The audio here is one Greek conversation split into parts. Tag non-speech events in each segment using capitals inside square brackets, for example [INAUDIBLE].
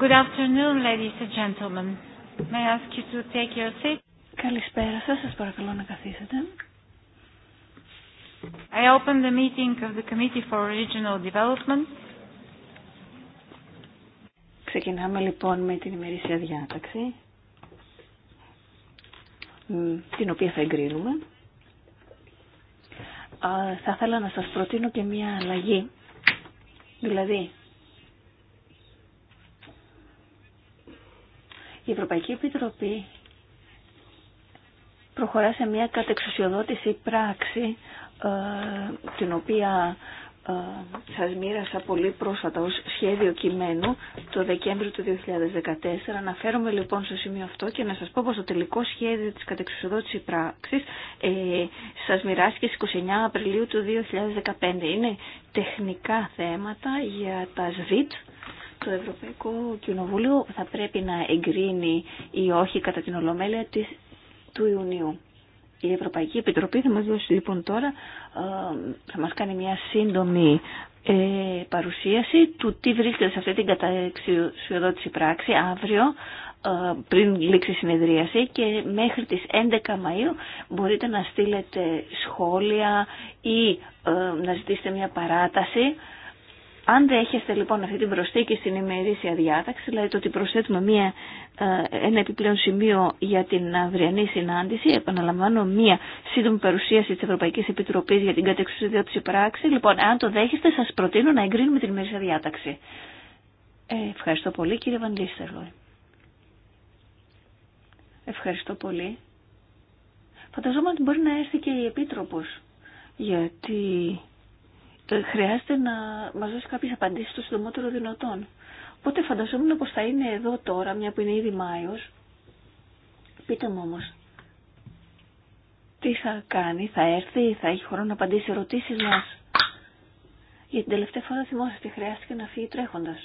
Good afternoon, ladies and gentlemen. May I ask you to take your seat? Καλησπέρα σας, σας παρακαλώ να καθίσετε. I open the meeting of the Committee for Regional Development. Ξεκινάμε λοιπόν με την ημερήσια διάταξη, την οποία θα εγκρίνουμε. Θα ήθελα να σας προτείνω και μια αλλαγή. Δηλαδή, η Ευρωπαϊκή Επιτροπή προχωρά σε μια κατεξουσιοδότηση πράξη ε, την οποία ε, σας μοίρασα πολύ πρόσφατα ως σχέδιο κειμένου το Δεκέμβριο του 2014. Αναφέρομαι λοιπόν στο σημείο αυτό και να σας πω πως το τελικό σχέδιο της κατεξουσιοδότησης πράξης ε, σας μοιράστηκε στις 29 Απριλίου του 2015. Είναι τεχνικά θέματα για τα ΣΒΙΤ, το Ευρωπαϊκό Κοινοβούλιο θα πρέπει να εγκρίνει ή όχι κατά την Ολομέλεια της, του Ιουνίου. Η Ευρωπαϊκή Επιτροπή θα μας δώσει λοιπόν τώρα, ε, θα μας κάνει μια σύντομη ε, παρουσίαση του τι βρίσκεται σε αυτή την καταξιοδότηση πράξη αύριο ε, πριν λήξει η συνεδρίαση και μέχρι τις 11 Μαΐου μπορείτε να στείλετε σχόλια ή να ζητήσετε μια παράταση αν δέχεστε λοιπόν αυτή την προσθήκη στην ημερήσια διάταξη, δηλαδή το ότι προσθέτουμε μία, ε, ένα επιπλέον σημείο για την αυριανή συνάντηση, επαναλαμβάνω μία σύντομη παρουσίαση της Ευρωπαϊκής Επιτροπής για την κατεξουσιοδότηση πράξη, λοιπόν, αν το δέχεστε σας προτείνω να εγκρίνουμε την ημερήσια διάταξη. Ε, ευχαριστώ πολύ κύριε Βαντίστερλο. Ευχαριστώ πολύ. Φανταζόμαστε ότι μπορεί να έρθει και η Επίτροπος, γιατί ε, χρειάζεται να μας δώσει κάποιε απαντήσεις το συντομότερο δυνατόν. Οπότε φανταζόμουν πω θα είναι εδώ τώρα, μια που είναι ήδη Μάιο. Πείτε μου όμως, τι θα κάνει, θα έρθει, θα έχει χρόνο να απαντήσει ερωτήσει μας. Για την τελευταία φορά θυμόσαστε, χρειάστηκε να φύγει τρέχοντα.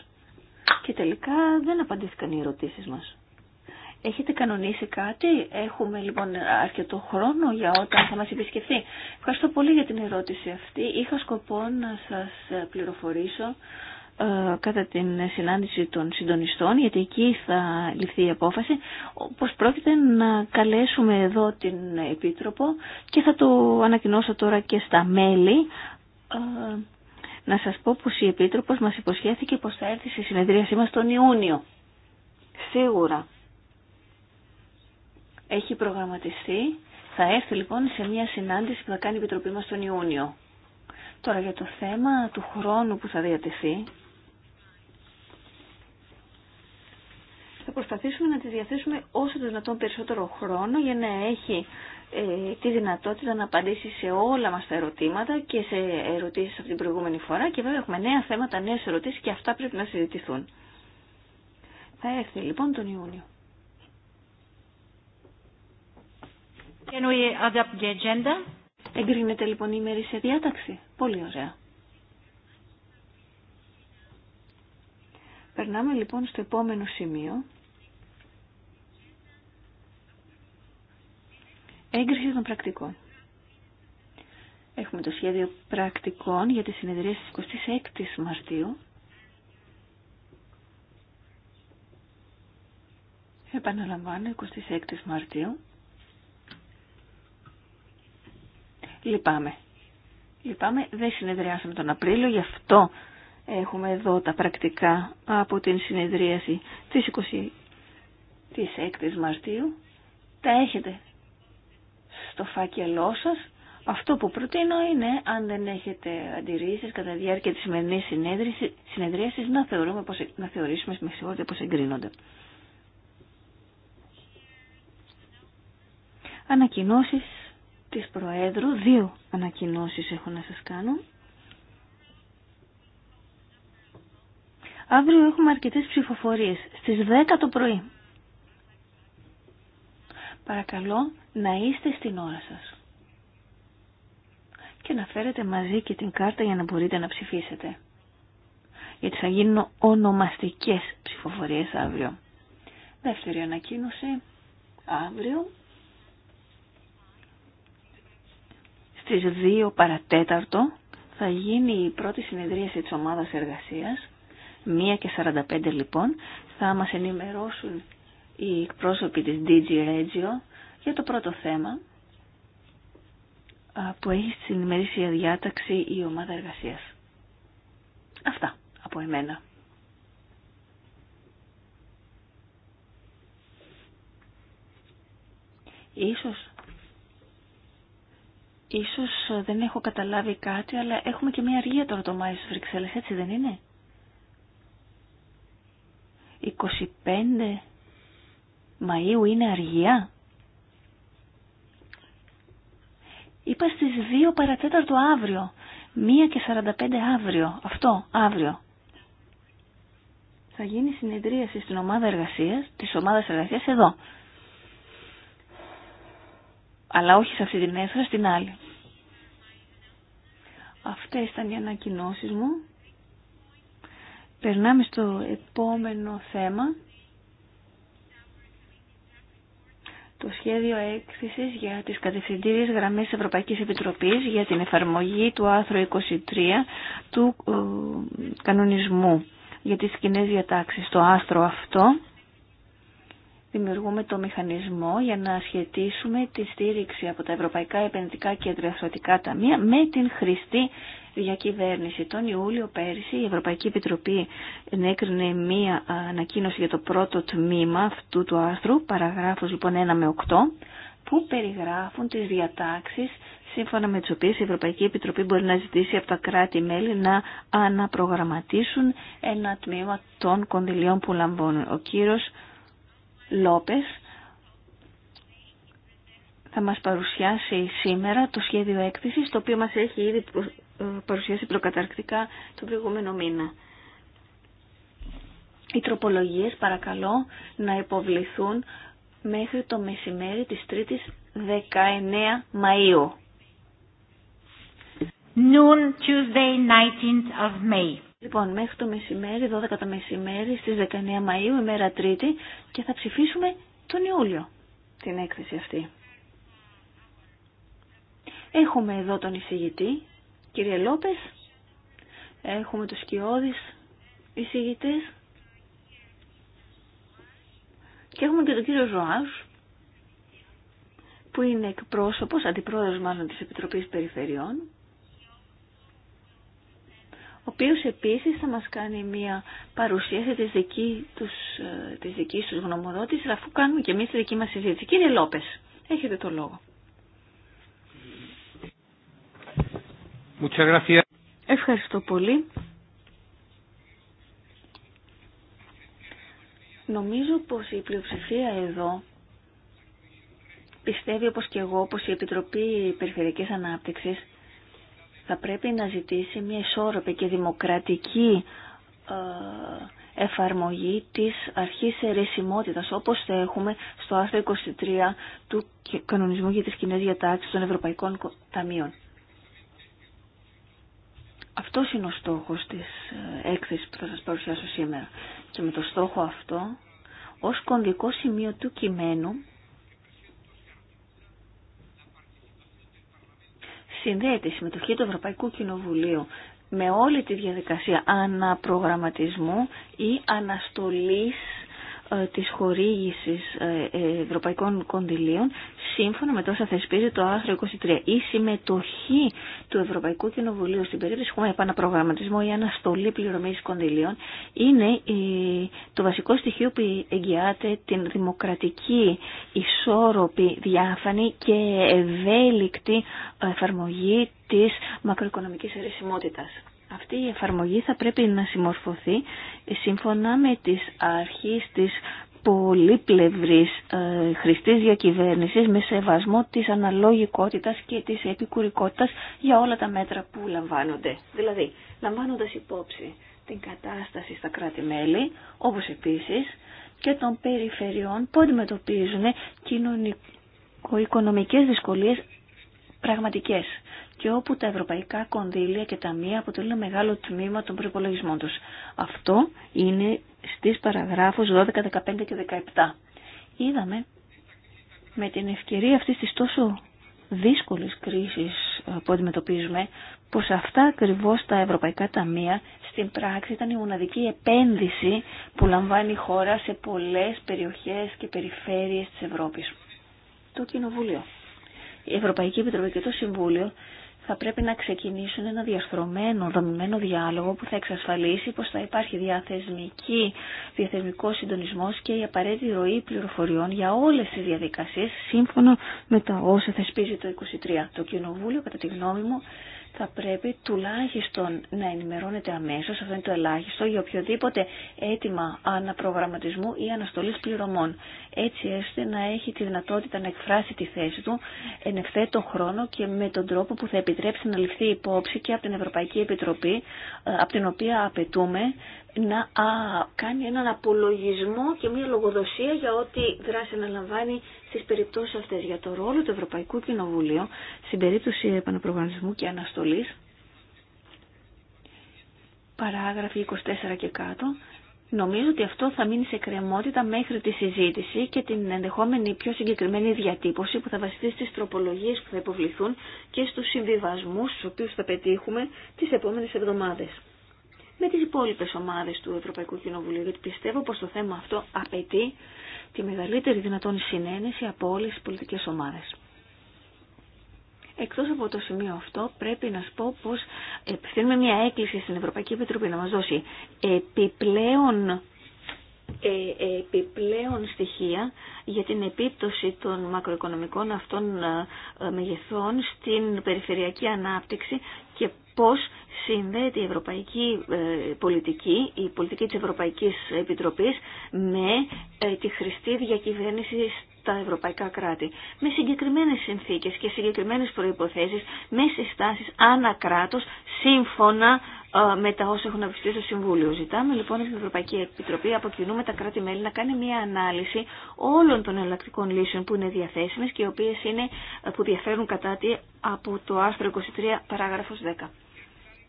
Και τελικά δεν απαντήθηκαν οι ερωτήσει μα. Έχετε κανονίσει κάτι, έχουμε λοιπόν αρκετό χρόνο για όταν θα μας επισκεφθεί. Ευχαριστώ πολύ για την ερώτηση αυτή. Είχα σκοπό να σας πληροφορήσω ε, κατά την συνάντηση των συντονιστών, γιατί εκεί θα ληφθεί η απόφαση, πως πρόκειται να καλέσουμε εδώ την Επίτροπο και θα το ανακοινώσω τώρα και στα μέλη. Ε, να σας πω πως η Επίτροπος μας υποσχέθηκε πως θα έρθει στη συνεδρίασή μας τον Ιούνιο. Σίγουρα έχει προγραμματιστεί. Θα έρθει λοιπόν σε μια συνάντηση που θα κάνει η Επιτροπή μας τον Ιούνιο. Τώρα για το θέμα του χρόνου που θα διατηθεί, θα προσπαθήσουμε να τη διαθέσουμε όσο το δυνατόν περισσότερο χρόνο για να έχει ε, τη δυνατότητα να απαντήσει σε όλα μας τα ερωτήματα και σε ερωτήσεις από την προηγούμενη φορά και βέβαια έχουμε νέα θέματα, νέες ερωτήσεις και αυτά πρέπει να συζητηθούν. Θα έρθει λοιπόν τον Ιούνιο. Εγκρίνεται λοιπόν η σε διάταξη. Πολύ ωραία. Περνάμε λοιπόν στο επόμενο σημείο. Έγκριση των πρακτικών. Έχουμε το σχέδιο πρακτικών για τη συνεδρία στις 26 Μαρτίου. Επαναλαμβάνω, 26 Μαρτίου. Λυπάμαι. Λυπάμαι, δεν συνεδριάσαμε τον Απρίλιο, γι' αυτό έχουμε εδώ τα πρακτικά από την συνεδρίαση της 26 της Μαρτίου. Τα έχετε στο φάκελό σας. Αυτό που προτείνω είναι, αν δεν έχετε αντιρρήσεις κατά τη διάρκεια της σημερινής συνεδρίασης, να, θεωρούμε πως, ε- να θεωρήσουμε με συγχωρείτε πως εγκρίνονται. Ανακοινώσεις της Προέδρου. Δύο ανακοινώσεις έχω να σας κάνω. Αύριο έχουμε αρκετές ψηφοφορίες. Στις 10 το πρωί. Παρακαλώ να είστε στην ώρα σας. Και να φέρετε μαζί και την κάρτα για να μπορείτε να ψηφίσετε. Γιατί θα γίνουν ονομαστικές ψηφοφορίες αύριο. Δεύτερη ανακοίνωση. Αύριο στις 2 παρατέταρτο θα γίνει η πρώτη συνεδρίαση της ομάδας εργασίας, 1 και 45 λοιπόν, θα μας ενημερώσουν οι εκπρόσωποι της DG Regio για το πρώτο θέμα που έχει συνημερίσει η διάταξη η ομάδα εργασίας. Αυτά από εμένα. Ίσως Ίσως ε, δεν έχω καταλάβει κάτι, αλλά έχουμε και μια αργία τώρα το Μάιο στις Βρυξέλλες, έτσι δεν είναι. 25 Μαΐου είναι αργία. Είπα στις 2 παρατέταρτο αύριο. 1 και 45 αύριο. Αυτό, αύριο. Θα γίνει συνεδρίαση στην ομάδα εργασίας, τη ομάδα εργασίας εδώ αλλά όχι σε αυτή την αίθουσα, στην άλλη. Αυτές ήταν οι ανακοινώσεις μου. Περνάμε στο επόμενο θέμα. Το σχέδιο έκθεσης για τις κατευθυντήριες γραμμές Ευρωπαϊκής Επιτροπής για την εφαρμογή του άρθρου 23 του ε, κανονισμού για τις κοινέ διατάξεις. Το άρθρο αυτό δημιουργούμε το μηχανισμό για να σχετίσουμε τη στήριξη από τα Ευρωπαϊκά Επενδυτικά και Διαστροτικά Ταμεία με την χρηστή διακυβέρνηση. Τον Ιούλιο πέρυσι η Ευρωπαϊκή Επιτροπή ενέκρινε μία ανακοίνωση για το πρώτο τμήμα αυτού του άρθρου, παραγράφος λοιπόν 1 με 8, που περιγράφουν τις διατάξεις σύμφωνα με τις οποίες η Ευρωπαϊκή Επιτροπή μπορεί να ζητήσει από τα κράτη-μέλη να αναπρογραμματίσουν ένα τμήμα των κονδυλίων που λαμβάνουν. Ο κύριος Λόπες θα μας παρουσιάσει σήμερα το σχέδιο έκθεσης το οποίο μας έχει ήδη ε, παρουσιάσει προκαταρκτικά τον προηγούμενο μήνα. Οι τροπολογίες παρακαλώ να υποβληθούν μέχρι το μεσημέρι της 3ης 19 Μαΐου. Noon Tuesday 19th of May. Λοιπόν, μέχρι το μεσημέρι, 12 το μεσημέρι, στις 19 Μαΐου, ημέρα Τρίτη, και θα ψηφίσουμε τον Ιούλιο την έκθεση αυτή. Έχουμε εδώ τον εισηγητή, κύριε Λόπες, έχουμε τους σκιώδεις εισηγητές και έχουμε και τον κύριο Ζωάζ, που είναι εκπρόσωπος, αντιπρόεδρος μάλλον της Επιτροπής Περιφερειών, ο οποίος επίσης θα μας κάνει μια παρουσίαση της, δική τους, ε, της δικής τους αφού κάνουμε και εμείς τη δική μας συζήτηση. Κύριε Λόπες, έχετε το λόγο. Ευχαριστώ πολύ. Νομίζω πως η πλειοψηφία εδώ πιστεύει όπως και εγώ πως η Επιτροπή Περιφερειακής Ανάπτυξης θα πρέπει να ζητήσει μια ισόρροπη και δημοκρατική ε, εφαρμογή της αρχής ερεσιμότητας όπως θα έχουμε στο άρθρο 23 του Κανονισμού για τις Κοινές Διατάξεις των Ευρωπαϊκών Ταμείων. Αυτό είναι ο στόχος της ε, έκθεσης που θα σας παρουσιάσω σήμερα. Και με το στόχο αυτό, ως κονδικό σημείο του κειμένου, συνδέεται η συμμετοχή του Ευρωπαϊκού Κοινοβουλίου με όλη τη διαδικασία αναπρογραμματισμού ή αναστολής ε, της χορήγησης ε, ε, ευρωπαϊκών κονδυλίων σύμφωνα με τόσα θεσπίζει το άρθρο 23. Η συμμετοχή του Ευρωπαϊκού Κοινοβουλίου στην περίπτωση που έχουμε επαναπρογραμματισμό ή αναστολή πληρωμής κονδυλίων είναι το βασικό στοιχείο που εγγυάται την δημοκρατική, ισόρροπη, διάφανη και ευέλικτη εφαρμογή της μακροοικονομικής αρισιμότητας. Αυτή η εφαρμογή θα πρέπει να συμμορφωθεί σύμφωνα με τις αρχές της πολύπλευρης ε, χρηστής διακυβέρνησης με σεβασμό της αναλογικότητας και της επικουρικότητας για όλα τα μέτρα που λαμβάνονται. Δηλαδή, λαμβάνοντας υπόψη την κατάσταση στα κράτη-μέλη, όπως επίσης και των περιφερειών που αντιμετωπίζουν κοινωνικο-οικονομικές δυσκολίες πραγματικές και όπου τα ευρωπαϊκά κονδύλια και ταμεία... αποτελούν μεγάλο τμήμα των προπολογισμών τους. Αυτό είναι στις παραγράφους 12, 15 και 17. Είδαμε με την ευκαιρία αυτής της τόσο δύσκολης κρίσης ε, που αντιμετωπίζουμε, πως αυτά ακριβώς τα ευρωπαϊκά ταμεία στην πράξη ήταν η μοναδική επένδυση που λαμβάνει η χώρα σε πολλές περιοχές και περιφέρειες της Ευρώπης. Το Κοινοβούλιο, η Ευρωπαϊκή Επιτροπή και το Συμβούλιο θα πρέπει να ξεκινήσουν ένα διαρθρωμένο, δομημένο διάλογο που θα εξασφαλίσει πως θα υπάρχει διαθεσμική, διαθεσμικό συντονισμός και η απαραίτητη ροή πληροφοριών για όλες τις διαδικασίες σύμφωνα με τα όσα θεσπίζει το 23. Το Κοινοβούλιο, κατά τη γνώμη μου, θα πρέπει τουλάχιστον να ενημερώνεται αμέσως, αυτό είναι το ελάχιστο, για οποιοδήποτε αίτημα αναπρογραμματισμού ή αναστολής πληρωμών. Έτσι έστε να έχει τη δυνατότητα να εκφράσει τη θέση του εν ευθέτω χρόνο και με τον τρόπο που θα επιτρέψει να ληφθεί υπόψη και από την Ευρωπαϊκή Επιτροπή, ε, από την οποία απαιτούμε να α, κάνει έναν απολογισμό και μια λογοδοσία για ό,τι δράση αναλαμβάνει στις περιπτώσεις αυτές. Για το ρόλο του Ευρωπαϊκού Κοινοβουλίου στην περίπτωση επαναπρογραμματισμού και αναστολής, παράγραφη 24 και κάτω, Νομίζω ότι αυτό θα μείνει σε κρεμότητα μέχρι τη συζήτηση και την ενδεχόμενη πιο συγκεκριμένη διατύπωση που θα βασιστεί στις τροπολογίες που θα υποβληθούν και στους συμβιβασμούς στους οποίους θα πετύχουμε τις επόμενες εβδομάδες με τις υπόλοιπες ομάδες του Ευρωπαϊκού Κοινοβουλίου, γιατί πιστεύω πως το θέμα αυτό απαιτεί τη μεγαλύτερη δυνατόν συνένεση από όλες τις πολιτικές ομάδες. Εκτός από το σημείο αυτό πρέπει να σου πω πως θέλουμε μια έκκληση στην Ευρωπαϊκή Επιτροπή να μας δώσει επιπλέον ε, επιπλέον στοιχεία για την επίπτωση των μακροοικονομικών αυτών ε, μεγεθών στην περιφερειακή ανάπτυξη και πώς συνδέεται η ευρωπαϊκή ε, πολιτική, η πολιτική της Ευρωπαϊκής Επιτροπής με ε, τη χρηστή διακυβέρνηση στα ευρωπαϊκά κράτη, με συγκεκριμένες συνθήκες και συγκεκριμένες προϋποθέσεις, με συστάσεις ανακράτος, σύμφωνα ε, με τα όσα έχουν αυξηθεί στο Συμβούλιο. Ζητάμε λοιπόν από την Ευρωπαϊκή Επιτροπή, από κοινού τα κράτη-μέλη, να κάνει μια ανάλυση όλων των εναλλακτικών λύσεων που είναι διαθέσιμες και οι οποίες είναι, που διαφέρουν κατά τη από το άρθρο 23 παράγραφος 10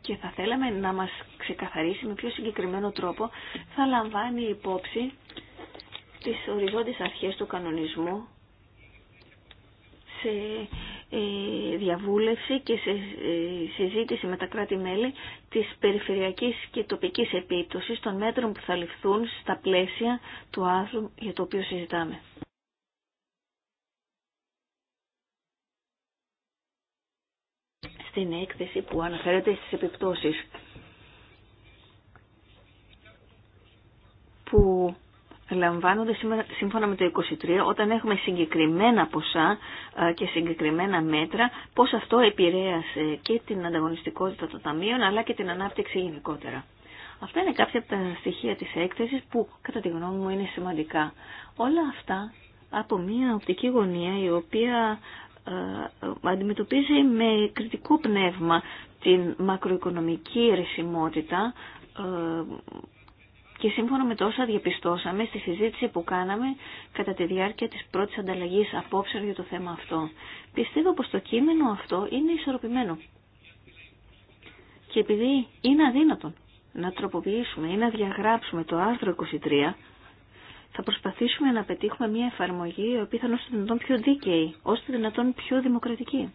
και θα θέλαμε να μας ξεκαθαρίσει με πιο συγκεκριμένο τρόπο θα λαμβάνει υπόψη τις οριζόντιες αρχές του κανονισμού σε ε, διαβούλευση και σε ε, συζήτηση με τα κράτη-μέλη της περιφερειακής και τοπικής επίπτωσης των μέτρων που θα ληφθούν στα πλαίσια του άθρου για το οποίο συζητάμε. στην έκθεση που αναφέρεται στις επιπτώσεις που λαμβάνονται σύμφωνα με το 23 όταν έχουμε συγκεκριμένα ποσά ε, και συγκεκριμένα μέτρα πώς αυτό επηρέασε και την ανταγωνιστικότητα των ταμείων αλλά και την ανάπτυξη γενικότερα. Αυτά είναι κάποια από τα στοιχεία της έκθεσης που κατά τη γνώμη μου είναι σημαντικά. Όλα αυτά από μια οπτική γωνία η οποία ε, αντιμετωπίζει με κριτικό πνεύμα την μακροοικονομική ρεσιμότητα ε, και σύμφωνα με τόσα διαπιστώσαμε στη συζήτηση που κάναμε κατά τη διάρκεια της πρώτης ανταλλαγής απόψεων για το θέμα αυτό. Πιστεύω πως το κείμενο αυτό είναι ισορροπημένο. Και επειδή είναι αδύνατον να τροποποιήσουμε ή να διαγράψουμε το άρθρο 23 θα προσπαθήσουμε να πετύχουμε μια εφαρμογή η οποία θα είναι όσο δυνατόν πιο δίκαιη, όσο δυνατόν πιο δημοκρατική.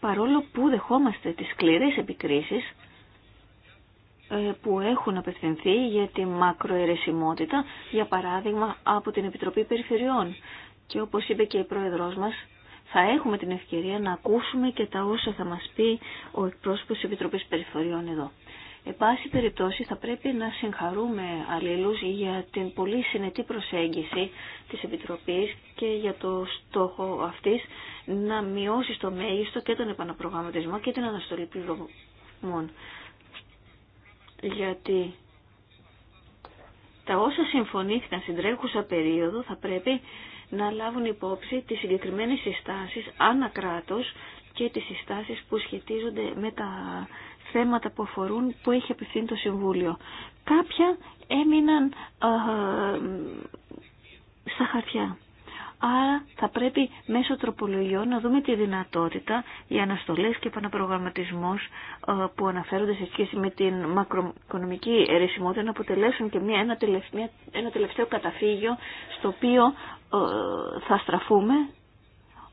Παρόλο που δεχόμαστε τις σκληρές επικρίσεις ε, που έχουν απευθυνθεί για τη μακροαιρεσιμότητα, για παράδειγμα από την Επιτροπή Περιφερειών. Και όπως είπε και η Πρόεδρός μας, θα έχουμε την ευκαιρία να ακούσουμε και τα όσα θα μας πει ο εκπρόσωπος της Επιτροπής Περιφερειών εδώ. Εν πάση περιπτώσει θα πρέπει να συγχαρούμε αλλήλους για την πολύ συνετή προσέγγιση της Επιτροπής και για το στόχο αυτής να μειώσει στο μέγιστο και τον επαναπρογραμματισμό και την αναστολή πληρωμών. Γιατί τα όσα συμφωνήθηκαν στην τρέχουσα περίοδο θα πρέπει να λάβουν υπόψη τις συγκεκριμένες συστάσεις κράτος και τις συστάσεις που σχετίζονται με τα θέματα που αφορούν που έχει απευθύνει το Συμβούλιο. Κάποια έμειναν στα χαρτιά. Άρα θα πρέπει μέσω τροπολογιών να δούμε τη δυνατότητα οι αναστολές και επαναπρογραμματισμός που αναφέρονται σε σχέση με την μακροοικονομική αιρεσιμότητα να αποτελέσουν και μια, ένα, τελευταίο, καταφύγιο στο οποίο θα στραφούμε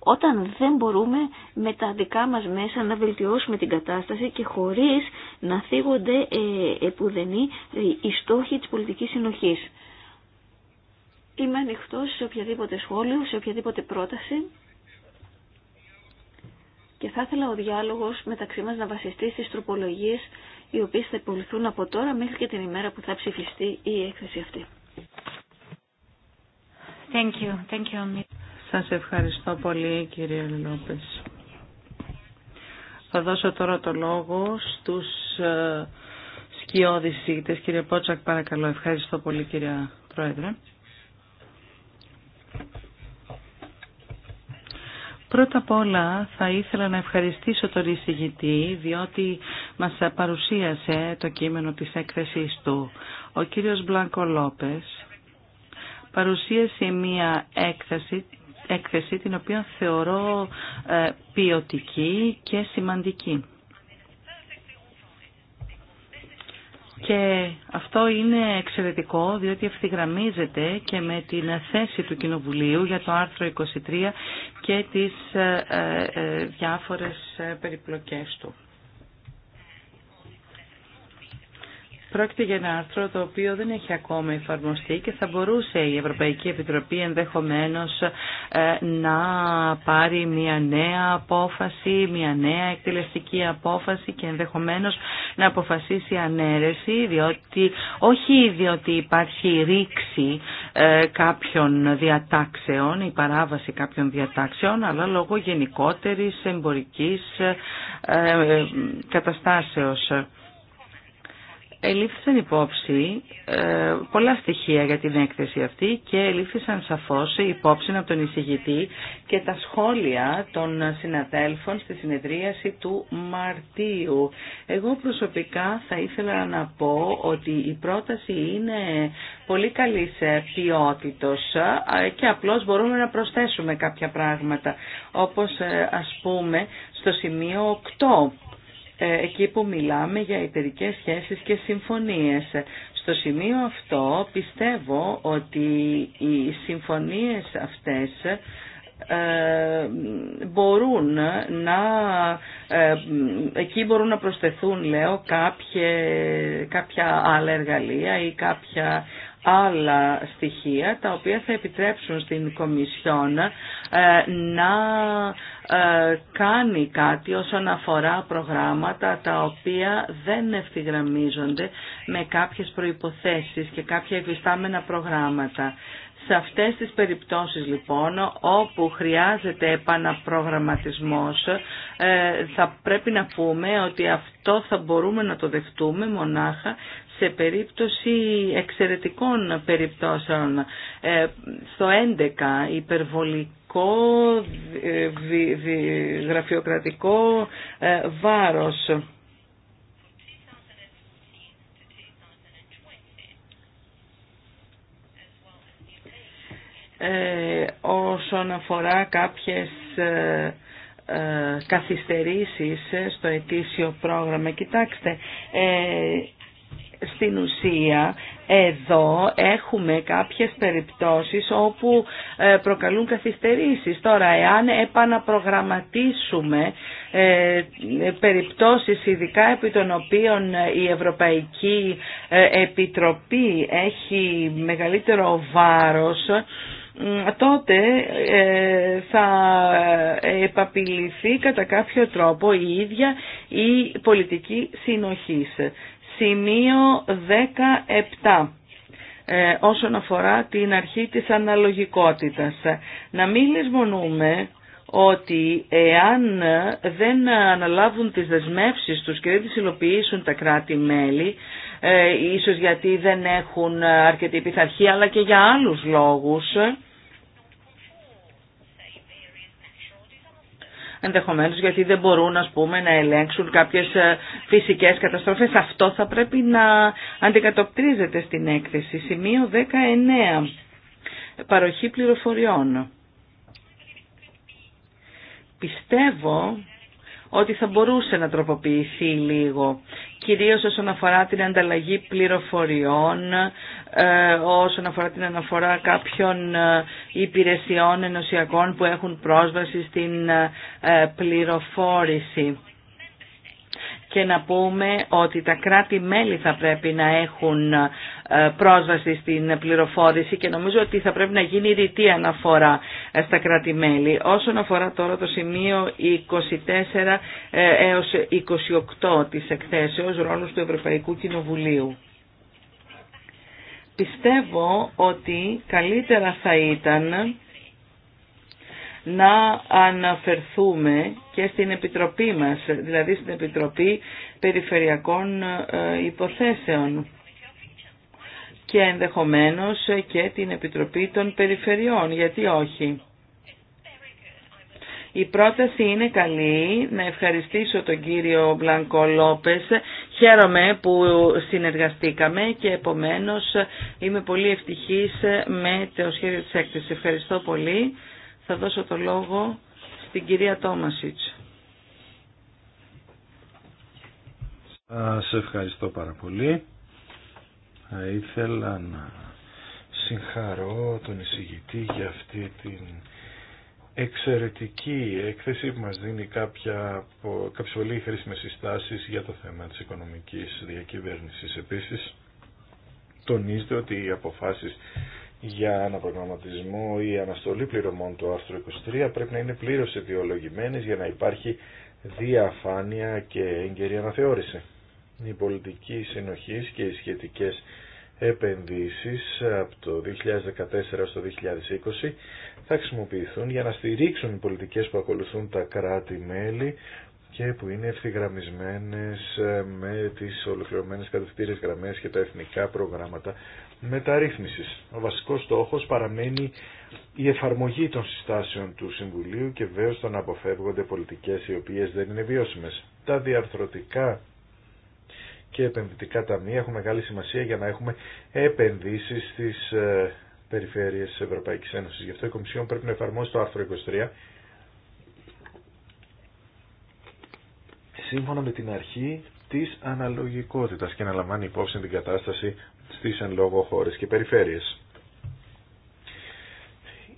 όταν δεν μπορούμε με τα δικά μας μέσα να βελτιώσουμε την κατάσταση και χωρίς να θίγονται ε, επουδενή ε, οι στόχοι της πολιτικής συνοχής. Είμαι ανοιχτό σε οποιαδήποτε σχόλιο, σε οποιαδήποτε πρόταση και θα ήθελα ο διάλογος μεταξύ μας να βασιστεί στις τροπολογίες οι οποίες θα υποληθούν από τώρα μέχρι και την ημέρα που θα ψηφιστεί η έκθεση αυτή. Σας ευχαριστώ πολύ κύριε Λόπες. Θα δώσω τώρα το λόγο στους ε, σκιώδης Κύριε Πότσακ παρακαλώ. Ευχαριστώ πολύ κύριε Πρόεδρε. Πρώτα απ' όλα θα ήθελα να ευχαριστήσω τον εισηγητή διότι μας παρουσίασε το κείμενο της έκθεσής του. Ο κύριος Μπλάνκο Λόπες παρουσίασε μια έκθεση έκθεση την οποία θεωρώ ε, ποιοτική και σημαντική. Και αυτό είναι εξαιρετικό διότι ευθυγραμμίζεται και με την θέση του Κοινοβουλίου για το άρθρο 23 και τις ε, ε, διάφορες περιπλοκές του. Πρόκειται για ένα άρθρο το οποίο δεν έχει ακόμα εφαρμοστεί και θα μπορούσε η Ευρωπαϊκή Επιτροπή ενδεχομένως ε, να πάρει μια νέα απόφαση, μια νέα εκτελεστική απόφαση και ενδεχομένως να αποφασίσει ανέρεση, διότι όχι διότι υπάρχει ρήξη ε, κάποιων διατάξεων, η παράβαση κάποιων διατάξεων, αλλά λόγω γενικότερης εμπορικής ε, καταστάσεως ελήφθησαν υπόψη ε, πολλά στοιχεία για την έκθεση αυτή και ελήφθησαν σαφώς υπόψη από τον εισηγητή και τα σχόλια των συναδέλφων στη συνεδρίαση του Μαρτίου. Εγώ προσωπικά θα ήθελα να πω ότι η πρόταση είναι πολύ σε ποιότητος ε, και απλώς μπορούμε να προσθέσουμε κάποια πράγματα, όπως ε, ας πούμε στο σημείο 8 ε, εκεί που μιλάμε για εταιρικέ σχέσεις και συμφωνίες. Στο σημείο αυτό πιστεύω ότι οι συμφωνίες αυτές ε, μπορούν να ε, εκεί μπορούν να προσθεθούν λέω κάποια, κάποια άλλα εργαλεία ή κάποια άλλα στοιχεία τα οποία θα επιτρέψουν στην Κομισιόν να ε, κάνει κάτι όσον αφορά προγράμματα τα οποία δεν ευθυγραμμίζονται με κάποιες προϋποθέσεις και κάποια υφιστάμενα προγράμματα. Σε αυτές τις περιπτώσεις λοιπόν όπου χρειάζεται επαναπρογραμματισμός ε, θα πρέπει να πούμε ότι αυτό θα μπορούμε να το δεχτούμε μονάχα σε περίπτωση εξαιρετικών περιπτώσεων. Ε, στο 11 υπερβολική ε, γραφειοκρατικό ε, βάρος. Ε, όσον αφορά κάποιες ε, καθυστερήσεις στο ετήσιο πρόγραμμα. Κοιτάξτε, στην ουσία εδώ έχουμε κάποιες περιπτώσεις όπου ε, προκαλούν καθυστερήσεις. Τώρα, εάν επαναπρογραμματίσουμε ε, ε, περιπτώσεις ειδικά επί των οποίων η Ευρωπαϊκή Επιτροπή έχει μεγαλύτερο βάρος, τότε θα επαπειληθεί κατά κάποιο τρόπο η ίδια η πολιτική συνοχής. Σημείο 17 ε, όσον αφορά την αρχή της αναλογικότητας. Να μην λησμονούμε ότι εάν δεν αναλάβουν τις δεσμεύσεις τους και δεν τις υλοποιήσουν τα κράτη-μέλη, ε, ίσως γιατί δεν έχουν αρκετή πειθαρχία αλλά και για άλλους λόγους, ενδεχομένως γιατί δεν μπορούν ας πούμε, να ελέγξουν κάποιες ε, φυσικές καταστροφές. Αυτό θα πρέπει να αντικατοπτρίζεται στην έκθεση. Σημείο 19. Παροχή πληροφοριών. Πιστεύω ότι θα μπορούσε να τροποποιηθεί λίγο, κυρίως όσον αφορά την ανταλλαγή πληροφοριών, ε, όσον αφορά την αναφορά κάποιων ε, υπηρεσιών ενωσιακών που έχουν πρόσβαση στην ε, πληροφόρηση και να πούμε ότι τα κράτη-μέλη θα πρέπει να έχουν ε, πρόσβαση στην πληροφόρηση και νομίζω ότι θα πρέπει να γίνει ρητή αναφορά ε, στα κράτη-μέλη. Όσον αφορά τώρα το σημείο 24 ε, έως 28 της εκθέσεως ρόλους του Ευρωπαϊκού Κοινοβουλίου. Πιστεύω ότι καλύτερα θα ήταν να αναφερθούμε και στην Επιτροπή μας, δηλαδή στην Επιτροπή Περιφερειακών ε, Υποθέσεων και ενδεχομένως και την Επιτροπή των Περιφερειών, γιατί όχι. Η πρόταση είναι καλή. Να ευχαριστήσω τον κύριο Μπλανκό Λόπες. Χαίρομαι που συνεργαστήκαμε και επομένως είμαι πολύ ευτυχής με το σχέδιο της έκθεσης. Ευχαριστώ πολύ θα δώσω το λόγο στην κυρία Τόμασιτς. Σε ευχαριστώ πάρα πολύ. Θα ήθελα να συγχαρώ τον εισηγητή για αυτή την εξαιρετική έκθεση που μας δίνει κάποια, κάποιες πολύ χρήσιμες συστάσεις για το θέμα της οικονομικής διακυβέρνησης. Επίσης, τονίζεται ότι οι αποφάσεις για αναπρογραμματισμό ή αναστολή πληρωμών του άρθρου 23 πρέπει να είναι πλήρως ιδιολογημένε για να υπάρχει διαφάνεια και έγκαιρη αναθεώρηση. Η πολιτική συνοχή και οι σχετικές επενδύσεις από το 2014 στο 2020 θα χρησιμοποιηθούν για να στηρίξουν οι πολιτικές που ακολουθούν τα κράτη-μέλη και που είναι ευθυγραμμισμένες με τις ολοκληρωμένες κατευθύνες γραμμές και τα εθνικά προγράμματα μεταρρύθμισης. Ο βασικός στόχος παραμένει η εφαρμογή των συστάσεων του Συμβουλίου και βέβαια το να αποφεύγονται πολιτικές οι οποίες δεν είναι βιώσιμες. Τα διαρθρωτικά και επενδυτικά ταμεία έχουν μεγάλη σημασία για να έχουμε επενδύσεις στις ε, περιφέρειες της Ευρωπαϊκής Ένωσης. Γι' αυτό η Κομισιόν πρέπει να εφαρμόσει το άρθρο 23 σύμφωνα με την αρχή της αναλογικότητας και να λαμβάνει υπόψη την κατάσταση στις εν λόγω χώρες και περιφέρειες.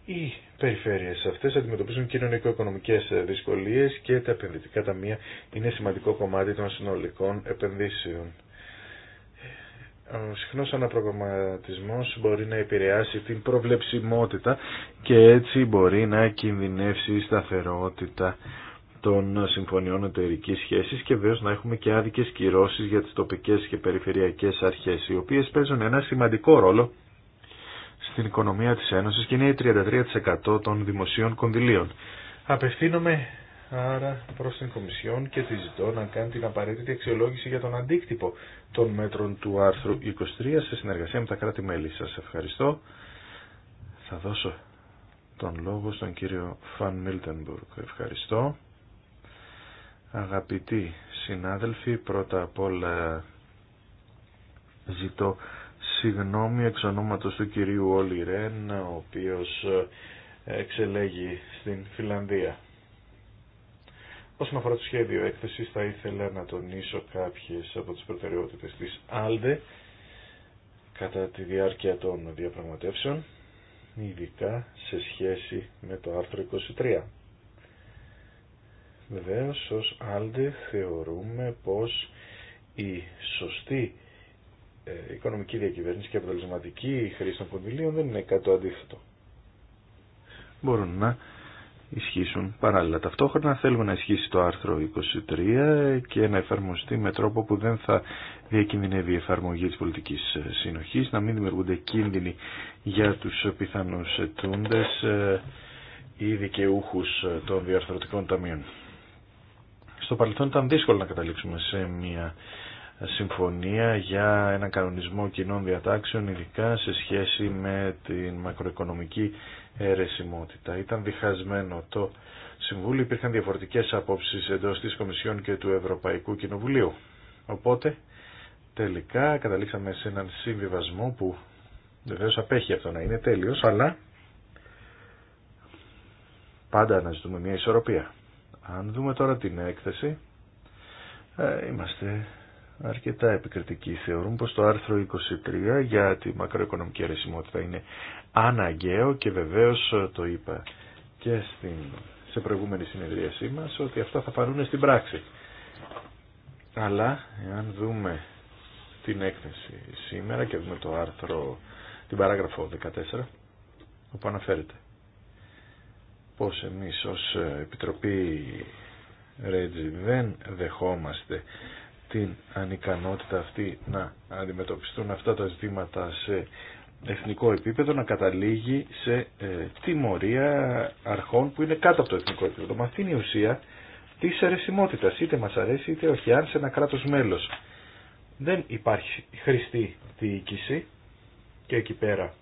Οι περιφέρειες αυτές αντιμετωπίζουν κοινωνικο-οικονομικές δυσκολίες και τα επενδυτικά ταμεία είναι σημαντικό κομμάτι των συνολικών επενδύσεων. Ο συχνός αναπρογραμματισμός μπορεί να επηρεάσει την προβλεψιμότητα και έτσι μπορεί να κινδυνεύσει η σταθερότητα των συμφωνιών εταιρική σχέση και βεβαίω να έχουμε και άδικε κυρώσει για τι τοπικέ και περιφερειακέ αρχέ, οι οποίε παίζουν ένα σημαντικό ρόλο στην οικονομία τη Ένωση και είναι 33% των δημοσίων κονδυλίων. Απευθύνομαι άρα προ την Κομισιόν και τη ζητώ να κάνει την απαραίτητη αξιολόγηση για τον αντίκτυπο των μέτρων του άρθρου 23 σε συνεργασία με τα κράτη-μέλη. Σα ευχαριστώ. Θα δώσω τον λόγο στον κύριο Φαν Μίλτενμπουργκ. Ευχαριστώ. Αγαπητοί συνάδελφοι, πρώτα απ' όλα ζητώ συγγνώμη εξ ονόματος του κυρίου Όλι Ρεν, ο οποίος εξελέγει στην Φιλανδία. Όσον αφορά το σχέδιο έκθεσης θα ήθελα να τονίσω κάποιες από τις προτεραιότητες της ΑΛΔΕ κατά τη διάρκεια των διαπραγματεύσεων, ειδικά σε σχέση με το άρθρο 23. Βεβαίως ως Άλντε θεωρούμε πως η σωστή ε, οικονομική διακυβέρνηση και αποτελεσματική χρήση των κονδυλίων δεν είναι κάτι αντίθετο. Μπορούν να ισχύσουν παράλληλα. Ταυτόχρονα θέλουμε να ισχύσει το άρθρο 23 και να εφαρμοστεί με τρόπο που δεν θα διακινδυνεύει η εφαρμογή της πολιτικής ε, συνοχής, να μην δημιουργούνται κίνδυνοι για τους πιθανούς ετούντες ε, ή δικαιούχους των διαρθρωτικών ταμείων στο παρελθόν ήταν δύσκολο να καταλήξουμε σε μια συμφωνία για έναν κανονισμό κοινών διατάξεων, ειδικά σε σχέση με την μακροοικονομική αιρεσιμότητα. Ήταν διχασμένο το Συμβούλιο, υπήρχαν διαφορετικές απόψεις εντός της Κομισιόν και του Ευρωπαϊκού Κοινοβουλίου. Οπότε, τελικά καταλήξαμε σε έναν συμβιβασμό που βεβαίω απέχει αυτό να είναι τέλειος, αλλά πάντα αναζητούμε μια ισορροπία. Αν δούμε τώρα την έκθεση, ε, είμαστε αρκετά επικριτικοί. Θεωρούμε πως το άρθρο 23 για τη μακροοικονομική αρισιμότητα είναι αναγκαίο και βεβαίως ε, το είπα και στην, σε προηγούμενη συνεδρίασή μας ότι αυτά θα φανούν στην πράξη. Αλλά εάν δούμε την έκθεση σήμερα και δούμε το άρθρο, την παράγραφο 14 όπου αναφέρεται πως εμείς ως ε, Επιτροπή Ρέτζι δεν δεχόμαστε την ανικανότητα αυτή να αντιμετωπιστούν αυτά τα ζητήματα σε εθνικό επίπεδο να καταλήγει σε ε, τιμωρία αρχών που είναι κάτω από το εθνικό επίπεδο. Μα αυτή είναι η ουσία της αρεσιμότητας, είτε μας αρέσει είτε όχι, αν σε ένα κράτος μέλος δεν υπάρχει χρηστή διοίκηση και εκεί πέρα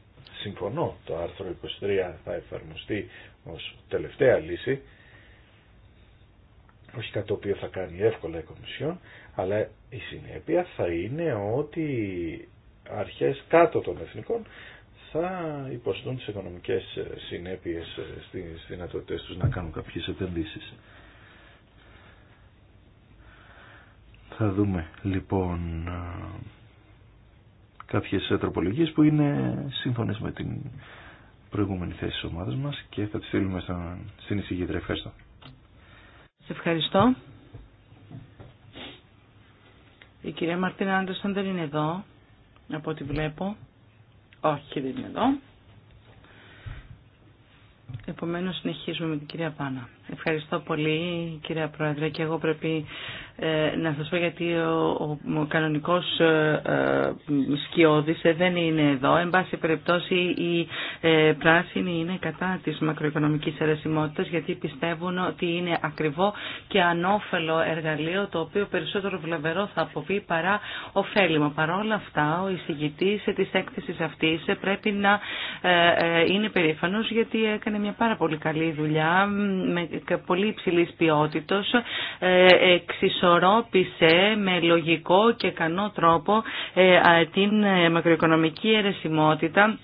συμφωνώ το άρθρο 23 θα εφαρμοστεί ως τελευταία λύση, όχι κάτι το οποίο θα κάνει εύκολα η Κομισιόν, αλλά η συνέπεια θα είναι ότι αρχές κάτω των εθνικών θα υποστούν τις οικονομικές συνέπειες στις δυνατότητες τους να κάνουν κάποιες επενδύσεις. Θα δούμε λοιπόν κάποιες τροπολογίες που είναι σύμφωνες με την προηγούμενη θέση της ομάδας μας και θα τη στείλουμε στην εισηγήτρια. Ευχαριστώ. Σε ευχαριστώ. Η κυρία Μαρτίνα Άντρεσον δεν είναι εδώ, από ό,τι βλέπω. Όχι, δεν είναι εδώ. Επομένως συνεχίζουμε με την κυρία Πάνα. Ευχαριστώ πολύ κυρία Πρόεδρε και εγώ πρέπει ε, να σας πω γιατί ο, ο, ο κανονικός ε, ε σκιώδης ε, δεν είναι εδώ. Εν πάση περιπτώσει οι ε, πράσινοι είναι κατά της μακροοικονομικής αιρεσιμότητας γιατί πιστεύουν ότι είναι ακριβό και ανώφελο εργαλείο το οποίο περισσότερο βλαβερό θα αποβεί παρά ωφέλιμο. Παρόλα αυτά ο εισηγητής της έκθεσης αυτής πρέπει να είναι περήφανος γιατί έκανε μια πάρα πολύ καλή δουλειά με, πολύ υψηλής ποιότητος ε, εξισορρόπησε με λογικό και κανό τρόπο ε, την ε, μακροοικονομική αιρεσιμότητα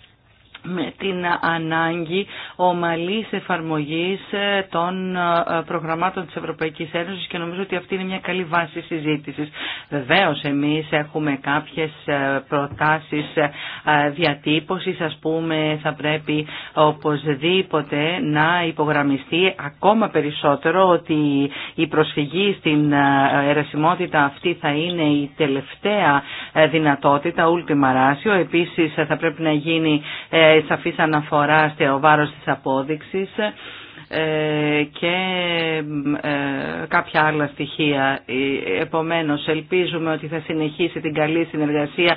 με την ανάγκη ομαλής εφαρμογής ε, των ε, προγραμμάτων της Ευρωπαϊκής Ένωσης και νομίζω ότι αυτή είναι μια καλή βάση συζήτησης. Βεβαίως εμείς έχουμε κάποιες ε, προτάσεις διατύπωσης, ας πούμε θα πρέπει οπωσδήποτε να υπογραμμιστεί ακόμα περισσότερο ότι η προσφυγή στην ερεσιμότητα αυτή θα είναι η τελευταία δυνατότητα, ούλτιμα ράσιο. Επίσης θα πρέπει να γίνει ε, σαφής αναφορά στο βάρος της απόδειξης ε, και ε, κάποια άλλα στοιχεία. Επομένως, ελπίζουμε ότι θα συνεχίσει την καλή συνεργασία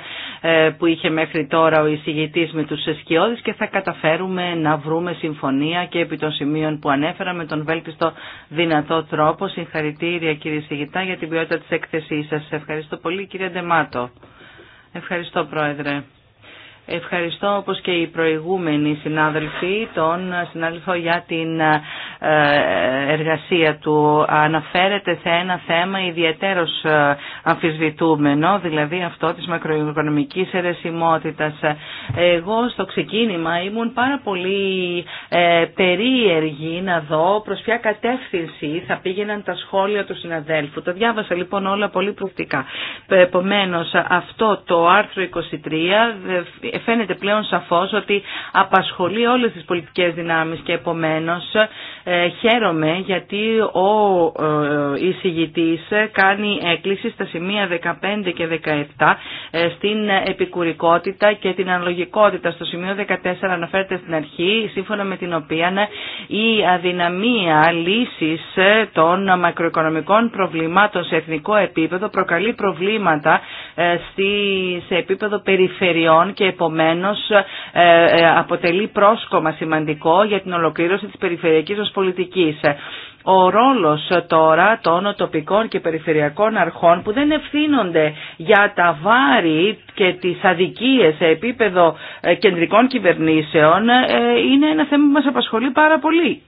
που είχε μέχρι τώρα ο εισηγητής με τους εσκιώδεις και θα καταφέρουμε να βρούμε συμφωνία και επί των σημείων που ανέφερα με τον βέλτιστο δυνατό τρόπο. Συγχαρητήρια κύριε εισηγητά για την ποιότητα της έκθεσής σας. Ευχαριστώ πολύ κύριε Ντεμάτο. Ευχαριστώ πρόεδρε. Ευχαριστώ όπως και οι προηγούμενοι συνάδελφοι τον συνάδελφο για την ε, εργασία του. Αναφέρεται σε ένα θέμα ιδιαίτερος ε, αμφισβητούμενο, δηλαδή αυτό της μακροοικονομικής αιρεσιμότητας. Εγώ στο ξεκίνημα ήμουν πάρα πολύ ε, περίεργη να δω προς ποια κατεύθυνση θα πήγαιναν τα σχόλια του συναδέλφου. Το διάβασα λοιπόν όλα πολύ προφτικά. Επομένως αυτό το άρθρο 23 φαίνεται πλέον σαφώς ότι απασχολεί όλες τις πολιτικές δυνάμεις και επομένως ε, χαίρομαι γιατί ο ε, εισηγητής κάνει έκκληση στα σημεία 15 και 17 ε, στην επικουρικότητα και την αναλογικότητα. Στο σημείο 14 αναφέρεται στην αρχή σύμφωνα με την οποία ναι, η αδυναμία λύσης των μακροοικονομικών προβλημάτων σε εθνικό επίπεδο προκαλεί προβλήματα σε επίπεδο περιφερειών και επομένως αποτελεί πρόσκομα σημαντικό για την ολοκλήρωση της περιφερειακής πολιτικής ο ρόλος τώρα των τοπικών και περιφερειακών αρχών που δεν ευθύνονται για τα βάρη και τις αδικίες σε επίπεδο ε, κεντρικών κυβερνήσεων ε, είναι ένα θέμα που μας απασχολεί πάρα πολύ.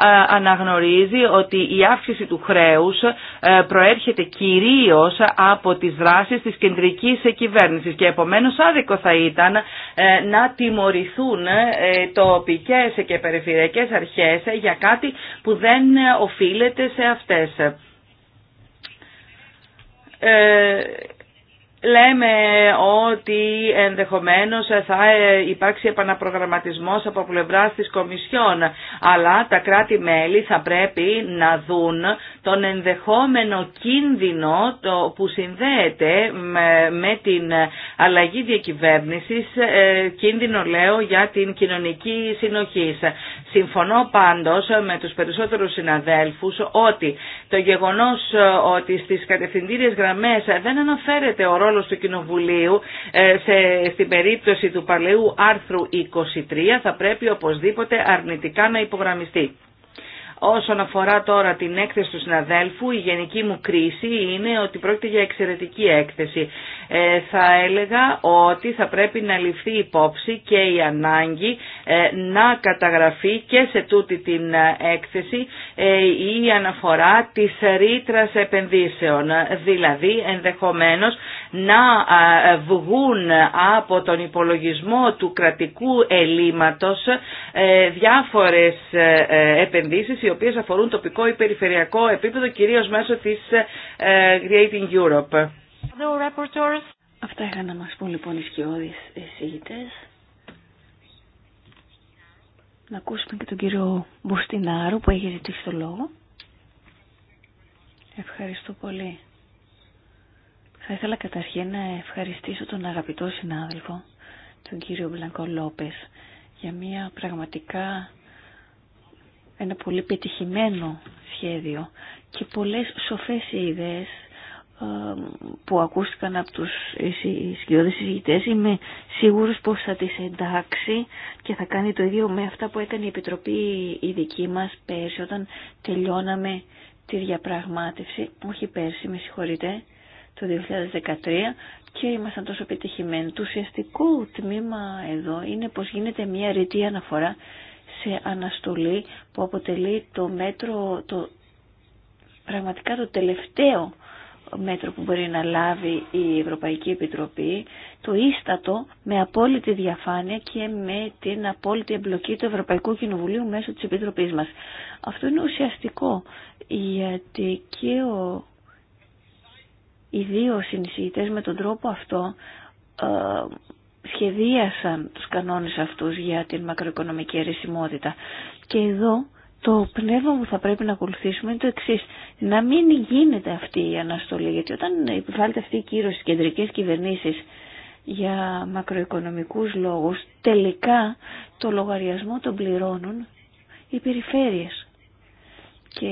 Ε, αναγνωρίζει ότι η αύξηση του χρέους ε, προέρχεται κυρίως από τις δράσεις της κεντρικής κυβέρνησης και επομένως άδικο θα ήταν ε, να τιμωρηθούν τοπικές και περιφερειακές αρχές για κάτι που δεν οφείλεται σε αυτές. Λέμε ότι ενδεχομένως θα υπάρξει επαναπρογραμματισμός από πλευρά της Κομισιόν, αλλά τα κράτη-μέλη θα πρέπει να δουν τον ενδεχόμενο κίνδυνο το που συνδέεται με την αλλαγή διακυβέρνησης, ε, κίνδυνο λέω για την κοινωνική συνοχή. Συμφωνώ πάντως με τους περισσότερους συναδέλφους ότι το γεγονός ε, ότι στις κατευθυντήριες γραμμές δεν αναφέρεται ο ρόλος του Κοινοβουλίου ε, σε, στην περίπτωση του παλαιού άρθρου 23 θα πρέπει οπωσδήποτε αρνητικά να υπογραμμιστεί. Όσον αφορά τώρα την έκθεση του συναδέλφου, η γενική μου κρίση είναι ότι πρόκειται για εξαιρετική έκθεση. Ε, θα έλεγα ότι θα πρέπει να ληφθεί υπόψη και η ανάγκη ε, να καταγραφεί και σε τούτη την ε, έκθεση η αναφορά της ρήτρα επενδύσεων. Δηλαδή ενδεχομένως να βγουν από τον υπολογισμό του κρατικού ελλείμματος διάφορες επενδύσεις οι οποίες αφορούν τοπικό ή περιφερειακό επίπεδο κυρίως μέσω της Creating Europe. Αυτά είχαν να μας πούν λοιπόν οι σκιώδεις εισηγητές. Να ακούσουμε και τον κύριο Μπουστινάρου που έχει ζητήσει το λόγο. Ευχαριστώ πολύ. Θα ήθελα καταρχήν να ευχαριστήσω τον αγαπητό συνάδελφο, τον κύριο Μπλανκό Λόπες, για μια πραγματικά ένα πολύ πετυχημένο σχέδιο και πολλές σοφές ιδέες ε, που ακούστηκαν από τους σκιώδες συζητητές είμαι σίγουρος πως θα τις εντάξει και θα κάνει το ίδιο με αυτά που έκανε η Επιτροπή η δική μας πέρσι όταν τελειώναμε τη διαπραγμάτευση όχι πέρσι με συγχωρείτε το 2013 και ήμασταν τόσο πετυχημένοι. Το ουσιαστικό τμήμα εδώ είναι πως γίνεται μια ρητή αναφορά σε αναστολή που αποτελεί το μέτρο, το, πραγματικά το τελευταίο μέτρο που μπορεί να λάβει η Ευρωπαϊκή Επιτροπή, το ίστατο με απόλυτη διαφάνεια και με την απόλυτη εμπλοκή του Ευρωπαϊκού Κοινοβουλίου μέσω της Επιτροπής μας. Αυτό είναι ουσιαστικό, γιατί και οι δύο συνεισηγητές με τον τρόπο αυτό ε, σχεδίασαν τους κανόνες αυτούς για την μακροοικονομική αρισιμότητα. Και εδώ το πνεύμα που θα πρέπει να ακολουθήσουμε είναι το εξή. Να μην γίνεται αυτή η αναστολή, γιατί όταν επιβάλλεται αυτή η κύρωση στι κεντρικέ κυβερνήσει για μακροοικονομικούς λόγους, τελικά το λογαριασμό τον πληρώνουν οι περιφέρειες. Και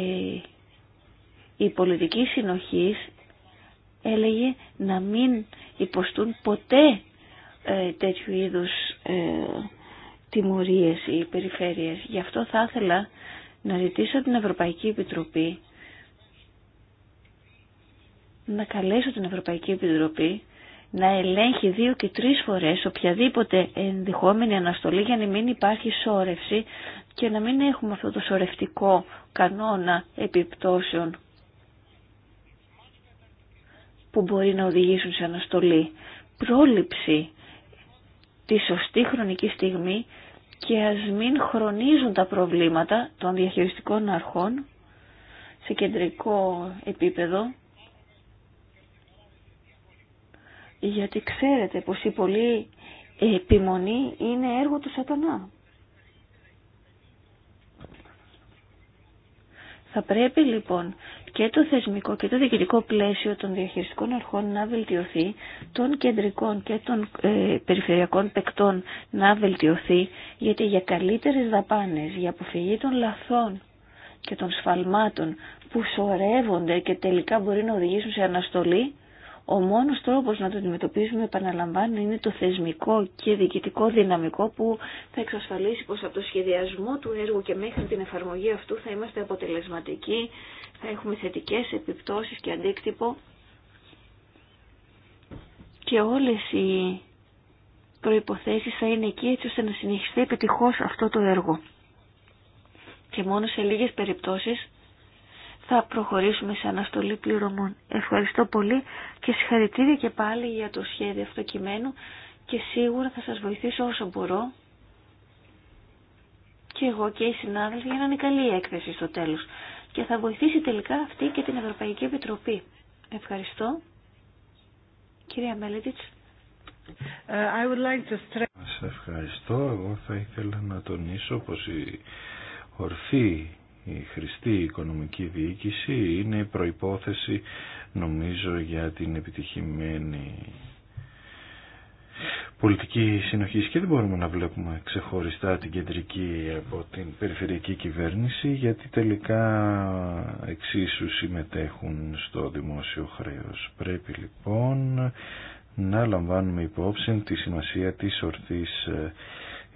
η πολιτική συνοχής έλεγε να μην υποστούν ποτέ ε, τέτοιου είδους ε, οι περιφέρειες. Γι' αυτό θα ήθελα να ζητήσω την Ευρωπαϊκή Επιτροπή να καλέσω την Ευρωπαϊκή Επιτροπή να ελέγχει δύο και τρεις φορές οποιαδήποτε ενδεχόμενη αναστολή για να μην υπάρχει σόρευση και να μην έχουμε αυτό το σορευτικό κανόνα επιπτώσεων που μπορεί να οδηγήσουν σε αναστολή. Πρόληψη τη σωστή χρονική στιγμή και ας μην χρονίζουν τα προβλήματα των διαχειριστικών αρχών σε κεντρικό επίπεδο γιατί ξέρετε πως η πολλή επιμονή είναι έργο του σατανά. Θα πρέπει λοιπόν και το θεσμικό και το διοικητικό πλαίσιο των διαχειριστικών αρχών να βελτιωθεί, των κεντρικών και των ε, περιφερειακών παικτών να βελτιωθεί, γιατί για καλύτερες δαπάνες, για αποφυγή των λαθών και των σφαλμάτων που σωρεύονται και τελικά μπορεί να οδηγήσουν σε αναστολή, ο μόνος τρόπος να το αντιμετωπίσουμε, επαναλαμβάνω, είναι το θεσμικό και διοικητικό δυναμικό που θα εξασφαλίσει πως από το σχεδιασμό του έργου και μέχρι την εφαρμογή αυτού θα είμαστε αποτελεσματικοί, θα έχουμε θετικές επιπτώσεις και αντίκτυπο και όλες οι προϋποθέσεις θα είναι εκεί έτσι ώστε να συνεχιστεί επιτυχώς αυτό το έργο. Και μόνο σε λίγες περιπτώσεις θα προχωρήσουμε σε αναστολή πληρωμών. Ευχαριστώ πολύ και συγχαρητήρια και πάλι για το σχέδιο αυτό κειμένου και σίγουρα θα σας βοηθήσω όσο μπορώ και εγώ και οι συνάδελφοι για να είναι καλή η έκθεση στο τέλος και θα βοηθήσει τελικά αυτή και την Ευρωπαϊκή Επιτροπή. Ευχαριστώ. Κυρία Μελέτιτς. Ε, I like Σας ευχαριστώ. Εγώ θα ήθελα να τονίσω πως η ορθή η χρηστή οικονομική διοίκηση είναι η προϋπόθεση νομίζω για την επιτυχημένη πολιτική συνοχή και δεν μπορούμε να βλέπουμε ξεχωριστά την κεντρική από την περιφερειακή κυβέρνηση γιατί τελικά εξίσου συμμετέχουν στο δημόσιο χρέος. Πρέπει λοιπόν να λαμβάνουμε υπόψη τη σημασία της ορθής ε,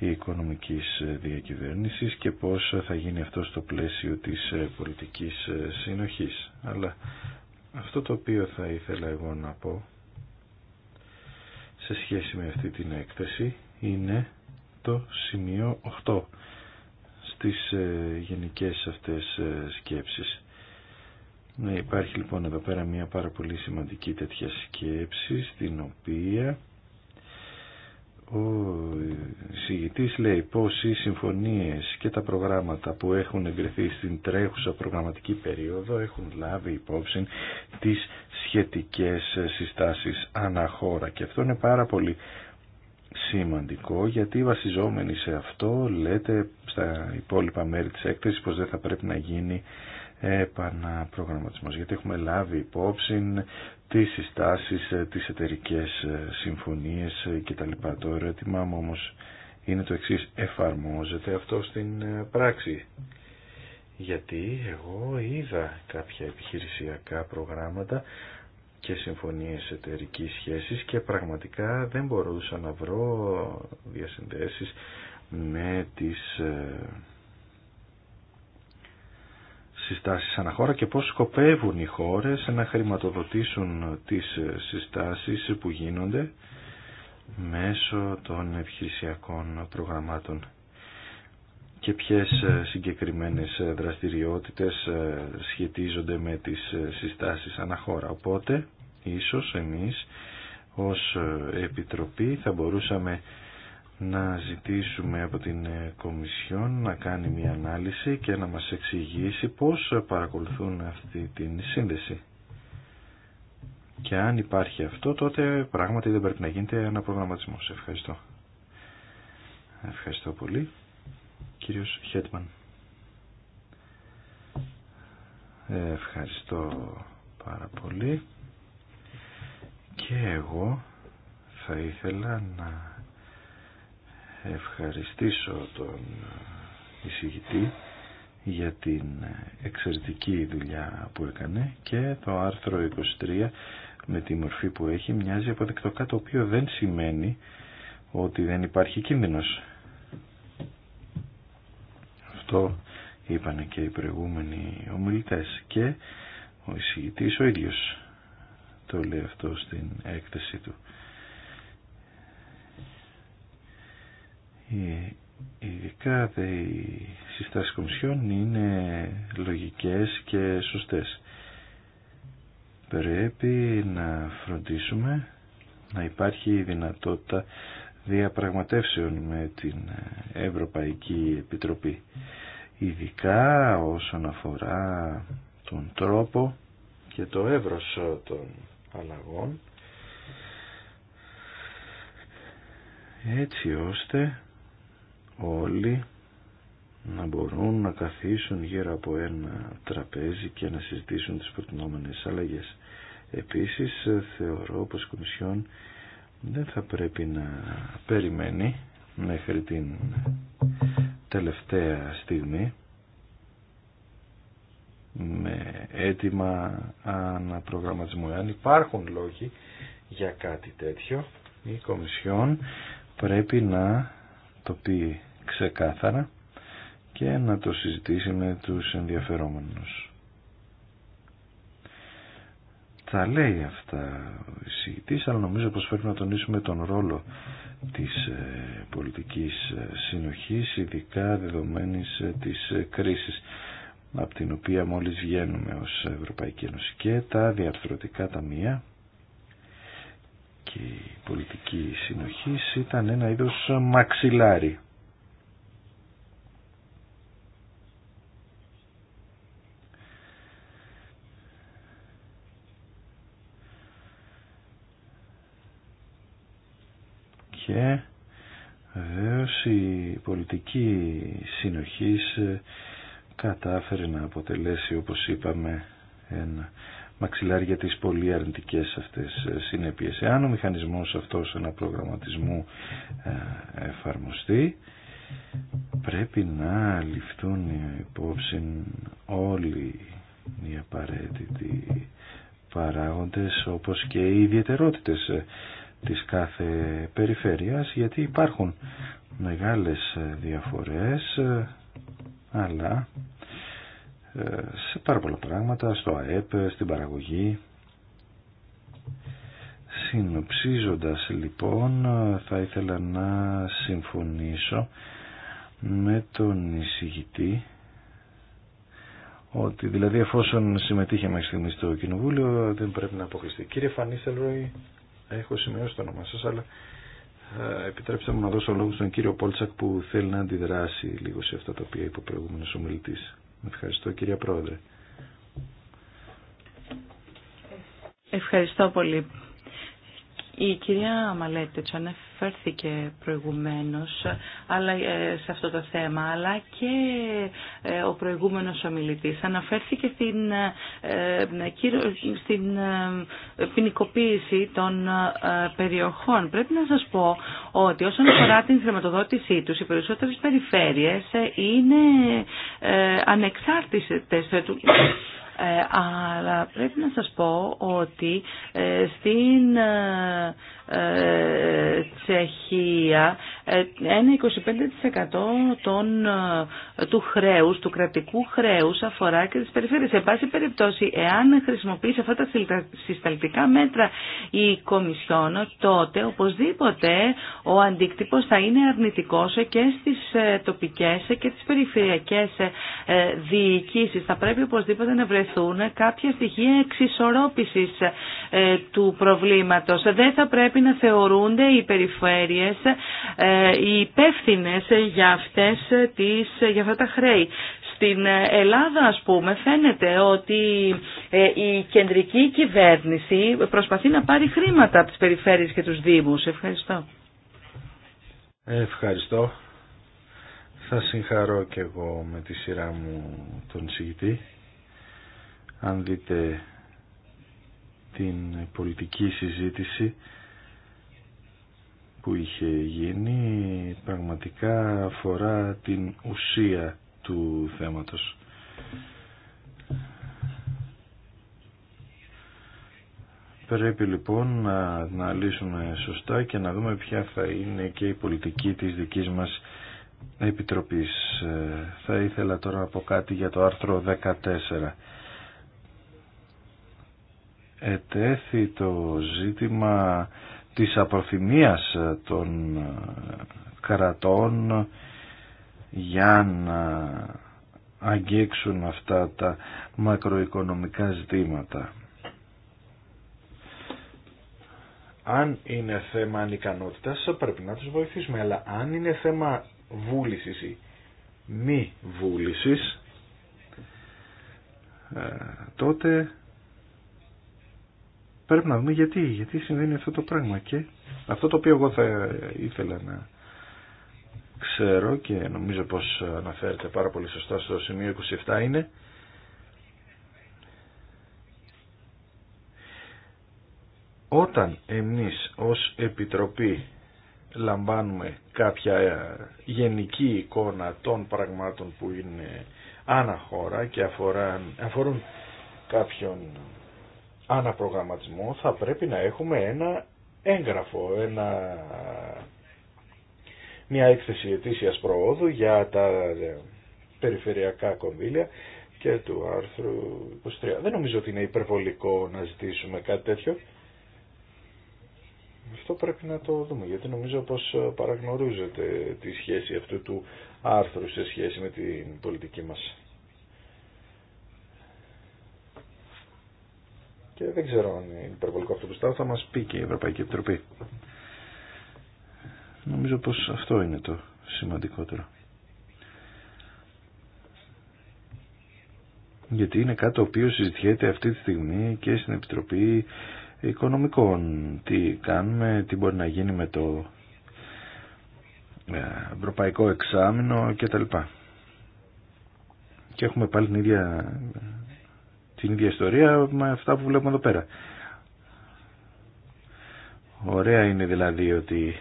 ...η οικονομικής διακυβέρνησης και πώς θα γίνει αυτό στο πλαίσιο της πολιτικής συνοχής. Αλλά αυτό το οποίο θα ήθελα εγώ να πω σε σχέση με αυτή την έκθεση είναι το σημείο 8 στις ε, γενικές αυτές ε, σκέψεις. Ναι, υπάρχει λοιπόν εδώ πέρα μια πάρα πολύ σημαντική τέτοια σκέψη στην οποία ο συγητής λέει πως οι συμφωνίες και τα προγράμματα που έχουν εγκριθεί στην τρέχουσα προγραμματική περίοδο έχουν λάβει υπόψη τις σχετικές συστάσεις αναχώρα και αυτό είναι πάρα πολύ σημαντικό γιατί βασιζόμενοι σε αυτό λέτε στα υπόλοιπα μέρη της έκθεσης πως δεν θα πρέπει να γίνει επαναπρογραμματισμός γιατί έχουμε λάβει υπόψη τις συστάσεις, ε, τις εταιρικές ε, συμφωνίες ε, λοιπά Το ερώτημά μου όμως είναι το εξής εφαρμόζεται αυτό στην πράξη γιατί εγώ είδα κάποια επιχειρησιακά προγράμματα και συμφωνίες εταιρική σχέσης και πραγματικά δεν μπορούσα να βρω διασυνδέσεις με τις συστάσεις αναχώρα και πώς σκοπεύουν οι χώρες να χρηματοδοτήσουν τις συστάσεις που γίνονται μέσω των επιχειρησιακών προγραμμάτων και ποιες συγκεκριμένες δραστηριότητες σχετίζονται με τις συστάσεις αναχώρα. Οπότε, ίσως εμείς ως Επιτροπή θα μπορούσαμε να ζητήσουμε από την ε, Κομισιόν να κάνει μια ανάλυση και να μας εξηγήσει πώς παρακολουθούν αυτή την σύνδεση. Και αν υπάρχει αυτό, τότε πράγματι δεν πρέπει να γίνεται ένα προγραμματισμό. Ευχαριστώ. Ευχαριστώ πολύ. Κύριος Χέτμαν. Ευχαριστώ πάρα πολύ. Και εγώ θα ήθελα να ευχαριστήσω τον εισηγητή για την εξαιρετική δουλειά που έκανε και το άρθρο 23 με τη μορφή που έχει μοιάζει αποδεκτοκά το οποίο δεν σημαίνει ότι δεν υπάρχει κίνδυνος. Αυτό είπαν και οι προηγούμενοι ομιλητές και ο εισηγητής ο ίδιος το λέει αυτό στην έκθεση του. Ε, ειδικά δε οι συστάσεις κομισιών είναι λογικές και σωστές. Πρέπει να φροντίσουμε να υπάρχει η δυνατότητα διαπραγματεύσεων με την Ευρωπαϊκή Επιτροπή. Ειδικά όσον αφορά τον τρόπο και το εύρος των αλλαγών έτσι ώστε όλοι να μπορούν να καθίσουν γύρω από ένα τραπέζι και να συζητήσουν τις προτινόμενες αλλαγές. Επίσης θεωρώ πως η Κομισιόν δεν θα πρέπει να περιμένει μέχρι την τελευταία στιγμή με έτοιμα αναπρογραμματισμού. Αν υπάρχουν λόγοι για κάτι τέτοιο, η Κομισιόν πρέπει να το πει ξεκάθαρα και να το συζητήσει με τους ενδιαφερόμενους. Τα λέει αυτά ο εισηγητής, αλλά νομίζω πως πρέπει να τονίσουμε τον ρόλο της ε, πολιτικής ε, συνοχής, ειδικά δεδομένης ε, της κρίσης από την οποία μόλις βγαίνουμε ως Ευρωπαϊκή Ένωση και τα διαρθρωτικά ταμεία και η πολιτική συνοχής ήταν ένα είδος μαξιλάρι και βεβαίω η πολιτική συνοχής κατάφερε να αποτελέσει όπως είπαμε ένα μαξιλάρι για τις πολύ αρνητικές αυτές συνέπειες. Εάν ο μηχανισμός αυτός αναπρογραμματισμού ε, εφαρμοστεί πρέπει να ληφθούν υπόψη όλοι οι απαραίτητοι παράγοντες όπως και οι ιδιαιτερότητες της κάθε περιφέρειας γιατί υπάρχουν μεγάλες διαφορές αλλά ε, σε πάρα πολλά πράγματα στο ΑΕΠ, στην παραγωγή συνοψίζοντας λοιπόν θα ήθελα να συμφωνήσω με τον εισηγητή ότι δηλαδή εφόσον συμμετείχε μέχρι στιγμή στο Κοινοβούλιο δεν πρέπει να αποκλειστεί. Κύριε Ροϊ, έχω σημειώσει το όνομά σας, αλλά ε, επιτρέψτε μου να δώσω λόγο στον κύριο Πόλτσακ που θέλει να αντιδράσει λίγο σε αυτά τα οποία είπε ο προηγούμενος ομιλητής. Ευχαριστώ κυρία Πρόεδρε. Ευχαριστώ πολύ. Η κυρία Τσανέφ αναφέρθηκε προηγουμένως αλλά, ε, σε αυτό το θέμα, αλλά και ε, ο προηγούμενος ομιλητής αναφέρθηκε στην, ε, στην ποινικοποίηση των περιοχών. Πρέπει να σας πω ότι όσον αφορά την χρηματοδότησή τους, οι περισσότερες περιφέρειες είναι ανεξάρτητες αλλά πρέπει να σας πω ότι στην Τσεχία ε, ένα 25% των, ε, του χρέους, του κρατικού χρέους αφορά και τις περιφέρειες. Σε πάση περιπτώσει, εάν χρησιμοποιήσει αυτά τα συσταλτικά μέτρα η Κομισιόν, τότε οπωσδήποτε ο αντίκτυπος θα είναι αρνητικός και στις ε, τοπικές και τις περιφερειακές διοικήσεις. Θα πρέπει οπωσδήποτε να βρεθούν κάποια στοιχεία εξισορρόπησης του προβλήματος. Δεν θα πρέπει πρέπει να θεωρούνται οι περιφέρειες ε, οι υπεύθυνε για, αυτές τις, για αυτά τα χρέη. Στην Ελλάδα, ας πούμε, φαίνεται ότι ε, η κεντρική κυβέρνηση προσπαθεί να πάρει χρήματα από τις περιφέρειες και τους Δήμους. Ευχαριστώ. Ευχαριστώ. Θα συγχαρώ και εγώ με τη σειρά μου τον συγητή. Αν δείτε την πολιτική συζήτηση που είχε γίνει πραγματικά αφορά την ουσία του θέματος. Πρέπει λοιπόν να, να λύσουμε σωστά και να δούμε ποια θα είναι και η πολιτική της δικής μας Επιτροπής. Ε, θα ήθελα τώρα να πω κάτι για το άρθρο 14. Ετέθη το ζήτημα της απροθυμίας ε, των ε, κρατών για να αγγίξουν αυτά τα μακροοικονομικά ζητήματα. Αν είναι θέμα ανικανότητας πρέπει να τους βοηθήσουμε, αλλά αν είναι θέμα βούλησης ή μη βούλησης ε, τότε Πρέπει να δούμε γιατί, γιατί συμβαίνει αυτό το πράγμα και αυτό το οποίο εγώ θα ήθελα να ξέρω και νομίζω πως αναφέρεται πάρα πολύ σωστά στο σημείο 27 είναι όταν εμείς ως Επιτροπή λαμβάνουμε κάποια γενική εικόνα των πραγμάτων που είναι άνα χώρα και αφορά, αφορούν κάποιον αναπρογραμματισμό θα πρέπει να έχουμε ένα έγγραφο, ένα, μια έκθεση ετήσιας προόδου για τα περιφερειακά κονδύλια και του άρθρου 23. Δεν νομίζω ότι είναι υπερβολικό να ζητήσουμε κάτι τέτοιο. Αυτό πρέπει να το δούμε, γιατί νομίζω πως παραγνωρίζεται τη σχέση αυτού του άρθρου σε σχέση με την πολιτική μας. Και δεν ξέρω αν είναι υπερβολικό αυτό που στάω, θα μας πει και η Ευρωπαϊκή Επιτροπή. Νομίζω πως αυτό είναι το σημαντικότερο. Γιατί είναι κάτι το οποίο συζητιέται αυτή τη στιγμή και στην Επιτροπή Οικονομικών. Τι κάνουμε, τι μπορεί να γίνει με το ε, ευρωπαϊκό εξάμεινο κτλ. Και έχουμε πάλι την ίδια την ίδια ιστορία με αυτά που βλέπουμε εδώ πέρα. Ωραία είναι δηλαδή ότι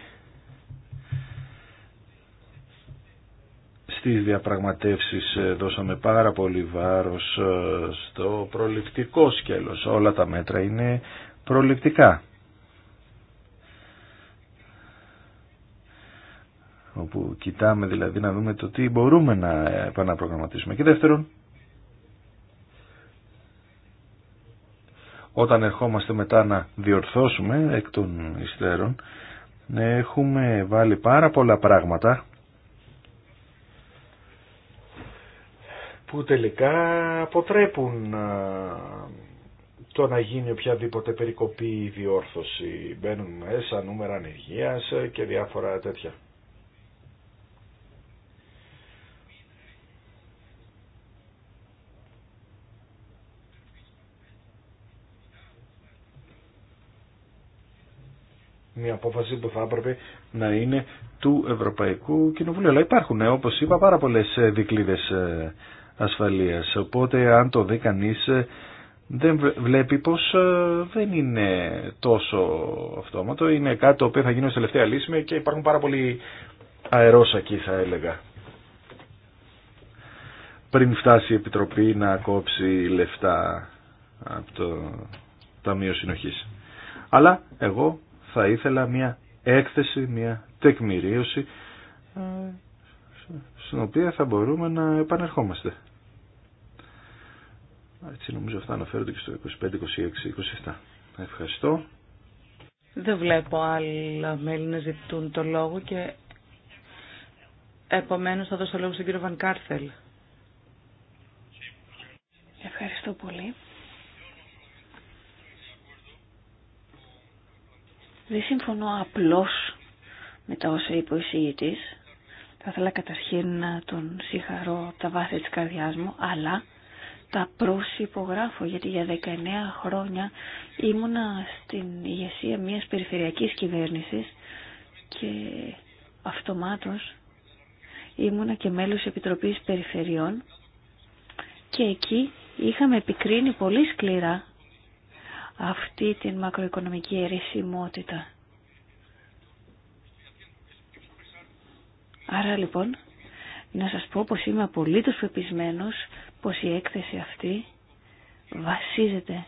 στις διαπραγματεύσεις δώσαμε πάρα πολύ βάρος ε, στο προληπτικό σκέλος. Όλα τα μέτρα είναι προληπτικά. όπου κοιτάμε δηλαδή να δούμε το τι μπορούμε να επαναπρογραμματίσουμε. Και δεύτερον, όταν ερχόμαστε μετά να διορθώσουμε εκ των υστέρων έχουμε βάλει πάρα πολλά πράγματα που τελικά αποτρέπουν το να γίνει οποιαδήποτε περικοπή ή διόρθωση. Μπαίνουν μέσα νούμερα ανεργίας και διάφορα τέτοια. μια απόφαση που θα έπρεπε να είναι του Ευρωπαϊκού Κοινοβουλίου. Αλλά υπάρχουν, ε, όπως είπα, πάρα πολλές ε, δικλείδες ε, ασφαλείας. Οπότε αν το δει κανείς, δεν βλέπει πως δεν είναι τόσο αυτόματο. Είναι κάτι το οποίο θα γίνει ως τελευταία λύση και υπάρχουν πάρα πολλοί αερόσακοι θα έλεγα. Πριν φτάσει η Επιτροπή να κόψει λεφτά από το Ταμείο Συνοχής. Αλλά εγώ θα ήθελα μια έκθεση, μια τεκμηρίωση ε, στην οποία θα μπορούμε να επανερχόμαστε. Έτσι νομίζω αυτά αναφέρονται και στο 25, 26, 27. Ευχαριστώ. Δεν βλέπω άλλα μέλη να ζητούν το λόγο και επομένως θα δώσω λόγο στον κύριο Κάρθελ. Ευχαριστώ πολύ. Δεν συμφωνώ απλώς με τα όσα είπε ο εισηγητής. Θα ήθελα καταρχήν να τον συγχαρώ τα βάθη της καρδιάς μου, αλλά τα προσυπογράφω γιατί για 19 χρόνια ήμουνα στην ηγεσία μιας περιφερειακής κυβέρνησης και αυτομάτως ήμουνα και μέλος Επιτροπής Περιφερειών και εκεί είχαμε επικρίνει πολύ σκληρά αυτή την μακροοικονομική ερεσιμότητα. Άρα λοιπόν, να σας πω πως είμαι απολύτως πεπισμένος πως η έκθεση αυτή βασίζεται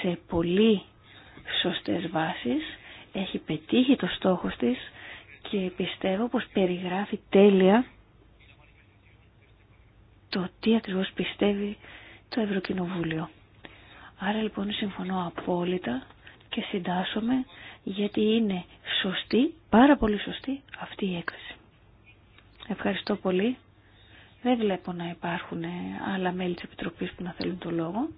σε πολύ σωστές βάσεις, έχει πετύχει το στόχο της και πιστεύω πως περιγράφει τέλεια το τι ακριβώς πιστεύει το Ευρωκοινοβούλιο. Άρα λοιπόν συμφωνώ απόλυτα και συντάσσομαι γιατί είναι σωστή, πάρα πολύ σωστή αυτή η έκθεση. Ευχαριστώ πολύ. Δεν βλέπω να υπάρχουν ε, άλλα μέλη της Επιτροπής που να θέλουν το λόγο.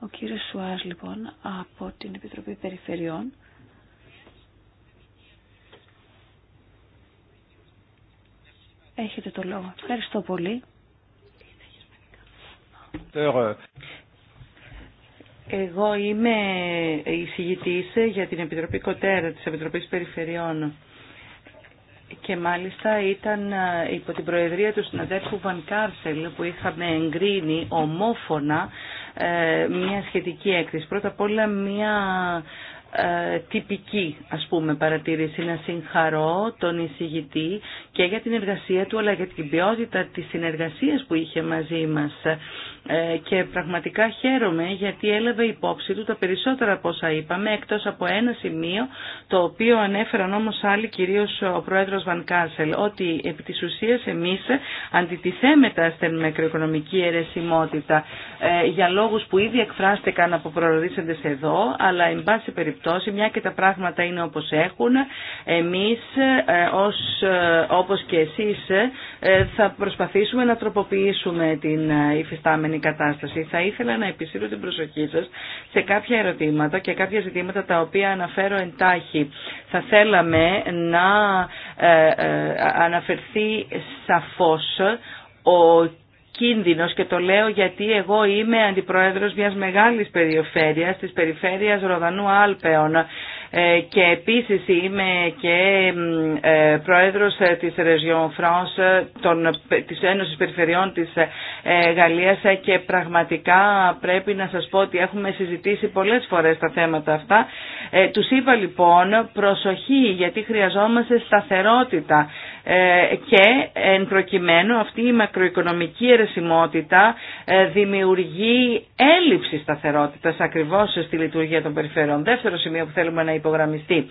Ο κύριος Σουάς λοιπόν από την Επιτροπή Περιφερειών Έχετε το λόγο. Ευχαριστώ πολύ. Εγώ είμαι εισηγητής για την Επιτροπή Κοτέρα της Επιτροπής Περιφερειών και μάλιστα ήταν υπό την προεδρία του συναδέλφου Βαν Κάρσελ που είχαμε εγκρίνει ομόφωνα ε, μια σχετική έκθεση. Πρώτα απ' όλα μια ε, τυπική ας πούμε παρατήρηση να συγχαρώ τον εισηγητή και για την εργασία του αλλά για την ποιότητα της συνεργασίας που είχε μαζί μας ε, και πραγματικά χαίρομαι γιατί έλαβε υπόψη του τα περισσότερα από όσα είπαμε εκτός από ένα σημείο το οποίο ανέφεραν όμως άλλοι κυρίως ο πρόεδρος Κάσελ ότι επί της ουσίας εμείς αντιτιθέμετα στην μικροοικονομική αιρεσιμότητα ε, για λόγους που ήδη εκφράστηκαν από προορίσαντες εδώ αλλά εν πάση περιπτώσει μια και τα πράγματα είναι όπως έχουν εμείς ε, ως, όπως και εσείς θα προσπαθήσουμε να τροποποιήσουμε την υφιστάμενη συγκεκριμένη κατάσταση. Θα ήθελα να επισύρω την προσοχή σας σε κάποια ερωτήματα και κάποια ζητήματα τα οποία αναφέρω εντάχει. Θα θέλαμε να ε, ε, αναφερθεί σαφώς ο κίνδυνος και το λέω γιατί εγώ είμαι αντιπρόεδρος μιας μεγάλης περιφέρειας, της περιφέρειας Ροδανού Άλπαιων ε, και επίσης είμαι και ε, πρόεδρος ε, της Region France, των, της Ένωσης Περιφερειών της Γαλλίας και πραγματικά πρέπει να σας πω ότι έχουμε συζητήσει πολλές φορές τα θέματα αυτά. Τους είπα λοιπόν προσοχή γιατί χρειαζόμαστε σταθερότητα ε, και εν προκειμένου αυτή η μακροοικονομική αιρεσιμότητα ε, δημιουργεί έλλειψη σταθερότητας ακριβώς στη λειτουργία των περιφερειών. Δεύτερο σημείο που θέλουμε να υπογραμμιστεί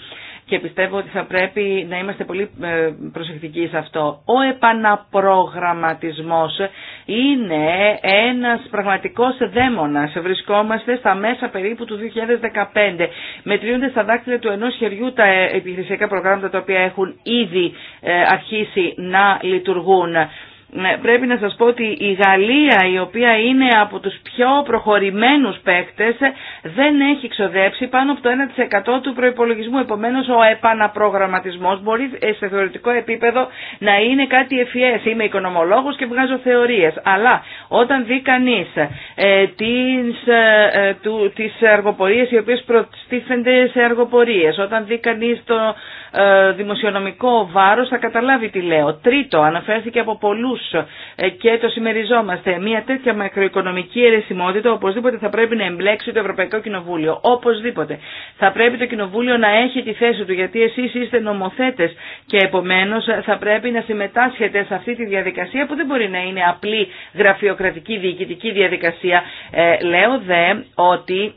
και πιστεύω ότι θα πρέπει να είμαστε πολύ ε, προσεκτικοί σε αυτό. Ο επαναπρογραμματισμός είναι ένας πραγματικός δαίμονας. Βρισκόμαστε στα μέσα περίπου του 2015. Μετριούνται στα δάκτυλα του ενός χεριού τα επιχειρησιακά προγράμματα τα οποία έχουν ήδη ε, αρχίσει να λειτουργούν. Ναι, πρέπει να σας πω ότι η Γαλλία η οποία είναι από τους πιο προχωρημένους παίκτες δεν έχει ξοδέψει πάνω από το 1% του προϋπολογισμού. Επομένως ο επαναπρογραμματισμός μπορεί ε, σε θεωρητικό επίπεδο να είναι κάτι ευφιές. Είμαι οικονομολόγος και βγάζω θεωρίες. Αλλά όταν δει κανείς ε, τις, ε, ε, τις αργοπορίες οι οποίες προστίθενται σε αργοπορίες, όταν δει κανείς το, ε, δημοσιονομικό βάρος θα καταλάβει τι λέω. Τρίτο, αναφέρθηκε από πολλούς ε, και το σημεριζόμαστε Μια τέτοια μακροοικονομική αιρεσιμότητα οπωσδήποτε θα πρέπει να εμπλέξει το Ευρωπαϊκό Κοινοβούλιο. Οπωσδήποτε. Θα πρέπει το Κοινοβούλιο να έχει τη θέση του γιατί εσείς είστε νομοθέτες και επομένως θα πρέπει να συμμετάσχετε σε αυτή τη διαδικασία που δεν μπορεί να είναι απλή γραφειοκρατική διοικητική διαδικασία. Ε, λέω δε ότι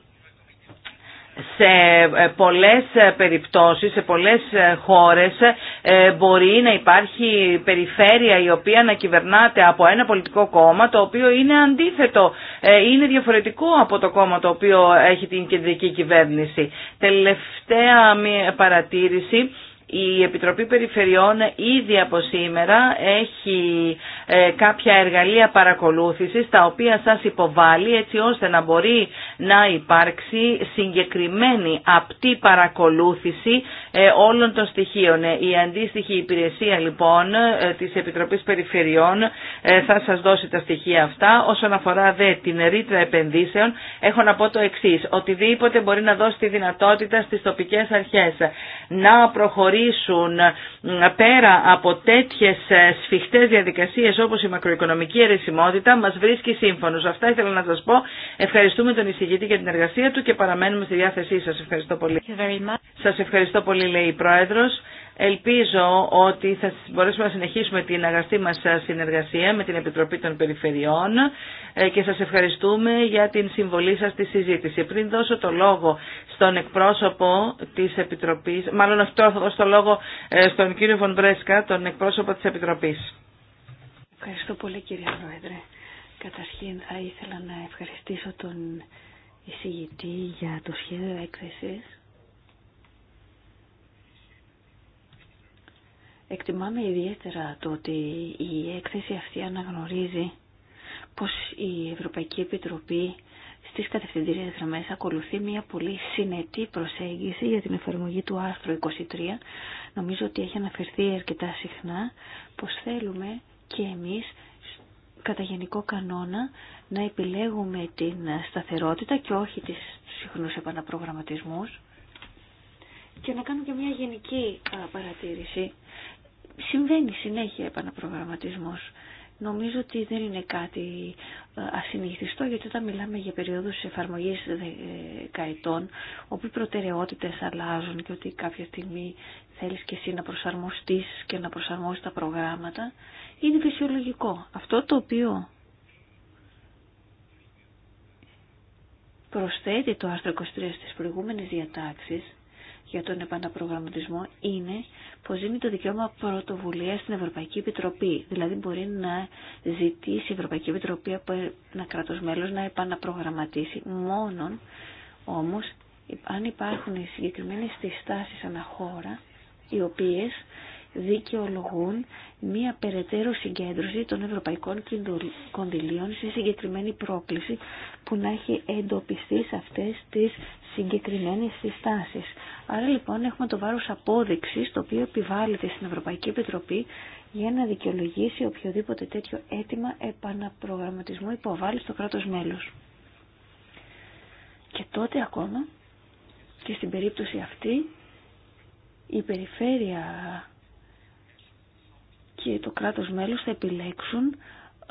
σε ε, πολλές ε, περιπτώσεις, σε πολλές ε, χώρες μπορεί να υπάρχει περιφέρεια η οποία να κυβερνάται από ένα πολιτικό κόμμα το οποίο είναι αντίθετο, είναι διαφορετικό από το κόμμα το οποίο έχει την κεντρική κυβέρνηση. Τελευταία παρατήρηση η Επιτροπή Περιφερειών ήδη από σήμερα έχει ε, κάποια εργαλεία παρακολούθησης τα οποία σας υποβάλλει έτσι ώστε να μπορεί να υπάρξει συγκεκριμένη απτή παρακολούθηση ε, όλων των στοιχείων. Ε, η αντίστοιχη υπηρεσία λοιπόν της Επιτροπής Περιφερειών θα σας δώσει τα στοιχεία αυτά. Όσον αφορά δε την ρήτρα επενδύσεων έχω να πω το εξής. Οτιδήποτε μπορεί να δώσει τη δυνατότητα στις τοπικές αρχές να προχωρήσει ε, πέρα από τέτοιες ε, σφιχτές διαδικασίες όπως η μακροοικονομική αιρεσιμότητα μας βρίσκει σύμφωνος. Αυτά ήθελα να σας πω. Ευχαριστούμε τον εισηγητή για την εργασία του και παραμένουμε στη διάθεσή σας. Ευχαριστώ πολύ. Σας ευχαριστώ πολύ λέει η Πρόεδρος. Ελπίζω ότι θα μπορέσουμε να συνεχίσουμε την αγαστή μας συνεργασία με την Επιτροπή των Περιφερειών ε, και σας ευχαριστούμε για την συμβολή σας στη συζήτηση. Πριν δώσω το λόγο στον εκπρόσωπο της Επιτροπής, μάλλον αυτό θα δώσω το λόγο ε, στον κύριο Βονμπρέσκα, τον εκπρόσωπο της Επιτροπής. Ευχαριστώ πολύ κύριε Πρόεδρε. Καταρχήν θα ήθελα να ευχαριστήσω τον εισηγητή για το σχέδιο έκθεσης Εκτιμάμε ιδιαίτερα το ότι η έκθεση αυτή αναγνωρίζει πως η Ευρωπαϊκή Επιτροπή στις κατευθυντήριες γραμμές ακολουθεί μια πολύ συνετή προσέγγιση για την εφαρμογή του άρθρου 23. Νομίζω ότι έχει αναφερθεί αρκετά συχνά πως θέλουμε και εμείς κατά γενικό κανόνα να επιλέγουμε την σταθερότητα και όχι τις συχνούς επαναπρογραμματισμούς και να κάνουμε και μια γενική παρατήρηση. Συμβαίνει συνέχεια επαναπρογραμματισμός. Νομίζω ότι δεν είναι κάτι ε, ασυνηθιστό γιατί όταν μιλάμε για περίοδους εφαρμογής δεκαετών όπου οι προτεραιότητες αλλάζουν και ότι κάποια στιγμή θέλεις και εσύ να προσαρμοστείς και να προσαρμόσεις τα προγράμματα είναι φυσιολογικό. Αυτό το οποίο προσθέτει το άρθρο 23 στις προηγούμενες διατάξεις για τον επαναπρογραμματισμό είναι πως δίνει το δικαίωμα πρωτοβουλία στην Ευρωπαϊκή Επιτροπή. Δηλαδή μπορεί να ζητήσει η Ευρωπαϊκή Επιτροπή από ένα κράτος μέλος να επαναπρογραμματίσει μόνον όμως αν υπάρχουν συγκεκριμένες συστάσεις αναχώρα οι οποίες δικαιολογούν μία περαιτέρω συγκέντρωση των ευρωπαϊκών κονδυλίων σε συγκεκριμένη πρόκληση που να έχει εντοπιστεί σε αυτές τις συγκεκριμένες συστάσεις. Άρα λοιπόν έχουμε το βάρος απόδειξης το οποίο επιβάλλεται στην Ευρωπαϊκή Επιτροπή για να δικαιολογήσει οποιοδήποτε τέτοιο αίτημα επαναπρογραμματισμού υποβάλλει στο κράτος μέλος. Και τότε ακόμα και στην περίπτωση αυτή η περιφέρεια και το κράτος μέλος θα επιλέξουν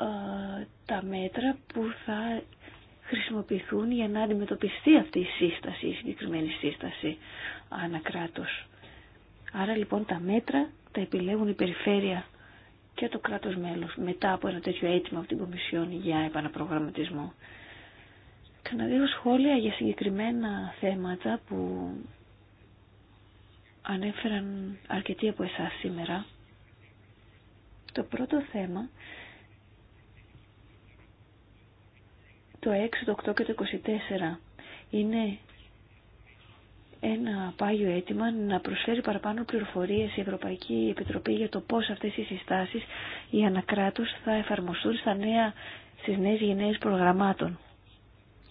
ε, τα μέτρα που θα χρησιμοποιηθούν για να αντιμετωπιστεί αυτή η σύσταση, η συγκεκριμένη σύσταση ανακράτος. Άρα λοιπόν τα μέτρα τα επιλέγουν η περιφέρεια και το κράτος μέλος μετά από ένα τέτοιο αίτημα από την Κομισιόν για επαναπρογραμματισμό. Κάνα σχόλια για συγκεκριμένα θέματα που ανέφεραν αρκετοί από εσάς σήμερα. Το πρώτο θέμα, το 6, το 8 και το 24, είναι ένα πάγιο αίτημα να προσφέρει παραπάνω πληροφορίες η Ευρωπαϊκή Επιτροπή για το πώς αυτές οι συστάσεις, η ανακράτους, θα εφαρμοστούν στα νέα, στις νέες γενναίες προγραμμάτων.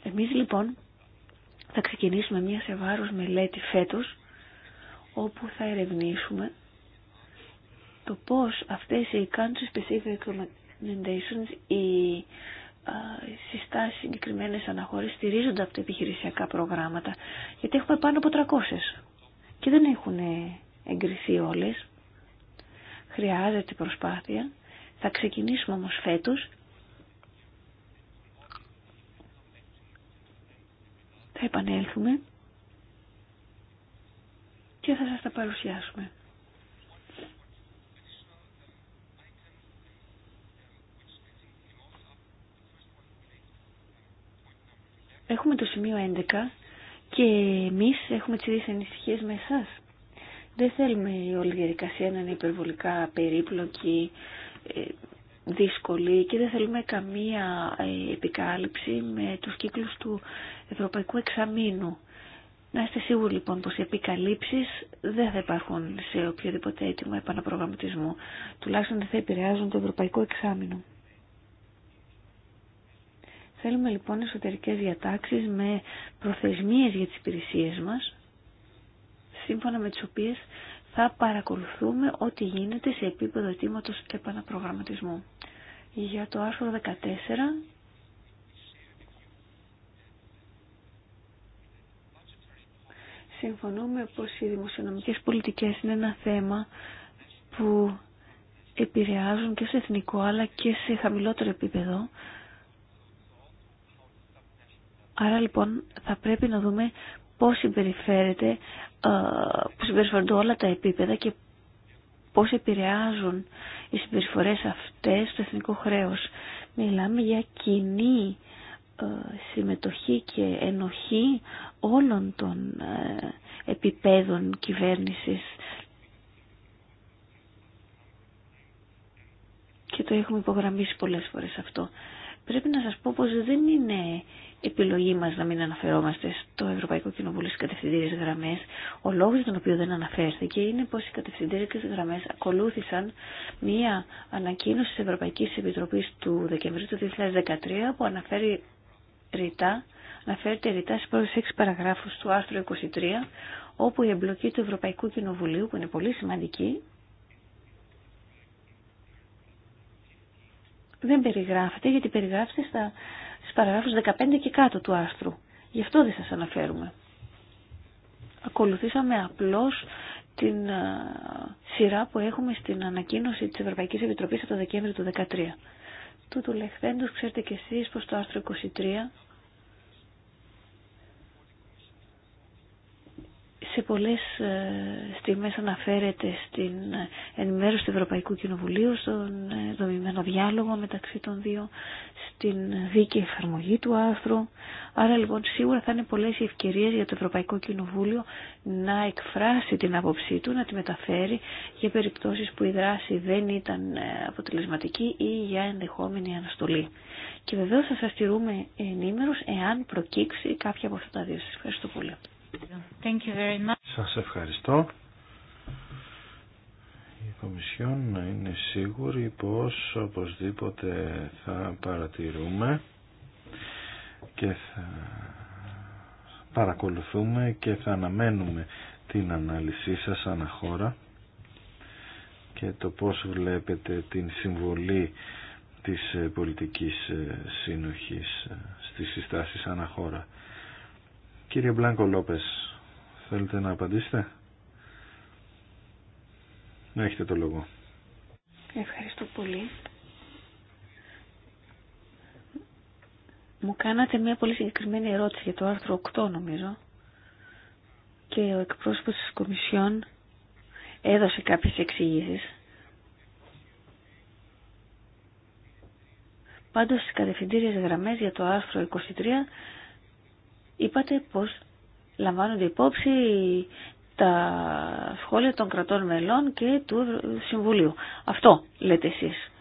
Εμείς λοιπόν θα ξεκινήσουμε μια σε μελέτη φέτος, όπου θα ερευνήσουμε το πώς αυτές οι country specific recommendations, οι συστάσεις συγκεκριμένε αναχώρες στηρίζονται από τα επιχειρησιακά προγράμματα γιατί έχουμε πάνω από 300 και δεν έχουν εγκριθεί όλες χρειάζεται προσπάθεια θα ξεκινήσουμε όμως φέτος θα επανέλθουμε και θα σας τα παρουσιάσουμε Έχουμε το σημείο 11 και εμείς έχουμε τις ίδιες ανησυχίες με εσάς. Δεν θέλουμε η όλη διαδικασία να είναι υπερβολικά περίπλοκη, ε, δύσκολη και δεν θέλουμε καμία ε, επικάλυψη με τους κύκλους του Ευρωπαϊκού Εξαμήνου. Να είστε σίγουροι λοιπόν πως οι επικαλύψεις δεν θα υπάρχουν σε οποιοδήποτε έτοιμο επαναπρογραμματισμό. Τουλάχιστον δεν θα επηρεάζουν το Ευρωπαϊκό Εξάμεινο. Θέλουμε λοιπόν εσωτερικές διατάξεις με προθεσμίες για τις υπηρεσίες μας, σύμφωνα με τις οποίες θα παρακολουθούμε ό,τι γίνεται σε επίπεδο αιτήματος επαναπρογραμματισμού. Για το άρθρο 14... Συμφωνούμε πως οι δημοσιονομικές πολιτικές είναι ένα θέμα που επηρεάζουν και σε εθνικό αλλά και σε χαμηλότερο επίπεδο Άρα λοιπόν θα πρέπει να δούμε πώς συμπεριφέρεται, ε, πώς συμπεριφέρονται όλα τα επίπεδα και πώς επηρεάζουν οι συμπεριφορές αυτές το εθνικό χρέος. Μιλάμε για κοινή ε, συμμετοχή και ενοχή όλων των ε, επιπέδων κυβέρνησης και το έχουμε υπογραμμίσει πολλές φορές αυτό. Πρέπει να σας πω πως δεν είναι επιλογή μας να μην αναφερόμαστε στο Ευρωπαϊκό Κοινοβούλιο στις κατευθυντήριες γραμμές. Ο λόγος για τον οποίο δεν αναφέρθηκε είναι πως οι κατευθυντήριες γραμμές ακολούθησαν μία ανακοίνωση της Ευρωπαϊκής Επιτροπής του Δεκεμβρίου του 2013 που αναφέρει ρητά, αναφέρεται ρητά στις πρώτες έξι παραγράφους του άρθρου 23 όπου η εμπλοκή του Ευρωπαϊκού Κοινοβουλίου, που είναι πολύ σημαντική, δεν περιγράφεται γιατί περιγράφεται στα, στις παραγράφους 15 και κάτω του άρθρου. Γι' αυτό δεν σας αναφέρουμε. Ακολουθήσαμε απλώς την σειρά που έχουμε στην ανακοίνωση της Ευρωπαϊκής Επιτροπής από το Δεκέμβριο του 2013. Τούτου λεχθέντος ξέρετε και εσείς πως το άστρο 23 σε πολλές ε, στιγμές αναφέρεται στην ενημέρωση του Ευρωπαϊκού Κοινοβουλίου, στον ε, δομημένο διάλογο μεταξύ των δύο, στην δίκαιη εφαρμογή του άρθρου. Άρα λοιπόν σίγουρα θα είναι πολλές οι ευκαιρίες για το Ευρωπαϊκό Κοινοβούλιο να εκφράσει την άποψή του, να τη μεταφέρει για περιπτώσεις που η δράση δεν ήταν ε, αποτελεσματική ή για ενδεχόμενη αναστολή. Και βεβαίως θα σας τηρούμε ενήμερους εάν προκύξει κάποια από αυτά τα δύο. Σας ευχαριστώ πολύ. Thank Σας ευχαριστώ. Η Κομισιόν είναι σίγουρη πως οπωσδήποτε θα παρατηρούμε και θα παρακολουθούμε και θα αναμένουμε την ανάλυση σας αναχώρα και το πώς βλέπετε την συμβολή της πολιτικής συνοχής στις συστάσεις αναχώρα. Κύριε Μπλάνκο Λόπες, θέλετε να απαντήσετε. έχετε το λόγο. Ευχαριστώ πολύ. Μου κάνατε μια πολύ συγκεκριμένη ερώτηση για το άρθρο 8 νομίζω και ο εκπρόσωπος της Κομισιόν έδωσε κάποιες εξηγήσει. Πάντως στις κατευθυντήριες γραμμές για το άρθρο 23 είπατε πως λαμβάνονται υπόψη τα σχόλια των κρατών μελών και του Συμβουλίου. Αυτό λέτε εσείς.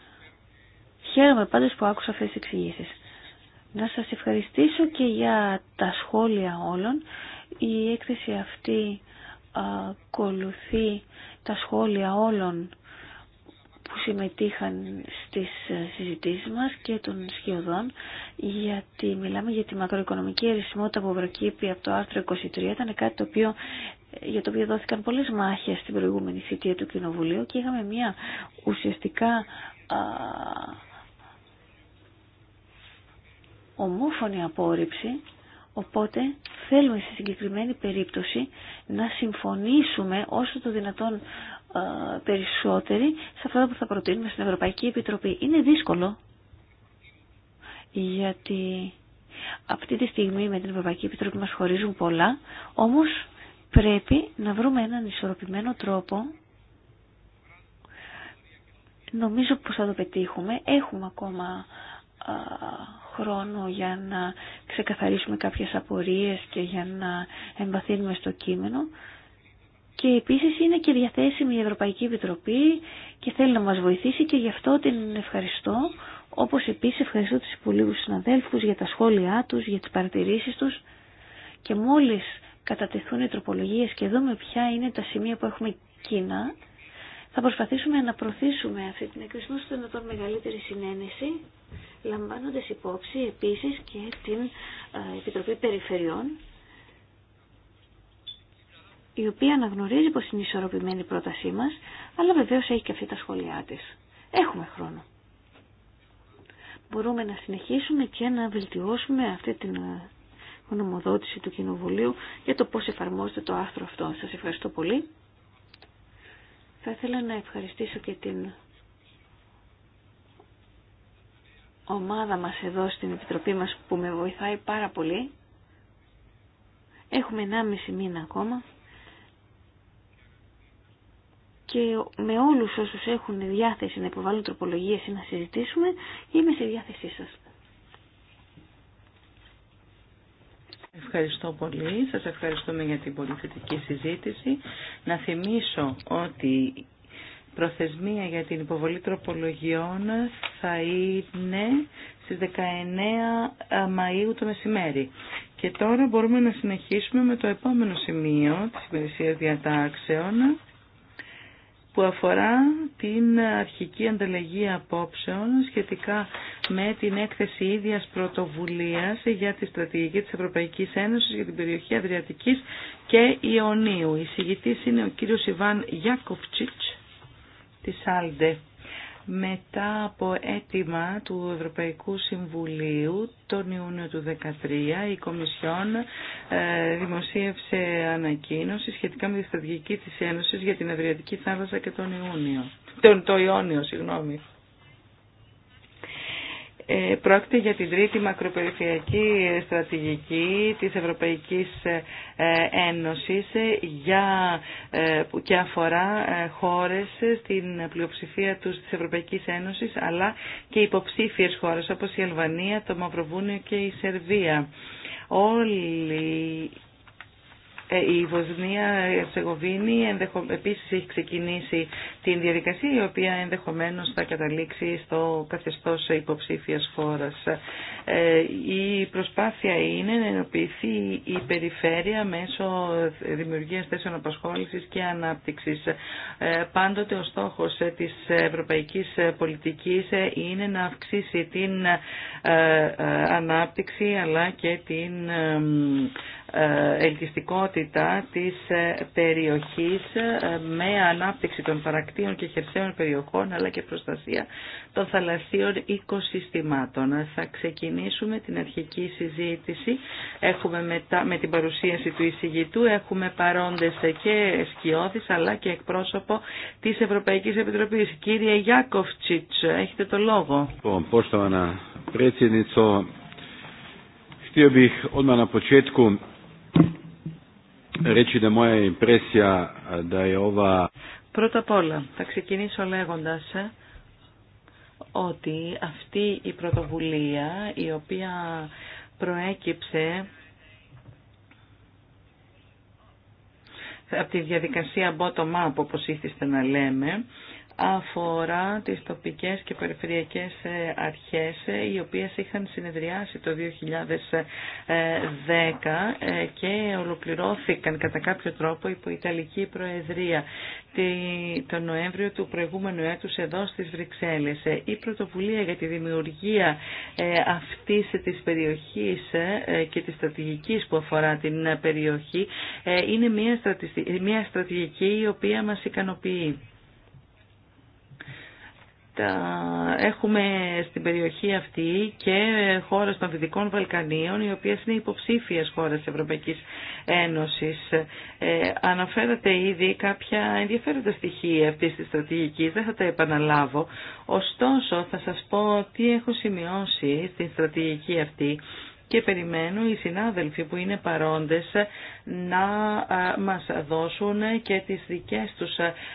Χαίρομαι πάντως που άκουσα αυτές τις εξηγήσεις. Να σας ευχαριστήσω και για τα σχόλια όλων. Η έκθεση αυτή ακολουθεί τα σχόλια όλων που συμμετείχαν στις ε, συζητήσεις μας και των σχεδόν γιατί μιλάμε για τη μακροοικονομική αρισιμότητα που προκύπτει από το άρθρο 23 ήταν κάτι το οποίο ε, για το οποίο δόθηκαν πολλές μάχες στην προηγούμενη θητεία του Κοινοβουλίου και είχαμε μια ουσιαστικά ομόφωνη απόρριψη Οπότε θέλουμε στη συγκεκριμένη περίπτωση να συμφωνήσουμε όσο το δυνατόν ε, περισσότεροι σε αυτά που θα προτείνουμε στην Ευρωπαϊκή Επιτροπή. Είναι δύσκολο γιατί αυτή τη στιγμή με την Ευρωπαϊκή Επιτροπή μας χωρίζουν πολλά, όμως πρέπει να βρούμε έναν ισορροπημένο τρόπο. Νομίζω πως θα το πετύχουμε. Έχουμε ακόμα χρόνο για να ξεκαθαρίσουμε κάποιες απορίες και για να εμπαθύνουμε στο κείμενο και επίσης είναι και διαθέσιμη η Ευρωπαϊκή Επιτροπή και θέλει να μας βοηθήσει και γι' αυτό την ευχαριστώ όπως επίσης ευχαριστώ τους υπολείπου συναδέλφους για τα σχόλιά τους, για τις παρατηρήσεις τους και μόλις κατατεθούν οι τροπολογίες και δούμε ποια είναι τα σημεία που έχουμε κοινά θα προσπαθήσουμε να προωθήσουμε αυτή την εκκρισμό στο δυνατόν μεγαλύτερη συνένεση λαμβάνοντας υπόψη επίσης και την ε, Επιτροπή Περιφερειών η οποία αναγνωρίζει πως είναι ισορροπημένη η πρότασή μας, αλλά βεβαίως έχει και αυτή τα σχόλιά της. Έχουμε χρόνο. Μπορούμε να συνεχίσουμε και να βελτιώσουμε αυτή την ε, γνωμοδότηση του Κοινοβουλίου για το πώς εφαρμόζεται το άρθρο αυτό. Σας ευχαριστώ πολύ. Θα ήθελα να ευχαριστήσω και την ομάδα μας εδώ στην Επιτροπή μας που με βοηθάει πάρα πολύ. Έχουμε 1,5 μήνα ακόμα και με όλους όσους έχουν διάθεση να υποβάλουν τροπολογίες ή να συζητήσουμε, είμαι στη διάθεσή σας. Ευχαριστώ πολύ. Σας ευχαριστούμε για την πολύ θετική συζήτηση. Να θυμίσω ότι προθεσμία για την υποβολή τροπολογιών θα είναι στις 19 Μαΐου το μεσημέρι. Και τώρα μπορούμε να συνεχίσουμε με το επόμενο σημείο της υπηρεσίας διατάξεων που αφορά την αρχική ανταλλαγή απόψεων σχετικά με την έκθεση ίδιας πρωτοβουλίας για τη στρατηγική της Ευρωπαϊκής Ένωσης για την περιοχή Αδριατικής και Ιωνίου. Η συγητής είναι ο κύριος Ιβάν Γιακοβτσίτς της ΑΛΔΕ μετά από αίτημα του Ευρωπαϊκού Συμβουλίου τον Ιούνιο του 2013 η Κομισιόν ε, δημοσίευσε ανακοίνωση σχετικά με τη στρατηγική της Ένωσης για την Αδριατική Θάλασσα και τον Ιούνιο. Τον, το Ιόνιο, συγγνώμη. Ε, πρόκειται για την τρίτη μακροπεριφερειακή στρατηγική της Ευρωπαϊκής ε, ε, Ένωσης για, που και αφορά χώρες στην πλειοψηφία τους της Ευρωπαϊκής Ένωσης αλλά και υποψήφιες χώρες όπως η Αλβανία, το Μαυροβούνιο και η Σερβία. Όλοι ε, η Βοσνία Ερσεγοβίνη επίσης έχει ξεκινήσει την διαδικασία η οποία ενδεχομένως θα καταλήξει στο καθεστώς υποψήφιας χώρας. Ε, η προσπάθεια είναι να ενοποιηθεί η περιφέρεια μέσω δημιουργίας θέσεων απασχόλησης και ανάπτυξης. Ε, πάντοτε ο στόχος της ευρωπαϊκής πολιτικής είναι να αυξήσει την ε, ανάπτυξη αλλά και την ελκυστικότητα της περιοχής με ανάπτυξη των παρακτήων και χερσαίων περιοχών αλλά και προστασία των θαλασσίων οικοσυστημάτων. Θα ξεκινήσουμε την αρχική συζήτηση. Έχουμε μετά, με την παρουσίαση του εισηγητού, έχουμε παρόντες και σκιώδης αλλά και εκπρόσωπο της Ευρωπαϊκής Επιτροπής. Κύριε Γιάκοφτσιτς, έχετε το λόγο. Πρώτα απ' όλα, θα ξεκινήσω λέγοντας ε, ότι αυτή η πρωτοβουλία η οποία προέκυψε από τη διαδικασία bottom-up όπως ήθιστε να λέμε αφορά τις τοπικές και περιφερειακές ε, αρχές ε, οι οποίες είχαν συνεδριάσει το 2010 ε, και ολοκληρώθηκαν κατά κάποιο τρόπο υπό Ιταλική Προεδρία το Νοέμβριο του προηγούμενου έτους εδώ στις Βρυξέλλες. Η πρωτοβουλία για τη δημιουργία αυτής της περιοχής και της στρατηγικής που αφορά την περιοχή είναι μια στρατηγική η οποία μας ικανοποιεί έχουμε στην περιοχή αυτή και χώρες των Δυτικών Βαλκανίων οι οποίες είναι υποψήφιες χώρες της Ευρωπαϊκής Ένωσης. Ε, αναφέρατε ήδη κάποια ενδιαφέροντα στοιχεία αυτής της στρατηγικής, δεν θα τα επαναλάβω. Ωστόσο θα σας πω τι έχω σημειώσει στην στρατηγική αυτή και περιμένω οι συνάδελφοι που είναι παρόντες να μας δώσουν και τις δικές τους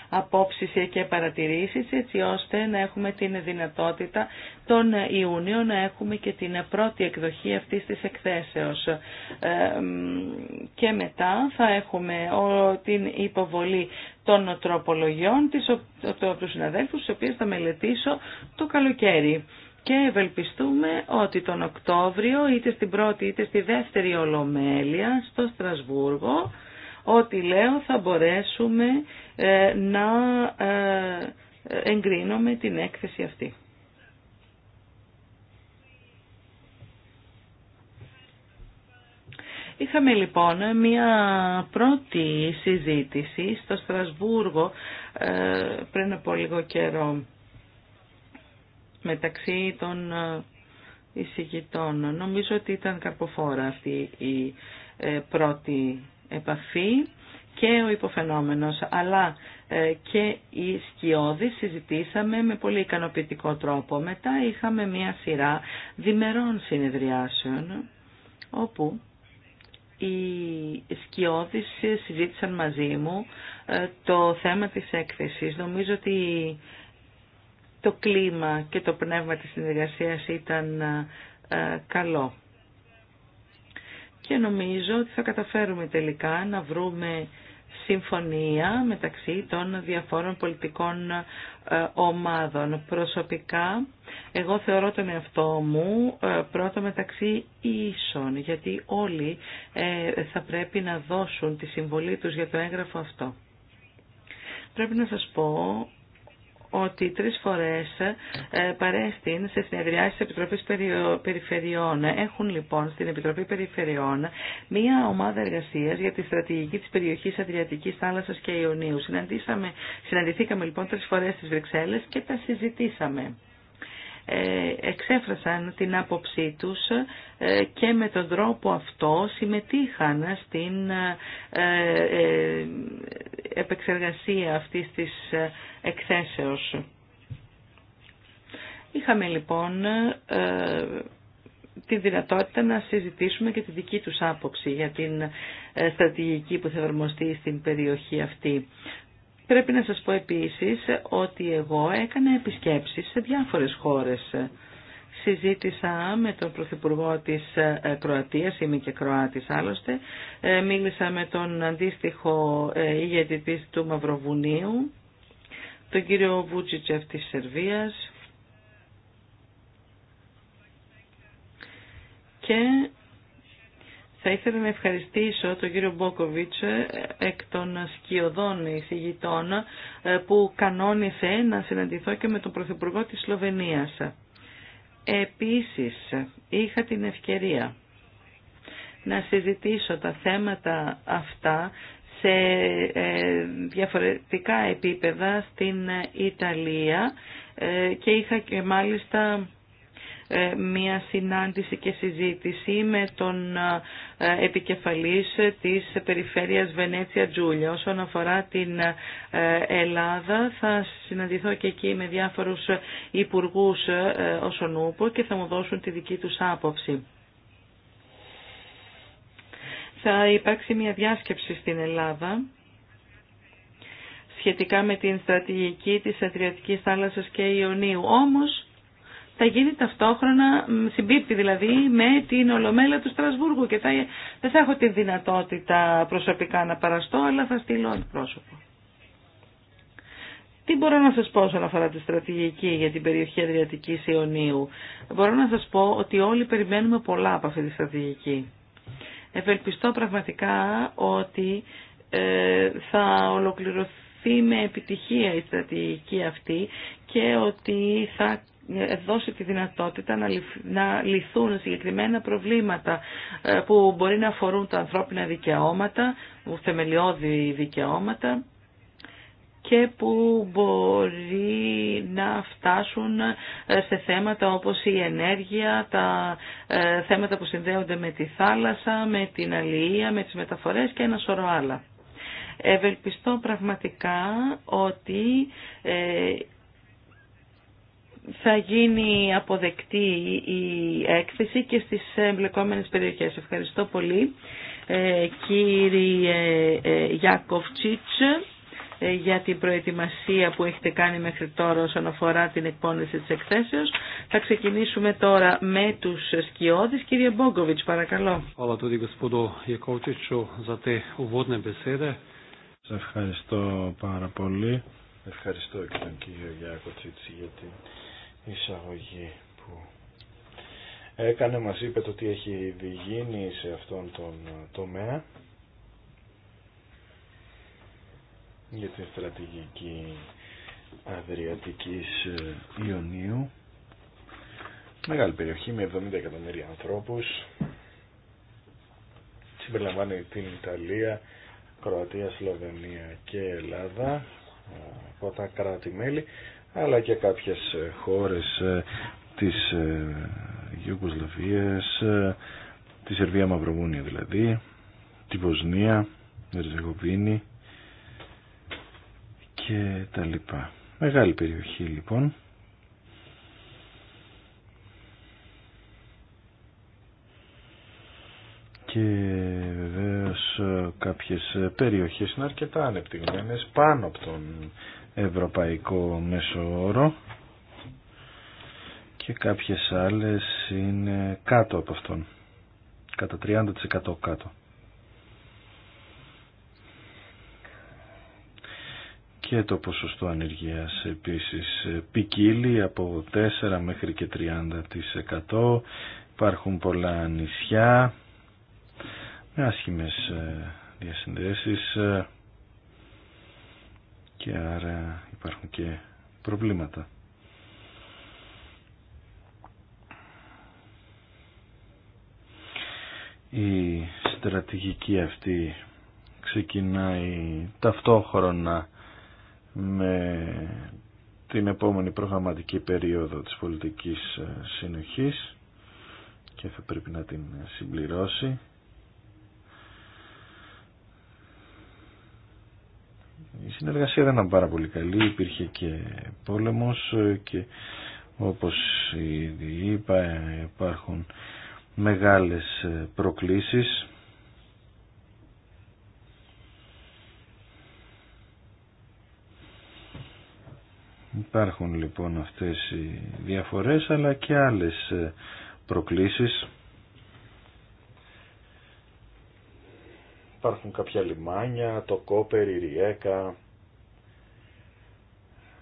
απόψεις και παρατηρήσεις έτσι ώστε να έχουμε την δυνατότητα τον Ιούνιο να έχουμε και την πρώτη εκδοχή αυτής της εκθέσεως. Ε, και μετά θα έχουμε την υποβολή των τροπολογιών από του συναδέλφους, τις οποίες θα μελετήσω το καλοκαίρι και ευελπιστούμε ότι τον Οκτώβριο είτε στην πρώτη είτε στη δεύτερη Ολομέλεια στο Στρασβούργο ότι λέω θα μπορέσουμε ε, να ε, εγκρίνουμε την έκθεση αυτή. Είχαμε λοιπόν μία πρώτη συζήτηση στο Στρασβούργο ε, πριν από λίγο καιρό μεταξύ των ε, εισηγητών. Νομίζω ότι ήταν καρποφόρα αυτή η ε, πρώτη επαφή και ο υποφαινόμενος αλλά ε, και οι σκιώδη συζητήσαμε με πολύ ικανοποιητικό τρόπο. Μετά είχαμε μία σειρά διμερών συνεδριάσεων όπου οι σκιώδεις συζήτησαν μαζί μου το θέμα της έκθεσης. Νομίζω ότι το κλίμα και το πνεύμα της συνεργασίας ήταν ε, ε, καλό. Και νομίζω ότι θα καταφέρουμε τελικά να βρούμε συμφωνία μεταξύ των διαφόρων πολιτικών ε, ομάδων. Προσωπικά, εγώ θεωρώ τον εαυτό μου πρώτο μεταξύ ίσων, γιατί όλοι θα πρέπει να δώσουν τη συμβολή τους για το έγγραφο αυτό. Πρέπει να σας πω ότι τρεις φορές ε, παρέστην σε συνεδριάσεις Επιτροπής Περιφερειών. Έχουν λοιπόν στην Επιτροπή Περιφερειών μία ομάδα εργασίας για τη στρατηγική της περιοχής Αδριατικής θάλασσας και Ιωνίου. Συναντήσαμε, συναντηθήκαμε λοιπόν τρεις φορές στις Βρυξέλλες και τα συζητήσαμε. Ε, εξέφρασαν την άποψή τους ε, και με τον τρόπο αυτό συμμετείχαν στην ε, επεξεργασία αυτής της εκθέσεως. Είχαμε λοιπόν τη δυνατότητα να συζητήσουμε και τη δική τους άποψη για την στρατηγική που θα στην περιοχή αυτή. Πρέπει να σας πω επίσης ότι εγώ έκανα επισκέψεις σε διάφορες χώρες. Συζήτησα με τον Πρωθυπουργό της ε, Κροατίας, είμαι και Κροάτης άλλωστε, ε, μίλησα με τον αντίστοιχο ε, ηγετητή του Μαυροβουνίου, τον κύριο Βούτσιτσεφ της Σερβίας και θα ήθελα να ευχαριστήσω τον κύριο Μπόκοβιτς ε, εκ των σκιωδών εισηγητών ε, που κανόνισε να συναντηθώ και με τον Πρωθυπουργό της Σλοβενίας. Επίσης είχα την ευκαιρία να συζητήσω τα θέματα αυτά σε ε, διαφορετικά επίπεδα στην Ιταλία και είχα και μάλιστα ε, μια συνάντηση και συζήτηση με τον ε, επικεφαλής της περιφέρειας Βενέτσια Τζούλια. Όσον αφορά την ε, Ελλάδα θα συναντηθώ και εκεί με διάφορους υπουργούς όσον ούπο και θα μου δώσουν τη δική τους άποψη θα υπάρξει μια διάσκεψη στην Ελλάδα σχετικά με την στρατηγική της Αδριατικής θάλασσας και Ιωνίου. Όμως θα γίνει ταυτόχρονα, συμπίπτει δηλαδή, με την Ολομέλα του Στρασβούργου και θα, δεν θα έχω τη δυνατότητα προσωπικά να παραστώ, αλλά θα στείλω αντιπρόσωπο. Τι μπορώ να σας πω όσον αφορά τη στρατηγική για την περιοχή Αδριατικής Ιωνίου. Μπορώ να σας πω ότι όλοι περιμένουμε πολλά από αυτή τη στρατηγική. Ευελπιστώ πραγματικά ότι ε, θα ολοκληρωθεί με επιτυχία η στρατηγική αυτή και ότι θα δώσει τη δυνατότητα να λυθούν συγκεκριμένα προβλήματα ε, που μπορεί να αφορούν τα ανθρώπινα δικαιώματα, θεμελιώδη δικαιώματα και που μπορεί να φτάσουν ε, σε θέματα όπως η ενέργεια, τα ε, θέματα που συνδέονται με τη θάλασσα, με την αλληλεία, με τις μεταφορές και ένα σωρό άλλα. Ευελπιστώ πραγματικά ότι θα γίνει αποδεκτή η έκθεση και στις εμπλεκόμενες περιοχές. Ευχαριστώ πολύ ε, κύριε ε, Γιάκοφτσίτς ε, για την προετοιμασία που έχετε κάνει μέχρι τώρα όσον αφορά την εκπόνηση της εκθέσεως. Θα ξεκινήσουμε τώρα με τους σκιώδεις. Κύριε Μπόγκοβιτς, παρακαλώ. Σας ευχαριστώ πάρα πολύ. Ευχαριστώ και τον κύριο Τσίτσι για την εισαγωγή που έκανε, μας είπε το τι έχει γίνει σε αυτόν τον τομέα για την στρατηγική Αδριατικής ε, Ιωνίου μεγάλη περιοχή με 70 εκατομμύρια ανθρώπους συμπεριλαμβάνει την Ιταλία, Κροατία, Σλοβενία και Ελλάδα ε, από τα κράτη-μέλη αλλά και κάποιες ε, χώρες ε, της ε, Ιουγκοσλαβίας, τη Σερβία Μαυρομούνια δηλαδή, τη Βοσνία, Ερζεγοβίνη και τα λοιπά. Μεγάλη περιοχή λοιπόν. και βεβαίως κάποιες περιοχές είναι αρκετά ανεπτυγμένες πάνω από τον ευρωπαϊκό μέσο όρο και κάποιες άλλες είναι κάτω από αυτόν κατά 30% κάτω και το ποσοστό ανεργίας επίσης ποικίλει από 4 μέχρι και 30% υπάρχουν πολλά νησιά με άσχημες ε, διασυνδέσεις ε, και άρα υπάρχουν και προβλήματα. Η στρατηγική αυτή ξεκινάει ταυτόχρονα με την επόμενη προγραμματική περίοδο της πολιτικής συνοχής και θα πρέπει να την συμπληρώσει Η συνεργασία δεν ήταν πάρα πολύ καλή, υπήρχε και πόλεμος και όπως ήδη είπα υπάρχουν μεγάλες προκλήσεις Υπάρχουν λοιπόν αυτές οι διαφορές αλλά και άλλες προκλήσεις Υπάρχουν κάποια λιμάνια, το Κόπερ, η Ριέκα,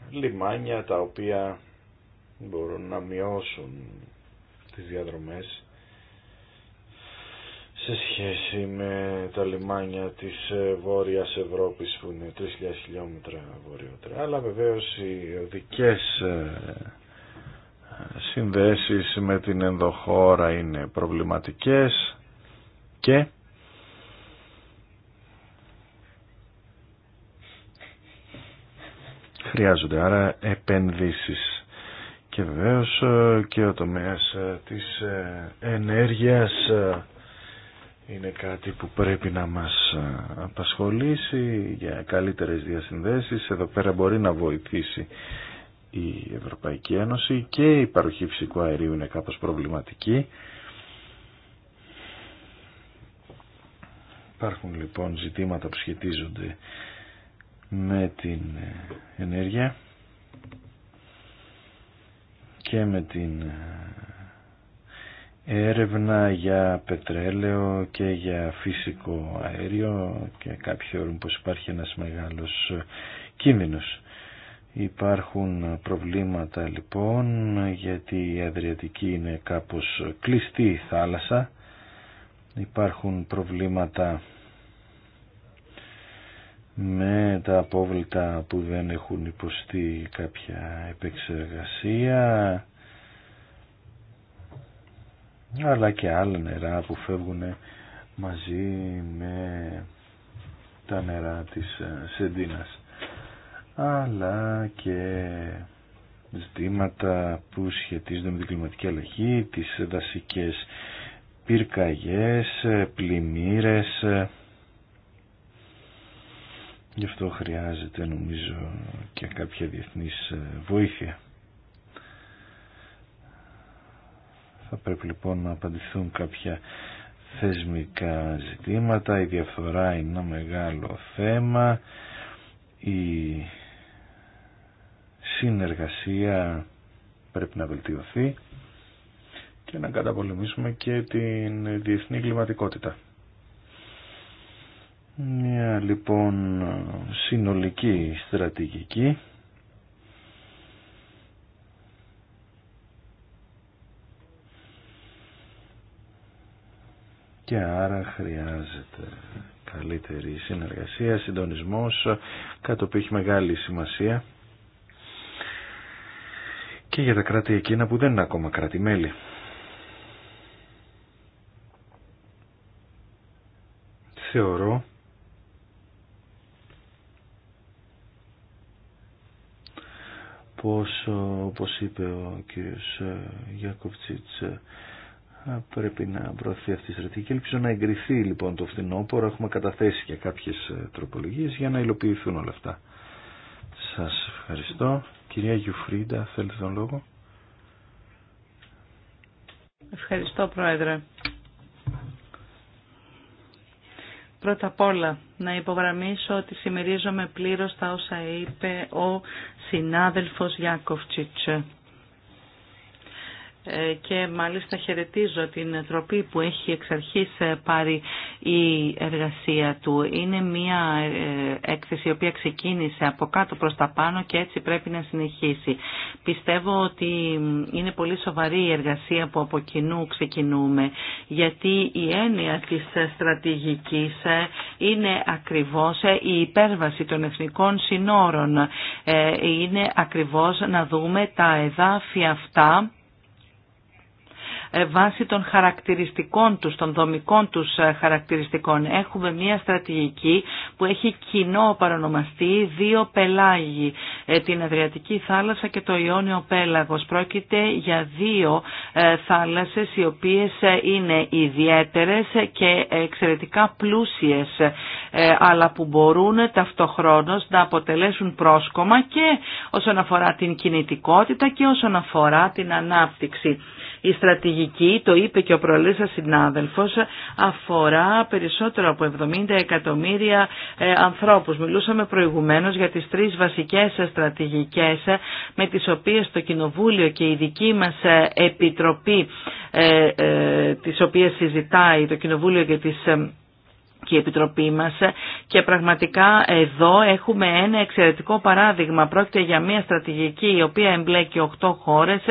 λιμάνια τα οποία μπορούν να μειώσουν τις διαδρομές σε σχέση με τα λιμάνια της ε, Βόρειας Ευρώπης που είναι 3.000 χιλιόμετρα βορειότερα. Αλλά βεβαίως οι οδικές ε, συνδέσεις με την ενδοχώρα είναι προβληματικές και χρειάζονται. Άρα επενδύσεις. Και βεβαίως ε, και ο τομέας ε, της ε, ενέργειας είναι κάτι που πρέπει να μας απασχολήσει για καλύτερες διασυνδέσεις. Εδώ πέρα μπορεί να βοηθήσει η Ευρωπαϊκή Ένωση και η παροχή φυσικού αερίου είναι κάπως προβληματική. Υπάρχουν λοιπόν ζητήματα που σχετίζονται με την ε, ενέργεια και με την ε, έρευνα για πετρέλαιο και για φυσικό αέριο και κάποιοι θεωρούν πως υπάρχει ένας μεγάλος ε, κίνδυνος. Υπάρχουν προβλήματα λοιπόν γιατί η Αδριατική είναι κάπως κλειστή θάλασσα. Υπάρχουν προβλήματα με τα απόβλητα που δεν έχουν υποστεί κάποια επεξεργασία αλλά και άλλα νερά που φεύγουν μαζί με τα νερά της ε, Σεντίνας αλλά και ζητήματα που σχετίζονται με την κλιματική αλλαγή, τις δασικές πυρκαγιές, πλημμύρες, Γι' αυτό χρειάζεται νομίζω και κάποια διεθνής ε, βοήθεια. Θα πρέπει λοιπόν να απαντηθούν κάποια θεσμικά ζητήματα. Η διαφθορά είναι ένα μεγάλο θέμα. Η συνεργασία πρέπει να βελτιωθεί και να καταπολεμήσουμε και την διεθνή κλιματικότητα λοιπόν συνολική στρατηγική και άρα χρειάζεται καλύτερη συνεργασία, συντονισμός, Κάτω που έχει μεγάλη σημασία και για τα κράτη εκείνα που δεν είναι ακόμα κράτη-μέλη. Θεωρώ πως όπως είπε ο κύριος ε, Γιακοβτσίτς ε, πρέπει να προωθεί αυτή η στρατηγική. Ελπίζω να εγκριθεί λοιπόν το φθινόπωρο. Έχουμε καταθέσει και κάποιες ε, τροπολογίες για να υλοποιηθούν όλα αυτά. Σας ευχαριστώ. Κυρία Γιουφρίντα, θέλετε τον λόγο. Ευχαριστώ Πρόεδρε. Πρώτα απ' όλα να υπογραμμίσω ότι συμμερίζομαι πλήρως τα όσα είπε ο συνάδελφος Γιάκοφτσιτς. Ε, και μάλιστα χαιρετίζω την τροπή που έχει εξ αρχής ε, πάρει η εργασία του. Είναι μια ε, έκθεση η οποία ξεκίνησε από κάτω προς τα πάνω και έτσι πρέπει να συνεχίσει. Πιστεύω ότι είναι πολύ σοβαρή η εργασία που από κοινού ξεκινούμε γιατί η έννοια της στρατηγικής είναι ακριβώς η υπέρβαση των εθνικών συνόρων. Είναι ακριβώς να δούμε τα εδάφια αυτά ε, βάσει των χαρακτηριστικών τους, των δομικών τους ε, χαρακτηριστικών. Έχουμε μια στρατηγική που έχει κοινό παρονομαστή δύο πελάγοι, ε, την Αδριατική θάλασσα και το Ιόνιο πέλαγος. Πρόκειται για δύο θάλασσες οι οποίες είναι ιδιαίτερες και εξαιρετικά πλούσιες, αλλά που μπορούν ταυτοχρόνως να αποτελέσουν πρόσκομα και όσον αφορά την κινητικότητα και όσον αφορά την ανάπτυξη. Η στρατηγική, το είπε και ο προλήσας συνάδελφος, αφορά περισσότερο από 70 εκατομμύρια ε, ανθρώπους. Μιλούσαμε προηγουμένως για τις τρεις βασικές στρατηγικές ε, με τις οποίες το Κοινοβούλιο και η δική μας ε, Επιτροπή τις οποίες συζητάει το Κοινοβούλιο και τις και η Επιτροπή μας και πραγματικά εδώ έχουμε ένα εξαιρετικό παράδειγμα. Πρόκειται για μια στρατηγική η οποία εμπλέκει 8 χώρες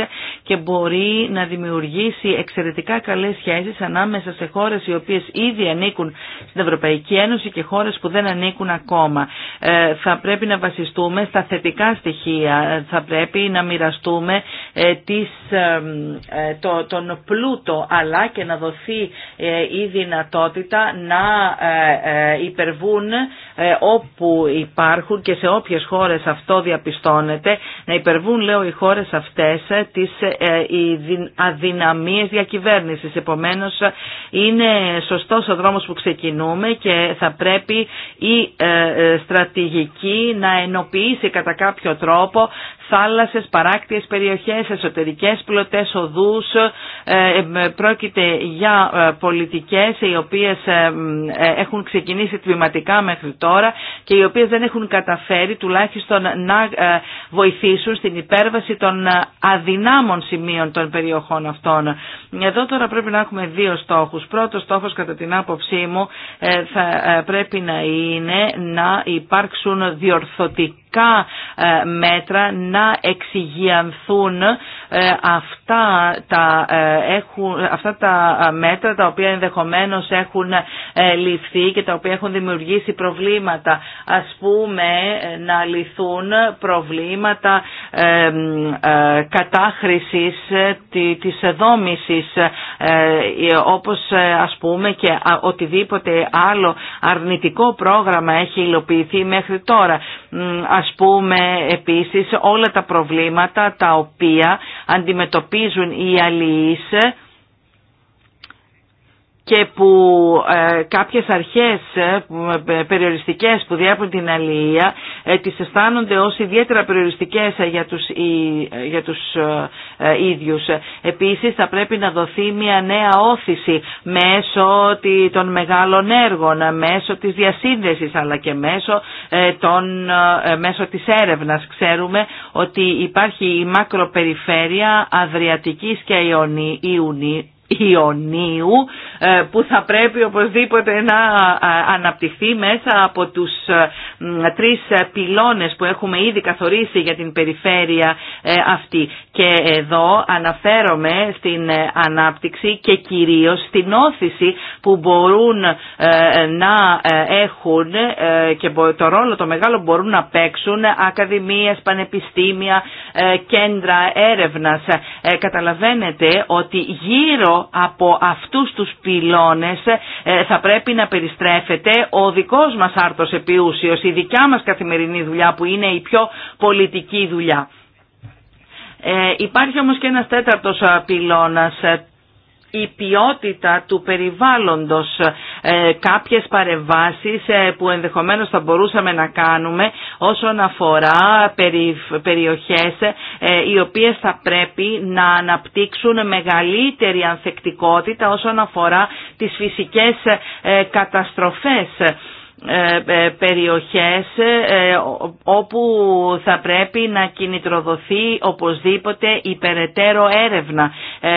και μπορεί να δημιουργήσει εξαιρετικά καλές σχέσεις ανάμεσα σε χώρες οι οποίες ήδη ανήκουν στην Ευρωπαϊκή Ένωση και χώρες που δεν ανήκουν ακόμα. Ε, θα πρέπει να βασιστούμε στα θετικά στοιχεία, θα πρέπει να μοιραστούμε ε, τις, ε, ε, το, τον πλούτο αλλά και να δοθεί η δυνατότητα να ε, ε, υπερβούν ε, όπου υπάρχουν και σε όποιες χώρες αυτό διαπιστώνεται, να υπερβούν λέω οι χώρες αυτές τις αδυναμίες διακυβέρνησης. Επομένως είναι σωστός ο δρόμος που ξεκινούμε και θα πρέπει η στρατηγική να ενοποιήσει κατά κάποιο τρόπο θάλασσες, παράκτιες περιοχές, εσωτερικές πλωτές οδούς. Πρόκειται για πολιτικές οι οποίες έχουν ξεκινήσει τμηματικά μέχρι τώρα και οι οποίες δεν έχουν καταφέρει τουλάχιστον να ε, βοηθήσουν στην υπέρβαση των ε, αδυνάμων σημείων των περιοχών αυτών. Εδώ τώρα πρέπει να έχουμε δύο στόχους. Πρώτος στόχος κατά την άποψή μου ε, θα πρέπει να είναι να υπάρξουν διορθωτικά ειδικά ε, μέτρα να εξυγιανθούν ε, αυτά τα, ε, έχουν, αυτά τα μέτρα τα οποία ενδεχομένως έχουν ληφθεί και τα οποία έχουν δημιουργήσει προβλήματα. Ας πούμε να λυθούν προβλήματα κατάχρησης της δόμησης όπως ας πούμε και οτιδήποτε άλλο αρνητικό πρόγραμμα έχει υλοποιηθεί μέχρι τώρα ας πούμε επίσης όλα τα προβλήματα τα οποία αντιμετωπίζουν οι αλληλείς και που ε, κάποιες αρχές ε, ε, περιοριστικές που διέπουν την αλληλεία τις αισθάνονται ως ιδιαίτερα περιοριστικές για τους, για τους ίδιους. Επίσης θα πρέπει να δοθεί μια νέα όθηση μέσω των μεγάλων έργων, μέσω της διασύνδεσης αλλά και μέσω, των, μέσω της έρευνας. Ξέρουμε ότι υπάρχει η μακροπεριφέρεια Αδριατικής και Ιωνίου ε, που θα πρέπει οπωσδήποτε να ε, αναπτυχθεί μέσα από τους ε, τρεις πυλώνες που έχουμε ήδη καθορίσει για την περιφέρεια αυτή. Και εδώ αναφέρομαι στην ανάπτυξη και κυρίως στην όθηση που μπορούν να έχουν και το ρόλο το μεγάλο μπορούν να παίξουν ακαδημίες, πανεπιστήμια, κέντρα έρευνας. Καταλαβαίνετε ότι γύρω από αυτούς τους πυλώνες ε, θα πρέπει να περιστρέφεται ο δικός μας άρτος επίουσιος, η δικιά μας καθημερινή δουλειά που είναι η πιο πολιτική δουλειά. Ε, υπάρχει όμως και ένας τέταρτος πυλώνας ε, η ποιότητα του περιβάλλοντος, ε, κάποιες παρεμβάσεις ε, που ενδεχομένως θα μπορούσαμε να κάνουμε όσον αφορά περιοχές ε, οι οποίες θα πρέπει να αναπτύξουν μεγαλύτερη ανθεκτικότητα όσον αφορά τις φυσικές καταστροφές ε, ε, περιοχές ε, όπου θα πρέπει να κινητροδοθεί οπωσδήποτε υπεραιτέρω έρευνα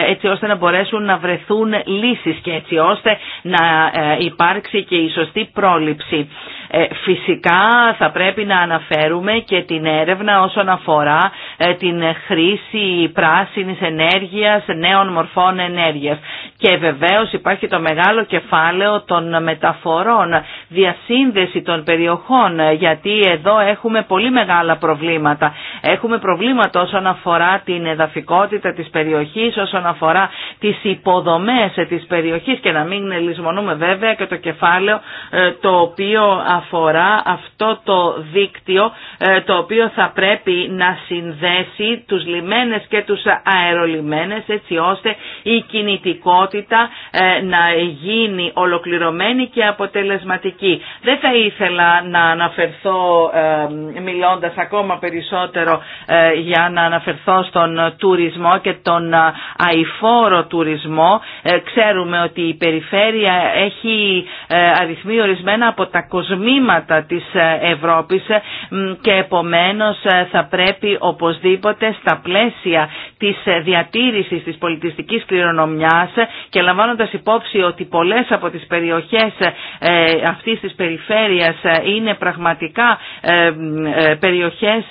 έτσι ώστε να μπορέσουν να βρεθούν λύσεις και έτσι ώστε να υπάρξει και η σωστή πρόληψη. Ε, φυσικά θα πρέπει να αναφέρουμε και την έρευνα όσον αφορά ε, την χρήση πράσινης ενέργειας, νέων μορφών ενέργειας. Και βεβαίως υπάρχει το μεγάλο κεφάλαιο των μεταφορών, διασύνδεση των περιοχών, γιατί εδώ έχουμε πολύ μεγάλα προβλήματα. Έχουμε προβλήματα όσον αφορά την εδαφικότητα της περιοχής, όσον αφορά τις υποδομές της περιοχής και να μην λησμονούμε βέβαια και το κεφάλαιο ε, το οποίο αφορά αυτό το δίκτυο ε, το οποίο θα πρέπει να συνδέσει τους λιμένες και τους αερολιμένες έτσι ώστε η κινητικότητα ε, να γίνει ολοκληρωμένη και αποτελεσματική. Δεν θα ήθελα να αναφερθώ ε, μιλώντας ακόμα περισσότερο για να αναφερθώ στον τουρισμό και τον αηφόρο τουρισμό. Ξέρουμε ότι η περιφέρεια έχει αριθμεί ορισμένα από τα τμήματα της ε, Ευρώπης ε, και επομένως ε, θα πρέπει οπωσδήποτε στα πλαίσια της διατήρησης της πολιτιστικής κληρονομιάς και λαμβάνοντας υπόψη ότι πολλές από τις περιοχές αυτής της περιφέρειας είναι πραγματικά περιοχές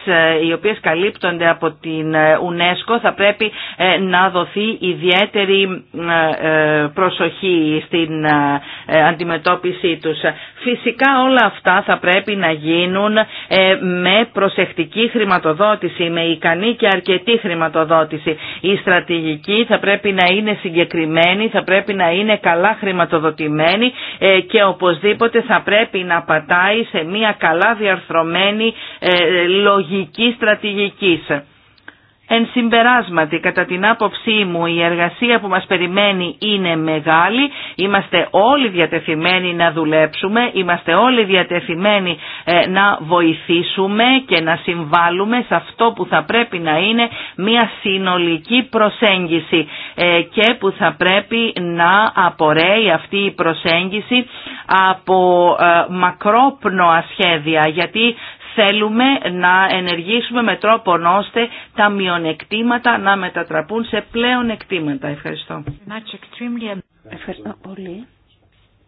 οι οποίες καλύπτονται από την UNESCO θα πρέπει να δοθεί ιδιαίτερη προσοχή στην αντιμετώπιση τους. Φυσικά όλα αυτά θα πρέπει να γίνουν ε, με προσεκτική χρηματοδότηση, με ικανή και αρκετή χρηματοδότηση. Η στρατηγική θα πρέπει να είναι συγκεκριμένη, θα πρέπει να είναι καλά χρηματοδοτημένη ε, και οπωσδήποτε θα πρέπει να πατάει σε μια καλά διαρθρωμένη ε, λογική στρατηγική. Εν συμπεράσματι, κατά την άποψή μου, η εργασία που μας περιμένει είναι μεγάλη, είμαστε όλοι διατεθειμένοι να δουλέψουμε, είμαστε όλοι διατεθειμένοι ε, να βοηθήσουμε και να συμβάλλουμε σε αυτό που θα πρέπει να είναι μια συνολική προσέγγιση ε, και που θα πρέπει να απορρέει αυτή η προσέγγιση από ε, μακρόπνοα σχέδια, γιατί θέλουμε να ενεργήσουμε με τρόπο ώστε τα μειονεκτήματα να μετατραπούν σε πλέον εκτήματα. Ευχαριστώ. Ευχαριστώ πολύ.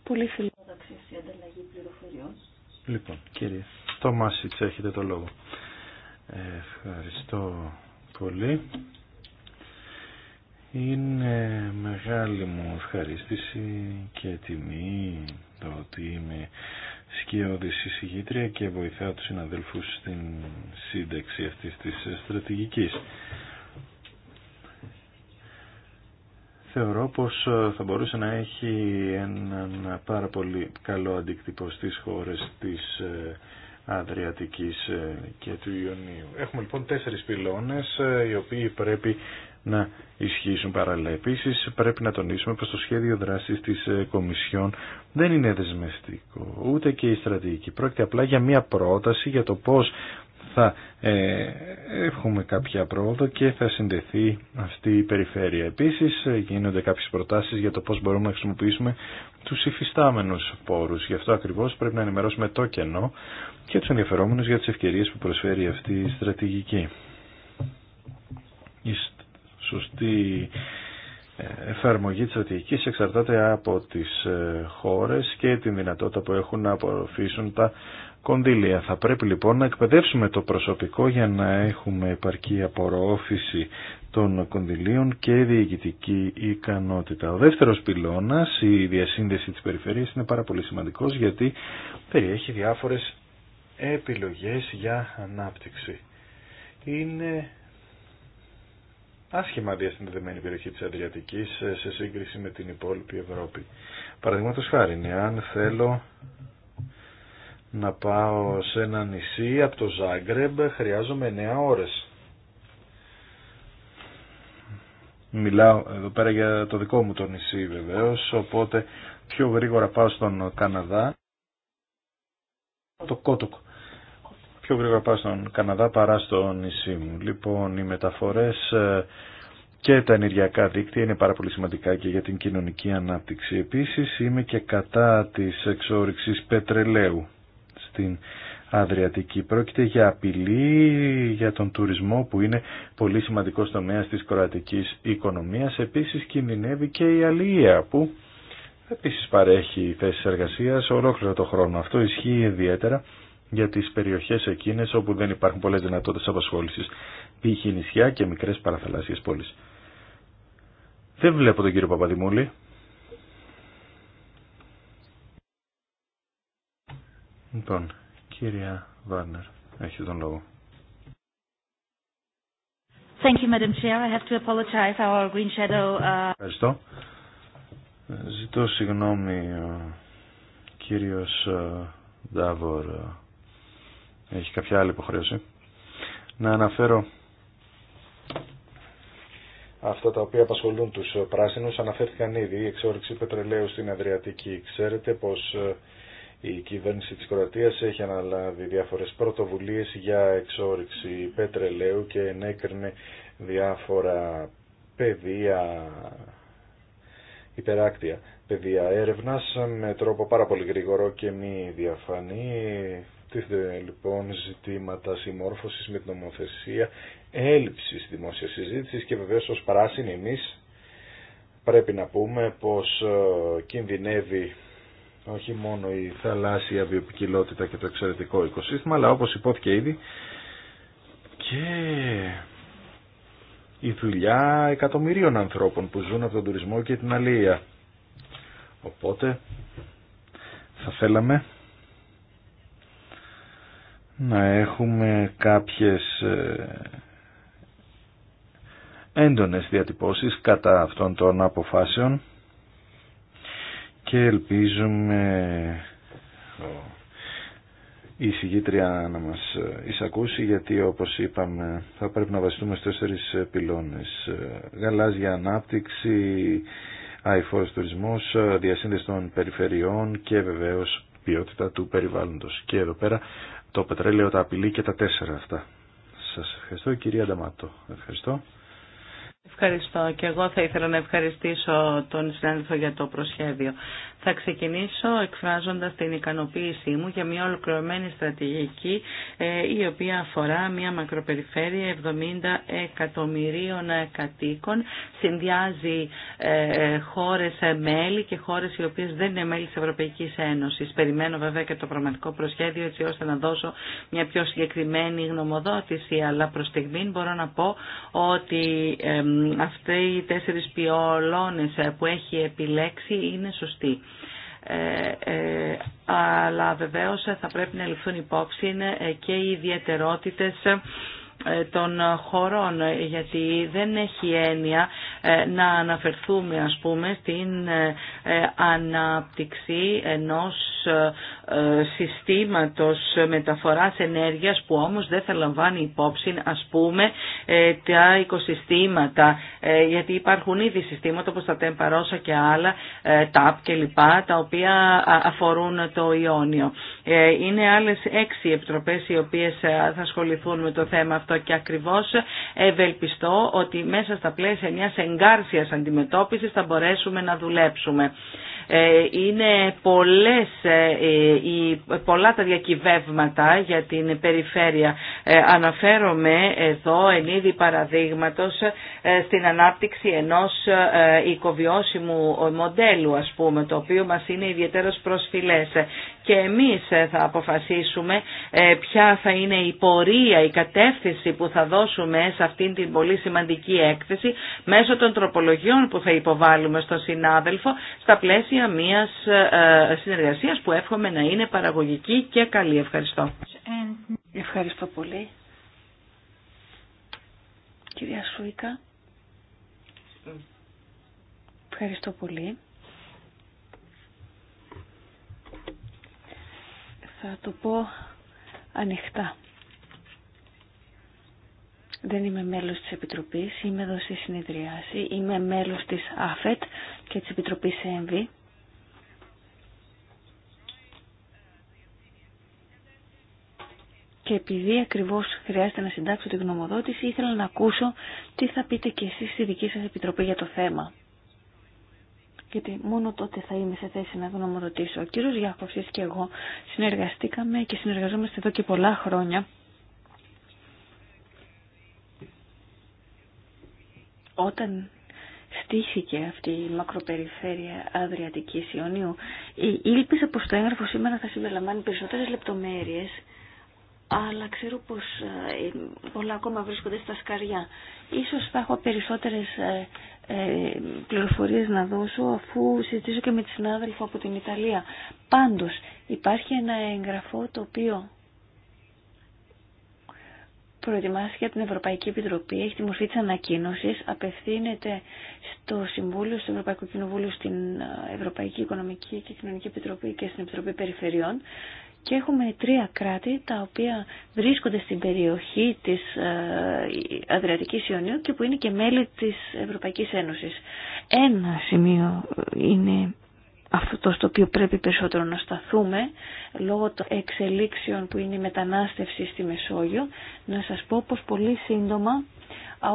Πολύ φιλόδοξη η πληροφοριών. Λοιπόν, κύριε Τόμασιτς, έχετε το λόγο. Ευχαριστώ πολύ. Είναι μεγάλη μου ευχαρίστηση και τιμή το ότι είμαι σκιώδη Υγήτρια και βοηθά του συναδέλφου στην σύνταξη αυτή της στρατηγική. Θεωρώ πως ε, θα μπορούσε να έχει έναν πάρα πολύ καλό αντίκτυπο στις χώρες της ε, Αδριατικής ε, και του Ιωνίου. Έχουμε λοιπόν τέσσερις πυλώνες οι οποίοι πρέπει να ισχύσουν παράλληλα. Επίση, πρέπει να τονίσουμε πω το σχέδιο δράση τη ε, Κομισιόν δεν είναι δεσμευτικό, ούτε και η στρατηγική. Πρόκειται απλά για μια πρόταση για το πώ θα ε, έχουμε κάποια πρόοδο και θα συνδεθεί αυτή η περιφέρεια. Επίσης ε, γίνονται κάποιες προτάσεις για το πώς μπορούμε να χρησιμοποιήσουμε τους υφιστάμενους πόρους. Γι' αυτό ακριβώς πρέπει να ενημερώσουμε το κενό και τους ενδιαφερόμενους για τις ευκαιρίες που προσφέρει αυτή η στρατηγική σωστή ε, εφαρμογή της στρατηγικής εξαρτάται από τις ε, χώρες και την δυνατότητα που έχουν να απορροφήσουν τα κονδύλια. Θα πρέπει λοιπόν να εκπαιδεύσουμε το προσωπικό για να έχουμε επαρκή απορρόφηση των κονδυλίων και διοικητική ικανότητα. Ο δεύτερος πυλώνας, η διασύνδεση της περιφερειας είναι πάρα πολύ σημαντικός γιατί περιέχει διάφορες επιλογές για ανάπτυξη. Είναι άσχημα διασυνδεδεμένη περιοχή της Αδριατικής ε, σε σύγκριση με την υπόλοιπη Ευρώπη. Παραδείγματο χάρη, εάν ναι, θέλω να πάω σε ένα νησί από το Ζάγκρεμπ χρειάζομαι 9 ώρες. Μιλάω εδώ πέρα για το δικό μου το νησί βεβαίως, οπότε πιο γρήγορα πάω στον Καναδά, το Κότοκο πιο γρήγορα πάω στον Καναδά παρά στο νησί μου. Λοιπόν, οι μεταφορές ε, και τα ενεργειακά δίκτυα είναι πάρα πολύ σημαντικά και για την κοινωνική ανάπτυξη. Επίσης είμαι και κατά της εξόριξης πετρελαίου στην Αδριατική. Πρόκειται για απειλή για τον τουρισμό που είναι πολύ σημαντικό τομέα της κροατικής οικονομίας. Επίσης κινδυνεύει και η αλληλεία που επίσης παρέχει θέσεις εργασία ολόκληρο το χρόνο. Αυτό ισχύει ιδιαίτερα για τις περιοχές εκείνες όπου δεν υπάρχουν πολλές δυνατότητες απασχόλησης, π.χ. νησιά και μικρές παραθαλάσσιες πόλεις. Δεν βλέπω τον κύριο Παπαδημούλη. Λοιπόν, κύρια Βάρνερ, έχει τον λόγο. Thank you, Madam Chair. I have to apologize. Our Green Shadow. Uh... Ευχαριστώ. Ζητώ συγγνώμη, κύριος ε, Ντάβορ ε, έχει κάποια άλλη υποχρέωση. Να αναφέρω αυτά τα οποία απασχολούν τους πράσινους. Αναφέρθηκαν ήδη η εξόρυξη πετρελαίου στην Αδριατική. Ξέρετε πως ε, η κυβέρνηση της Κροατίας έχει αναλάβει διάφορες πρωτοβουλίες για εξόρυξη πετρελαίου και ενέκρινε διάφορα πεδία υπεράκτια πεδία έρευνας με τρόπο πάρα πολύ γρήγορο και μη διαφανή Τίθεται λοιπόν ζητήματα συμμόρφωση με την νομοθεσία, έλλειψη δημόσια συζήτηση και βεβαίω ω πράσινοι εμεί πρέπει να πούμε πως ε, κινδυνεύει όχι μόνο η θαλάσσια βιοπικιλότητα και το εξαιρετικό οικοσύστημα, αλλά όπως υπόθηκε ήδη και η δουλειά εκατομμυρίων ανθρώπων που ζουν από τον τουρισμό και την αλληλεία. Οπότε θα θέλαμε να έχουμε κάποιες ε, έντονες διατυπώσεις κατά αυτών των αποφάσεων και ελπίζουμε η συγκήτρια να μας εισακούσει γιατί όπως είπαμε θα πρέπει να βασιστούμε στους τέσσερις πυλώνες γαλάζια ανάπτυξη, αηφόρος τουρισμός, διασύνδεση των περιφερειών και βεβαίως ποιότητα του περιβάλλοντος. Και εδώ πέρα το πετρέλαιο, τα απειλή και τα τέσσερα αυτά. Σας ευχαριστώ κυρία Νταμάτο. Ευχαριστώ. Ευχαριστώ και εγώ θα ήθελα να ευχαριστήσω τον συνάδελφο για το προσχέδιο. Θα ξεκινήσω εκφράζοντας την ικανοποίησή μου για μια ολοκληρωμένη στρατηγική ε, η οποία αφορά μια μακροπεριφέρεια 70 εκατομμυρίων κατοίκων, συνδυάζει ε, ε, χώρες μέλη και χώρες οι οποίες δεν είναι μέλη της Ευρωπαϊκής Ένωσης. Περιμένω βέβαια και το πραγματικό προσχέδιο έτσι ώστε να δώσω μια πιο συγκεκριμένη γνωμοδότηση, αλλά προς στιγμή μπορώ να πω ότι αυτοί οι τέσσερις πιολώνες που έχει επιλέξει είναι σωστοί. Ε, ε, αλλά βεβαίως θα πρέπει να ληφθούν υπόψη και οι ιδιαιτερότητες ε, των χωρών γιατί δεν έχει έννοια ε, να αναφερθούμε ας πούμε στην ε, ανάπτυξη ενός συστήματος μεταφοράς ενέργειας που όμως δεν θα λαμβάνει υπόψη ας πούμε τα οικοσυστήματα γιατί υπάρχουν ήδη συστήματα όπως τα τεμπαρόσα και άλλα τάπ και λοιπά τα οποία αφορούν το Ιόνιο. Είναι άλλες έξι επιτροπές οι οποίες θα ασχοληθούν με το θέμα αυτό αυτό και ακριβώς ευελπιστώ ότι μέσα στα πλαίσια μιας εγκάρσιας αντιμετώπισης θα μπορέσουμε να δουλέψουμε. Ε, είναι πολλές, ε, πολλά τα διακυβεύματα για την περιφέρεια. Ε, αναφέρομαι εδώ εν είδη παραδείγματος στην ανάπτυξη ενός οικοβιώσιμου μοντέλου ας πούμε το οποίο μας είναι ιδιαίτερος προσφυλές και εμείς ε, θα αποφασίσουμε ε, ποια θα είναι η πορεία, η κατεύθυνση που θα δώσουμε σε αυτήν την πολύ σημαντική έκθεση μέσω των τροπολογιών που θα υποβάλουμε στον συνάδελφο στα πλαίσια μιας ε, συνεργασίας που εύχομαι να είναι παραγωγική και καλή. Ευχαριστώ. Ευχαριστώ πολύ. Κυρία Σουίκα. Ευχαριστώ πολύ. Θα το πω ανοιχτά. Δεν είμαι μέλος της Επιτροπής, είμαι εδώ στη συνεδριάση, είμαι μέλος της ΑΦΕΤ και της Επιτροπής ΕΜΒ. Και επειδή ακριβώς χρειάζεται να συντάξω τη γνωμοδότηση, ήθελα να ακούσω τι θα πείτε κι εσείς στη δική σας Επιτροπή για το θέμα γιατί μόνο τότε θα είμαι σε θέση να ρωτήσω Ο κύριος Γιάκοψης και εγώ συνεργαστήκαμε και συνεργαζόμαστε εδώ και πολλά χρόνια όταν στήθηκε αυτή η μακροπεριφέρεια Αδριατικής Ιωνίου, ε, ήλπιζα πως το έγγραφο σήμερα θα συμπεριλαμβάνει περισσότερες λεπτομέρειες αλλά ξέρω πως ε, πολλά ακόμα βρίσκονται στα σκαριά. Ίσως θα έχω περισσότερες ε, ε, πληροφορίες να δώσω αφού συζητήσω και με τη συνάδελφο από την Ιταλία. Πάντως υπάρχει ένα εγγραφό το οποίο προετοιμάστηκε από την Ευρωπαϊκή Επιτροπή, έχει τη μορφή της ανακοίνωσης, απευθύνεται στο Συμβούλιο, στο Ευρωπαϊκό Κοινοβούλιο, στην Ευρωπαϊκή Οικονομική και Κοινωνική Επιτροπή και στην Επιτροπή Περιφερειών και έχουμε τρία κράτη τα οποία βρίσκονται στην περιοχή της ε, Αδριατικής Ιωνίου και που είναι και μέλη της Ευρωπαϊκής Ένωσης. Ένα σημείο ε, είναι αυτό στο οποίο πρέπει περισσότερο να σταθούμε λόγω των εξελίξεων που είναι η μετανάστευση στη Μεσόγειο να σας πω πως πολύ σύντομα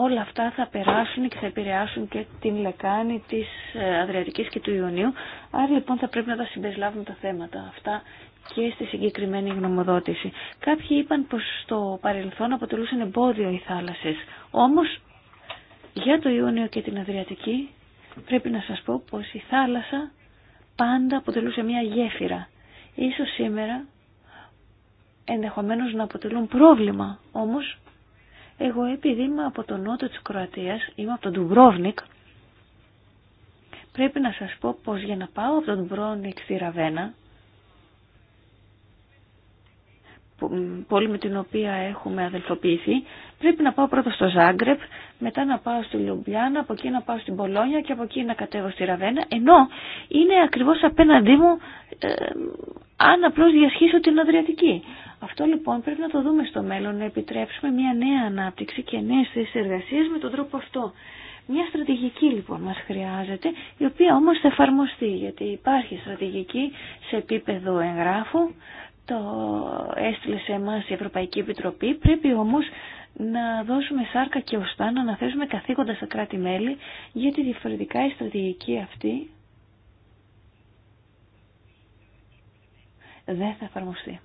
όλα αυτά θα περάσουν και θα επηρεάσουν και την λεκάνη της ε, Αδριατικής και του Ιωνίου άρα λοιπόν θα πρέπει να τα συμπεριλάβουμε τα θέματα αυτά και στη συγκεκριμένη γνωμοδότηση. Κάποιοι είπαν πως στο παρελθόν αποτελούσαν εμπόδιο οι θάλασσες. Όμως για το Ιούνιο και την Αδριατική πρέπει να σας πω πως η θάλασσα πάντα αποτελούσε μια γέφυρα. Ίσως σήμερα ενδεχομένως να αποτελούν πρόβλημα. Όμως εγώ επειδή είμαι από το νότο της Κροατίας, είμαι από τον Ντουμπρόβνικ, πρέπει να σας πω πως για να πάω από τον Ντουμπρόβνικ στη Ραβένα πόλη με την οποία έχουμε αδελφοποιηθεί. Πρέπει να πάω πρώτα στο Ζάγκρεπ, μετά να πάω στη Λιουμπιάννα από εκεί να πάω στην Πολόνια και από εκεί να κατέβω στη Ραβένα, ενώ είναι ακριβώς απέναντί μου ε, αν απλώς διασχίσω την Αδριατική. Αυτό λοιπόν πρέπει να το δούμε στο μέλλον, να επιτρέψουμε μια νέα ανάπτυξη και νέες θέσεις εργασίας με τον τρόπο αυτό. Μια στρατηγική λοιπόν μας χρειάζεται, η οποία όμως θα εφαρμοστεί, γιατί υπάρχει στρατηγική σε επίπεδο εγγράφου, το έστειλε σε εμά η Ευρωπαϊκή Επιτροπή. Πρέπει όμως να δώσουμε σάρκα και οστά, να αναθέσουμε καθήκοντα στα κράτη-μέλη, γιατί διαφορετικά η στρατηγική αυτή δεν θα εφαρμοστεί.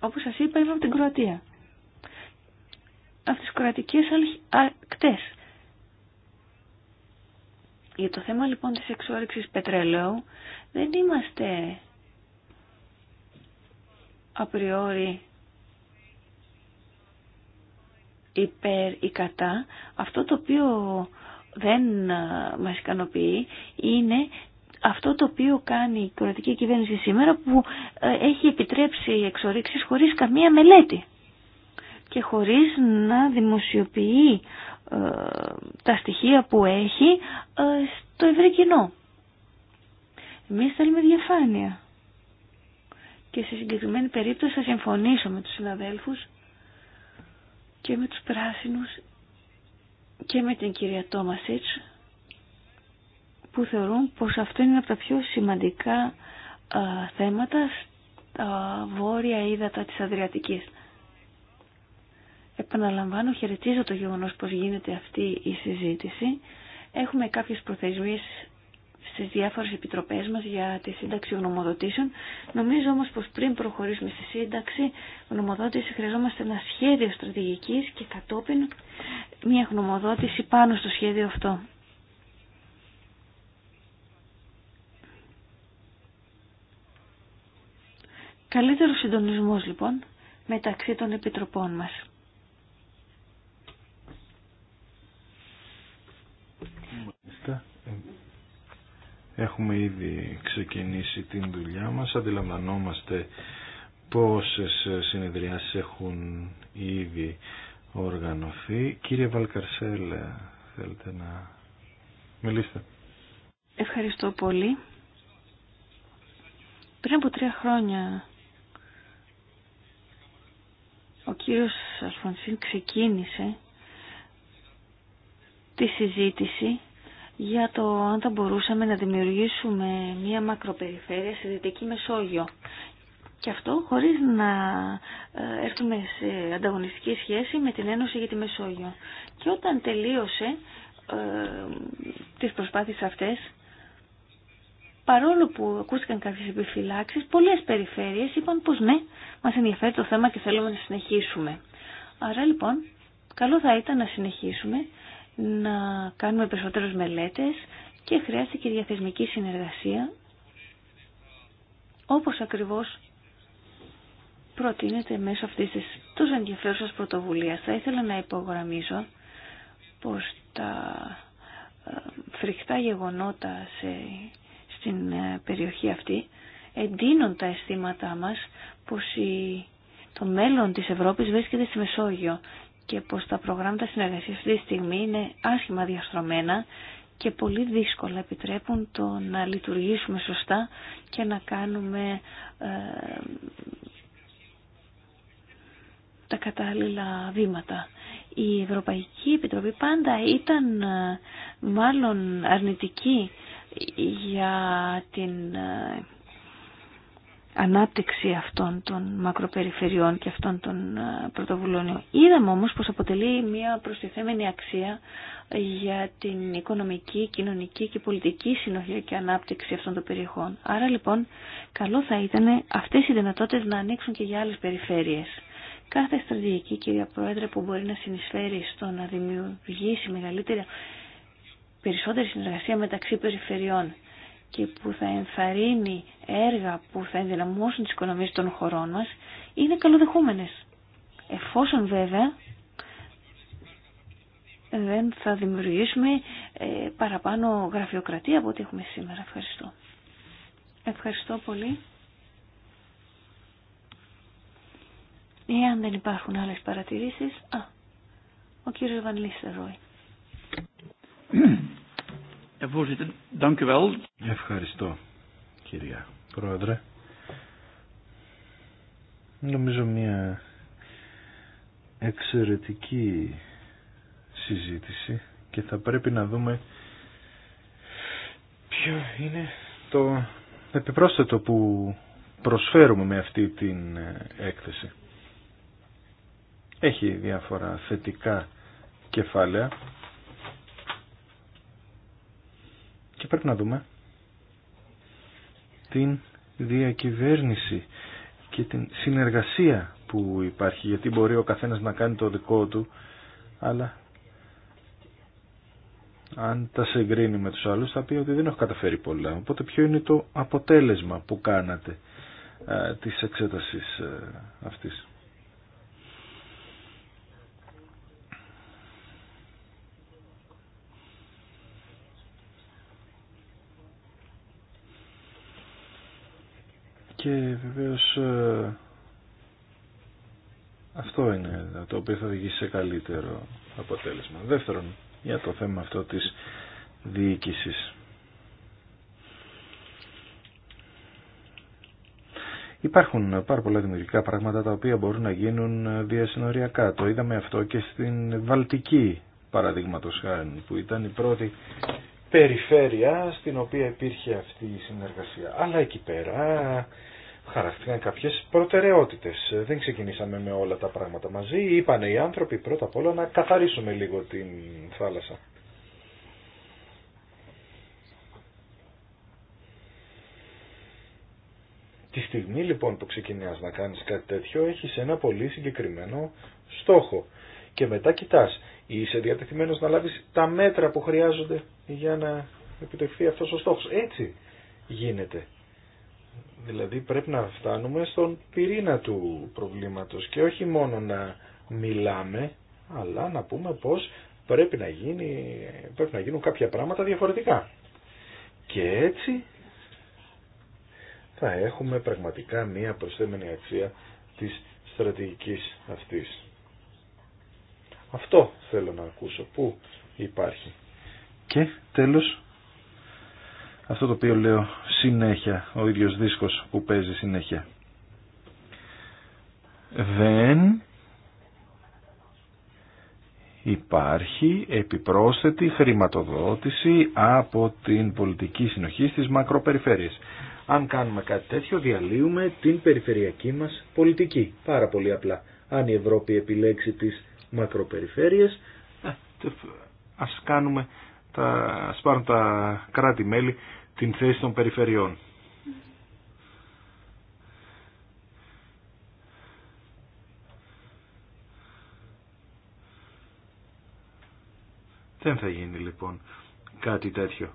Όπως σας είπα, είμαι από την Κροατία. Αυτές οι κροατικές ακτέ. Για το θέμα λοιπόν της εξόρυξης πετρελαίου δεν είμαστε απριόρι υπέρ ή κατά. Αυτό το οποίο δεν μας ικανοποιεί είναι αυτό το οποίο κάνει η κρατική κυβέρνηση σήμερα που ε, έχει επιτρέψει εξορίξεις χωρίς καμία μελέτη και χωρίς να δημοσιοποιεί ε, τα στοιχεία που έχει ε, στο ευρύ κοινό. Εμείς θέλουμε διαφάνεια. Και σε συγκεκριμένη περίπτωση θα συμφωνήσω με τους συναδέλφους και με τους πράσινους και με την κυρία Τόμασιτς που θεωρούν πως αυτό είναι από τα πιο σημαντικά θέματα στα βόρεια ύδατα της Αδριατικής. Επαναλαμβάνω, χαιρετίζω το γεγονός πως γίνεται αυτή η συζήτηση. Έχουμε κάποιες προθεσμίες στις διάφορες επιτροπές μας για τη σύνταξη γνωμοδοτήσεων. Νομίζω όμως πως πριν προχωρήσουμε στη σύνταξη γνωμοδότηση χρειαζόμαστε ένα σχέδιο στρατηγικής και κατόπιν μια γνωμοδότηση πάνω στο σχέδιο αυτό. Καλύτερο συντονισμός λοιπόν μεταξύ των επιτροπών μας. Έχουμε ήδη ξεκινήσει την δουλειά μας, αντιλαμβανόμαστε πόσες συνεδριάσεις έχουν ήδη οργανωθεί. Κύριε Βαλκαρσέλ, θέλετε να μιλήσετε. Ευχαριστώ πολύ. Πριν από τρία χρόνια ο κύριος Αλφονσίν ξεκίνησε τη συζήτηση για το αν θα μπορούσαμε να δημιουργήσουμε μία μακροπεριφέρεια στη Δυτική Μεσόγειο. Και αυτό χωρίς να ε, έρθουμε σε ανταγωνιστική σχέση με την Ένωση για τη Μεσόγειο. Και όταν τελείωσε ε, τις προσπάθειες αυτές, παρόλο που ακούστηκαν κάποιες επιφυλάξεις, πολλές περιφέρειες είπαν πως ναι, μας ενδιαφέρει το θέμα και θέλουμε να συνεχίσουμε. Άρα λοιπόν, καλό θα ήταν να συνεχίσουμε να κάνουμε περισσότερες μελέτες και και διαθεσμική συνεργασία όπως ακριβώς προτείνεται μέσω αυτής της τόσο ενδιαφέρουσας πρωτοβουλίας. Θα ήθελα να υπογραμμίσω πως τα ε, φρικτά γεγονότα σε, στην ε, περιοχή αυτή εντείνουν τα αισθήματά μας πως το μέλλον της Ευρώπης βρίσκεται στη Μεσόγειο και πως τα προγράμματα συνεργασίας αυτή τη στιγμή είναι άσχημα διαστρωμένα και πολύ δύσκολα επιτρέπουν το να λειτουργήσουμε σωστά και να κάνουμε ε, τα κατάλληλα βήματα. Η Ευρωπαϊκή Επιτροπή πάντα ήταν ε, μάλλον αρνητική για την ε, ανάπτυξη αυτών των μακροπεριφερειών και αυτών των ε, πρωτοβουλών. Είδαμε όμως πως αποτελεί μια προστιθέμενη αξία για την οικονομική, κοινωνική και πολιτική συνοχή και ανάπτυξη αυτών των περιοχών. Άρα λοιπόν καλό θα ήταν αυτές οι δυνατότητες να ανοίξουν και για άλλες περιφέρειες. Κάθε στρατηγική κυρία Πρόεδρε που μπορεί να συνεισφέρει στο να δημιουργήσει μεγαλύτερη περισσότερη συνεργασία μεταξύ περιφερειών και που θα ενθαρρύνει έργα που θα ενδυναμώσουν τις οικονομίες των χωρών μας είναι καλοδεχούμενες. Εφόσον βέβαια δεν θα δημιουργήσουμε ε, παραπάνω γραφειοκρατία από ό,τι έχουμε σήμερα. Ευχαριστώ. Ευχαριστώ πολύ. Εάν δεν υπάρχουν άλλες παρατηρήσεις... Α, ο κύριος Βανλής Ρόι. [CLEARS THROAT] Ευχαριστώ, κυρία Πρόεδρε. Νομίζω μια εξαιρετική συζήτηση και θα πρέπει να δούμε ποιο είναι το επιπρόσθετο που προσφέρουμε με αυτή την έκθεση. Έχει διάφορα θετικά κεφάλαια και πρέπει να δούμε την διακυβέρνηση και την συνεργασία που υπάρχει γιατί μπορεί ο καθένας να κάνει το δικό του αλλά αν τα συγκρίνει με τους άλλους θα πει ότι δεν έχω καταφέρει πολλά οπότε ποιο είναι το αποτέλεσμα που κάνατε ε, της εξέτασης ε, αυτής Και βεβαίως ε, αυτό είναι το οποίο θα οδηγήσει σε καλύτερο αποτέλεσμα. Δεύτερον, για το θέμα αυτό της διοίκησης. Υπάρχουν πάρα πολλά δημιουργικά πράγματα τα οποία μπορούν να γίνουν διασυνοριακά. Το είδαμε αυτό και στην Βαλτική παραδείγματος χάρη που ήταν η πρώτη περιφέρεια στην οποία υπήρχε αυτή η συνεργασία. Αλλά εκεί πέρα χαρακτηρίζαν κάποιες προτεραιότητες. Δεν ξεκινήσαμε με όλα τα πράγματα μαζί. Είπανε οι άνθρωποι πρώτα απ' όλα να καθαρίσουμε λίγο την θάλασσα. Τη στιγμή λοιπόν που ξεκινάς να κάνεις κάτι τέτοιο έχεις ένα πολύ συγκεκριμένο στόχο και μετά κοιτάς Είσαι διατεθειμένος να λάβεις τα μέτρα που χρειάζονται για να επιτευχθεί αυτός ο στόχος. Έτσι γίνεται. Δηλαδή πρέπει να φτάνουμε στον πυρήνα του προβλήματος και όχι μόνο να μιλάμε, αλλά να πούμε πως πρέπει να, γίνει, πρέπει να γίνουν κάποια πράγματα διαφορετικά. Και έτσι θα έχουμε πραγματικά μία προσθέμενη αξία της στρατηγικής αυτής. Αυτό θέλω να ακούσω. Πού υπάρχει. Και τέλος, αυτό το οποίο λέω συνέχεια, ο ίδιος δίσκος που παίζει συνέχεια. Δεν υπάρχει επιπρόσθετη χρηματοδότηση από την πολιτική συνοχή στις μακροπεριφέρειες. Αν κάνουμε κάτι τέτοιο διαλύουμε την περιφερειακή μας πολιτική. Πάρα πολύ απλά. Αν η Ευρώπη επιλέξει τις μακροπεριφέρειες. Ε, ας κάνουμε, τα, ας πάρουν τα κράτη-μέλη την θέση των περιφερειών. Δεν θα γίνει λοιπόν κάτι τέτοιο.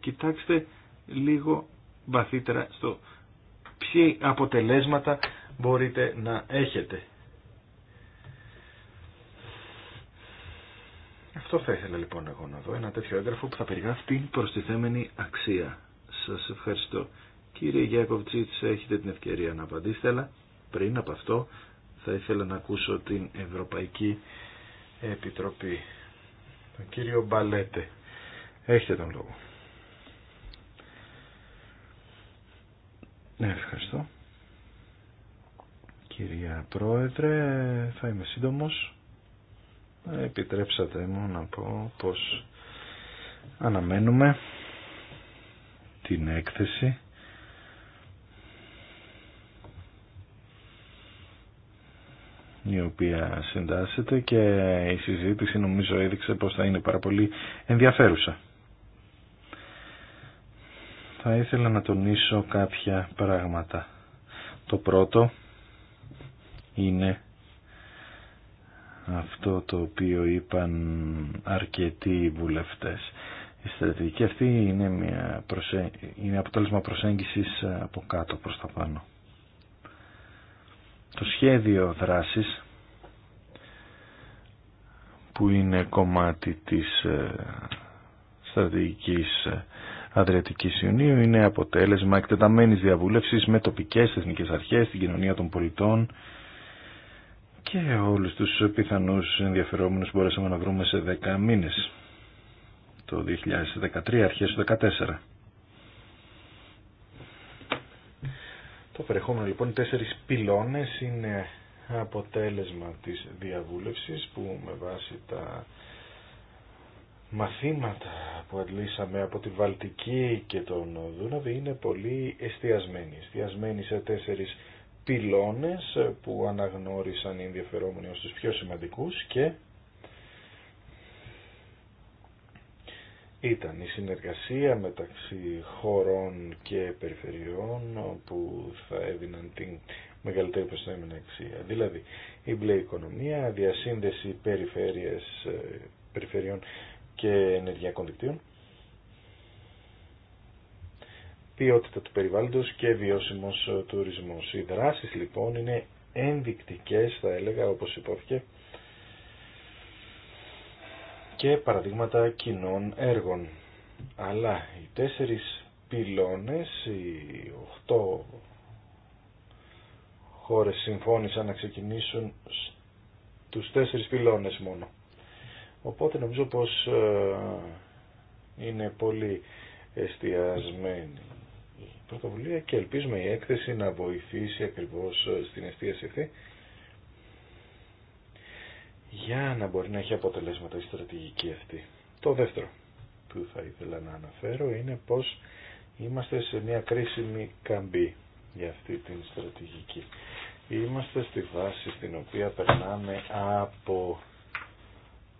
Κοιτάξτε λίγο βαθύτερα στο ποια αποτελέσματα μπορείτε να έχετε. Αυτό θα ήθελα λοιπόν εγώ να δω, ένα τέτοιο έγγραφο που θα περιγράφει την προστιθέμενη αξία. Σας ευχαριστώ. Κύριε Γιάκοβτσίτς, έχετε την ευκαιρία να απαντήσετε, αλλά πριν από αυτό θα ήθελα να ακούσω την Ευρωπαϊκή Επιτροπή. Τον κύριο Μπαλέτε. Έχετε τον λόγο. Ναι, Ευχαριστώ. Κυρία Πρόεδρε, θα είμαι σύντομος επιτρέψατε μου να πω πως αναμένουμε την έκθεση η οποία συντάσσεται και η συζήτηση νομίζω έδειξε πως θα είναι πάρα πολύ ενδιαφέρουσα. Θα ήθελα να τονίσω κάποια πράγματα. Το πρώτο είναι αυτό το οποίο είπαν αρκετοί βουλευτές. Η στρατηγική αυτή είναι, μια προσέ... είναι αποτέλεσμα προσέγγισης από κάτω προς τα πάνω. Το σχέδιο δράσης που είναι κομμάτι της ε, στρατηγικής ε, Αδριατικής Ιουνίου είναι αποτέλεσμα εκτεταμένης διαβούλευσης με τοπικές εθνικές αρχές, την κοινωνία των πολιτών, και όλους τους πιθανούς ενδιαφερόμενους μπορέσαμε να βρούμε σε 10 μήνες το 2013, αρχές του 2014. Το περιεχόμενο λοιπόν τέσσερις πυλώνες είναι αποτέλεσμα της διαβούλευσης που με βάση τα μαθήματα που αντλήσαμε από τη Βαλτική και τον Δούναβη είναι πολύ εστιασμένοι. Εστιασμένοι σε τέσσερις πυλώνες που αναγνώρισαν οι ενδιαφερόμενοι ως τους πιο σημαντικούς και ήταν η συνεργασία μεταξύ χωρών και περιφερειών που θα έδιναν την μεγαλύτερη προστέμενη αξία. Δηλαδή η μπλε οικονομία, διασύνδεση περιφέρειες, ε, περιφερειών και ενεργειακών δικτύων ποιότητα του περιβάλλοντος και βιώσιμος τουρισμός. Οι δράσεις λοιπόν είναι ενδεικτικές θα έλεγα όπως υπόθηκε και παραδείγματα κοινών έργων. Αλλά οι τέσσερις πυλώνες, οι οχτώ χώρες συμφώνησαν να ξεκινήσουν τους τέσσερις πυλώνες μόνο. Οπότε νομίζω πως ε, είναι πολύ εστιασμένοι πρωτοβουλία και ελπίζουμε η έκθεση να βοηθήσει ακριβώς ε, στην εστίαση αυτή για να μπορεί να έχει αποτελέσματα η στρατηγική αυτή. Το δεύτερο που θα ήθελα να αναφέρω είναι πως είμαστε σε μια κρίσιμη καμπή για αυτή την στρατηγική. Είμαστε στη βάση στην οποία περνάμε από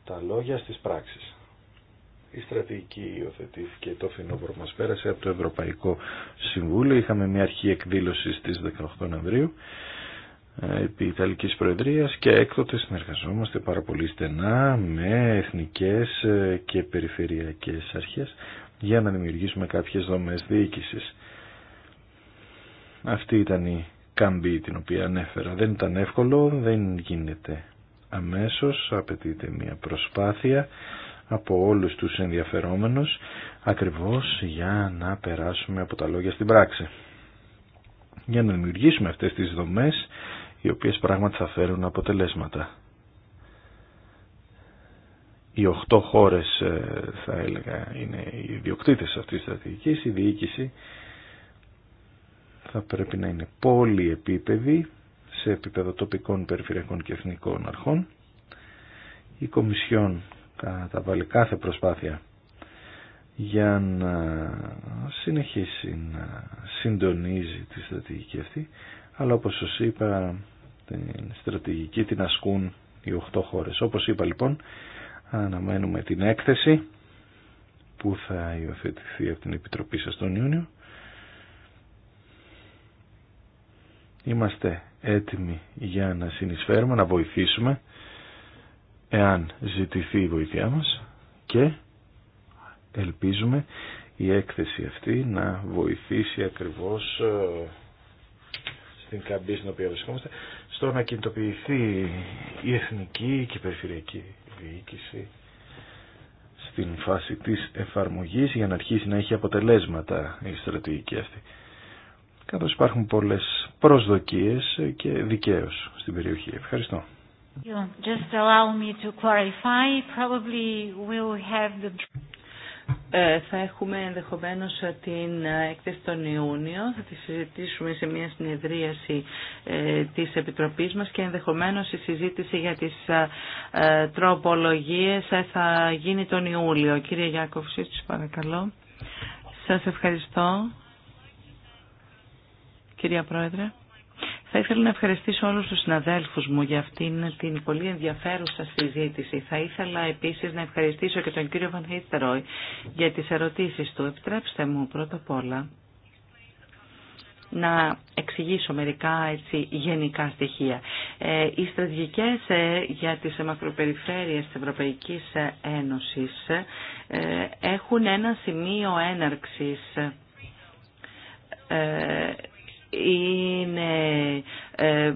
τα λόγια στις πράξεις. Η στρατηγική υιοθετήθηκε το φινόβορο μας πέρασε από το Ευρωπαϊκό Συμβούλιο. Είχαμε μια αρχή εκδήλωση στις 18 Νοεμβρίου ε, επί Ιταλικής Προεδρίας και έκτοτε συνεργαζόμαστε πάρα πολύ στενά με εθνικές ε, και περιφερειακές αρχές για να δημιουργήσουμε κάποιες δομές διοίκησης. Αυτή ήταν η καμπή την οποία ανέφερα. Δεν ήταν εύκολο, δεν γίνεται αμέσως, απαιτείται μια προσπάθεια από όλους τους ενδιαφερόμενους ακριβώς για να περάσουμε από τα λόγια στην πράξη. Για να δημιουργήσουμε αυτές τις δομές οι οποίες πράγματι θα φέρουν αποτελέσματα. Οι οχτώ χώρες ε, θα έλεγα είναι οι διοκτήτες αυτής της στρατηγικής, η διοίκηση θα πρέπει να είναι πολυεπίπεδη σε επίπεδο τοπικών, περιφερειακών και εθνικών αρχών. Η Κομισιόν θα βάλει κάθε προσπάθεια για να συνεχίσει να συντονίζει τη στρατηγική αυτή αλλά όπως σας είπα την στρατηγική την ασκούν οι 8 χώρες. Όπως είπα λοιπόν αναμένουμε την έκθεση που θα υιοθετηθεί από την Επιτροπή σας τον Ιούνιο. Είμαστε έτοιμοι για να συνεισφέρουμε, να βοηθήσουμε εάν ζητηθεί η βοήθειά μας και ελπίζουμε η έκθεση αυτή να βοηθήσει ακριβώς ε, στην καμπή στην οποία βρισκόμαστε στο να κινητοποιηθεί η εθνική και η περιφερειακή διοίκηση στην φάση της εφαρμογής για να αρχίσει να έχει αποτελέσματα η στρατηγική αυτή. Καθώς υπάρχουν πολλές προσδοκίες και δικαίως στην περιοχή. Ευχαριστώ θα έχουμε ενδεχομένω την ε, έκθεση τον Ιούνιο, θα τη συζητήσουμε σε μια συνεδρίαση ε, της Επιτροπής μας και ενδεχομένως η συζήτηση για τις ε, ε τροπολογίες ε, θα γίνει τον Ιούλιο. Κύριε Γιάκοφ, σας παρακαλώ. Σας ευχαριστώ. Κυρία Πρόεδρε. Θα ήθελα να ευχαριστήσω όλους τους συναδέλφους μου για αυτήν την πολύ ενδιαφέρουσα συζήτηση. Θα ήθελα επίσης να ευχαριστήσω και τον κύριο Βαν Χίστερόι για τις ερωτήσεις του. Επιτρέψτε μου πρώτα απ' όλα να εξηγήσω μερικά έτσι, γενικά στοιχεία. Ε, οι στρατηγικές ε, για τις μακροπεριφέρειες της Ευρωπαϊκής ε, Ένωσης έχουν ένα σημείο έναρξης είναι, ε,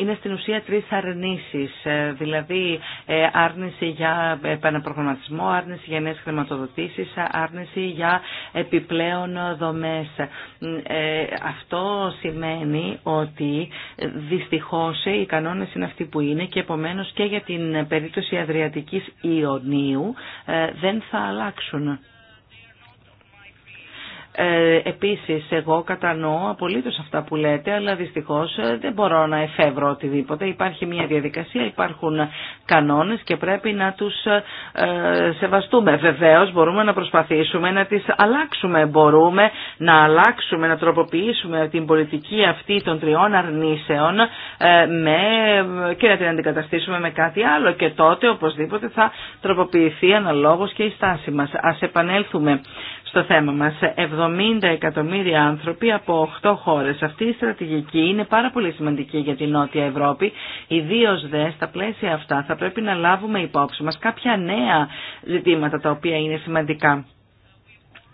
είναι στην ουσία τρεις αρνήσεις, ε, δηλαδή ε, άρνηση για επαναπρογραμματισμό, άρνηση για νέες χρηματοδοτήσεις, άρνηση για επιπλέον δομές. Αυτό σημαίνει ότι δυστυχώς οι κανόνες είναι αυτοί που είναι και επομένως και για την περίπτωση Αδριατικής Ιωνίου δεν θα αλλάξουν. Ε, επίσης εγώ κατανοώ απολύτως αυτά που λέτε αλλά δυστυχώς ε, δεν μπορώ να εφεύρω οτιδήποτε. Υπάρχει μια διαδικασία, υπάρχουν κανόνες και πρέπει να τους ε, σεβαστούμε. Βεβαίως μπορούμε να προσπαθήσουμε να τις αλλάξουμε. Μπορούμε να αλλάξουμε, να τροποποιήσουμε την πολιτική αυτή των τριών αρνήσεων ε, με, και να την αντικαταστήσουμε με κάτι άλλο και τότε οπωσδήποτε θα τροποποιηθεί αναλόγως και η στάση μας. Ας επανέλθουμε στο θέμα μας. 70 εκατομμύρια άνθρωποι από 8 χώρες. Αυτή η στρατηγική είναι πάρα πολύ σημαντική για την Νότια Ευρώπη. Ιδίω δε στα πλαίσια αυτά θα πρέπει να λάβουμε υπόψη μας κάποια νέα ζητήματα τα οποία είναι σημαντικά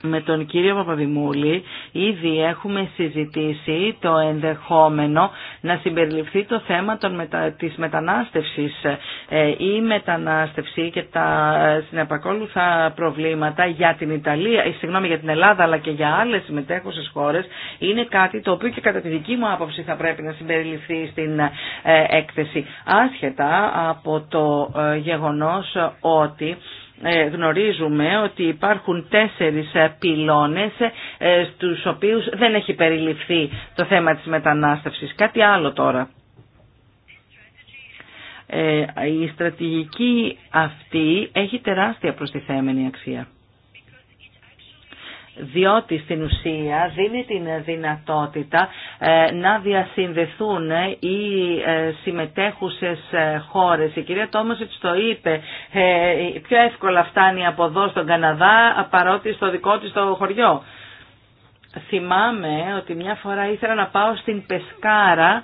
με τον κύριο Παπαδημούλη ήδη έχουμε συζητήσει το ενδεχόμενο να συμπεριληφθεί το θέμα των μετα... της μετανάστευσης. Ε, η μετανάστευση και τα συνεπακόλουθα προβλήματα για την Ιταλία, ε, συγγνώμη για την Ελλάδα αλλά και για άλλες συμμετέχουσες χώρες είναι κάτι το οποίο και κατά τη δική μου άποψη θα πρέπει να συμπεριληφθεί στην ε, έκθεση. Άσχετα από το γεγονός ότι ε, γνωρίζουμε ότι υπάρχουν τέσσερις ε, πυλώνες ε, στους οποίους δεν έχει περιληφθεί το θέμα της μετανάστευσης. Κάτι άλλο τώρα. Η στρατηγική αυτή έχει τεράστια προστιθέμενη αξία διότι στην ουσία δίνει την δυνατότητα ε, να διασυνδεθούν οι ε, συμμετέχουσες ε, χώρες. Η κυρία έτσι το είπε, πιο εύκολα φτάνει από εδώ στον Καναδά παρότι στο δικό της το χωριό θυμάμαι ότι μια φορά ήθελα να πάω στην Πεσκάρα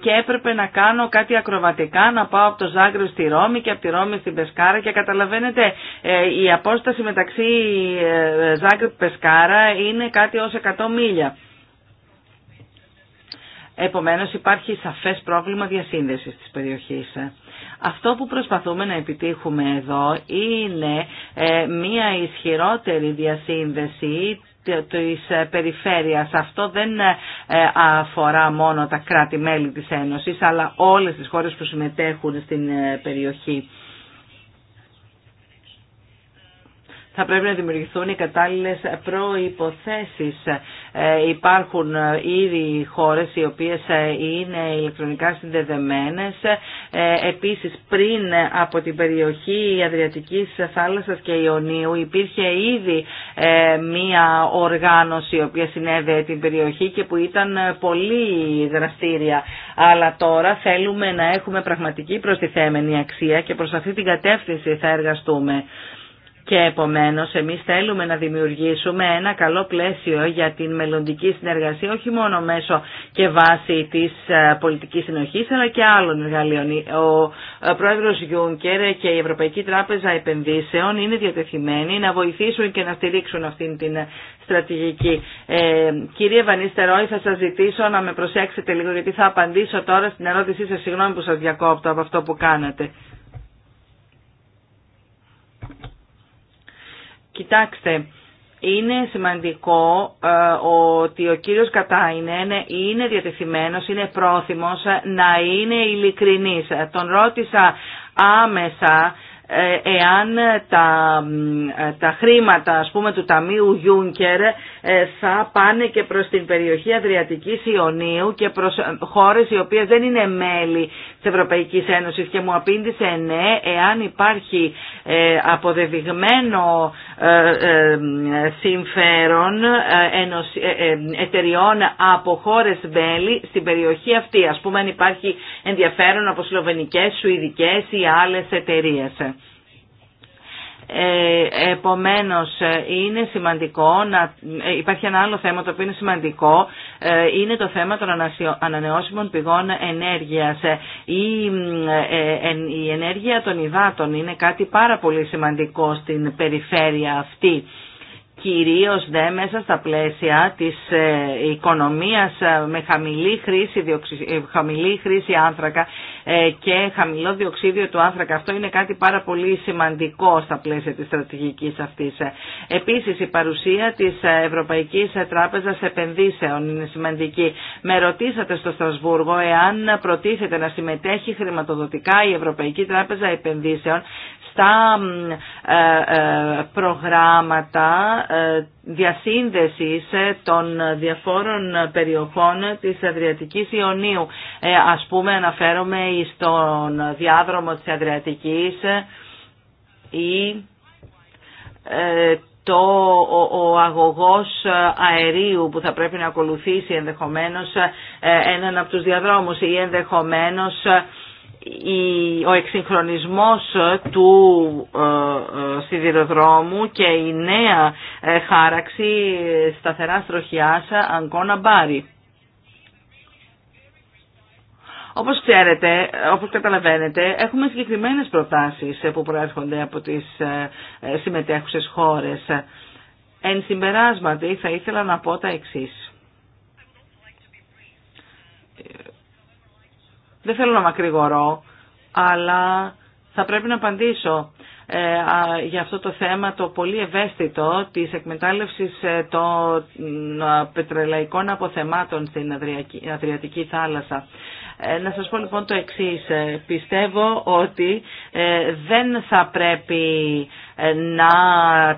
και έπρεπε να κάνω κάτι ακροβατικά, να πάω από το Ζάγκρο στη Ρώμη και από τη Ρώμη στην Πεσκάρα και καταλαβαίνετε ε, η απόσταση ε, και Ζάγκρεβ-Πεσκάρα είναι κάτι ως 100 μίλια. Επομένως υπάρχει σαφές πρόβλημα διασύνδεσης της περιοχής. Αυτό που προσπαθούμε να επιτύχουμε εδώ είναι ε, μία ισχυρότερη διασύνδεση της ε, περιφέρειας. Αυτό δεν ε, αφορά μόνο τα κράτη-μέλη της Ένωσης, αλλά όλες τις χώρες που συμμετέχουν στην ε, περιοχή. θα πρέπει να δημιουργηθούν οι κατάλληλες προϋποθέσεις. Ε, υπάρχουν ε, ήδη χώρες οι οποίες ε, είναι ηλεκτρονικά συνδεδεμένες. Επίσης πριν από την περιοχή Αδριατικής θάλασσας και Ιωνίου υπήρχε ήδη μία οργάνωση η οποία συνέβαινε την περιοχή και που ήταν πολύ δραστήρια. Αλλά τώρα θέλουμε να έχουμε πραγματική προστιθέμενη αξία και προς αυτή την κατεύθυνση θα εργαστούμε. Και επομένως εμείς θέλουμε να δημιουργήσουμε ένα καλό πλαίσιο για την μελλοντική συνεργασία όχι μόνο μέσω και βάση της ε, πολιτικής συνοχής αλλά και άλλων εργαλείων. Ο ε, πρόεδρος Γιούνκερ και η Ευρωπαϊκή Τράπεζα Επενδύσεων είναι διατεθειμένοι να βοηθήσουν και να στηρίξουν αυτήν την στρατηγική. Ε, κύριε Βανίστερο, θα σας ζητήσω να με προσέξετε λίγο γιατί θα απαντήσω τώρα στην ερώτησή σας. Συγγνώμη που σας διακόπτω από αυτό που κάνατε. Κοιτάξτε, είναι σημαντικό ε, ότι ο κύριος Κατάινεν είναι διατεθειμένος, είναι πρόθυμος να είναι ειλικρινής. Τον ρώτησα άμεσα ε, εάν τα, ε, τα χρήματα ας πούμε του Ταμείου Γιούνκερ ε, θα πάνε και προς την περιοχή Αδριατικής Ιωνίου και προς χώρες οι οποίες δεν είναι μέλη της Ευρωπαϊκής Ένωσης και μου απήντησε ναι, εάν υπάρχει αποδεδειγμένο συμφέρον εταιριών από χώρες μέλη στην περιοχή αυτή, ας πούμε αν υπάρχει ενδιαφέρον από σλοβενικές, σουηδικές ή άλλες εταιρείες. Ε, επομένως ε, είναι σημαντικό να... Ε, υπάρχει ένα άλλο θέμα το οποίο είναι σημαντικό. Είναι το θέμα των ανανεώσιμων πηγών ενέργειας. Η ενέργεια των υδάτων είναι κάτι πάρα πολύ σημαντικό στην περιφέρεια αυτή κυρίως μέσα στα πλαίσια της ε, οικονομίας ε, με χαμηλή χρήση, ε, χαμηλή χρήση άνθρακα και χαμηλό διοξίδιο του άνθρακα. Αυτό είναι κάτι πάρα πολύ σημαντικό στα πλαίσια της στρατηγικής αυτής. Επίσης η παρουσία της Ευρωπαϊκής Τράπεζας Επενδύσεων είναι σημαντική. Με ρωτήσατε στο Στρασβούργο εάν προτίθεται να συμμετέχει χρηματοδοτικά η Ευρωπαϊκή Τράπεζα Επενδύσεων τα ε, ε, προγράμματα ε, διασύνδεσης των διαφόρων περιοχών της Αδριατικής Ιωνίου. Ας πούμε αναφέρομαι στον διάδρομο της Αδριατικής ή το, ο, ο αγωγός αερίου που θα πρέπει να ακολουθήσει ενδεχομένως έναν από τους διαδρόμους ή ενδεχομένως ο εξυγχρονισμός του ε, ε, σιδηροδρόμου και η νέα ε, χάραξη σταθερά στροχιάσα Αγκώνα Μπάρι. Όπως ξέρετε, όπως καταλαβαίνετε, έχουμε συγκεκριμένες προτάσεις που προέρχονται από τις συμμετέχουσες χώρες. Εν συμπεράσματι θα ήθελα να πω τα εξής. Δεν θέλω να μακρηγορώ, αλλά θα πρέπει να απαντήσω ε, για αυτό το θέμα το πολύ ευαίσθητο της εκμετάλλευσης ε, των ε, πετρελαϊκών αποθεμάτων στην Αδριατική θάλασσα. Να σας πω λοιπόν το εξής. Πιστεύω ότι δεν θα πρέπει ε, να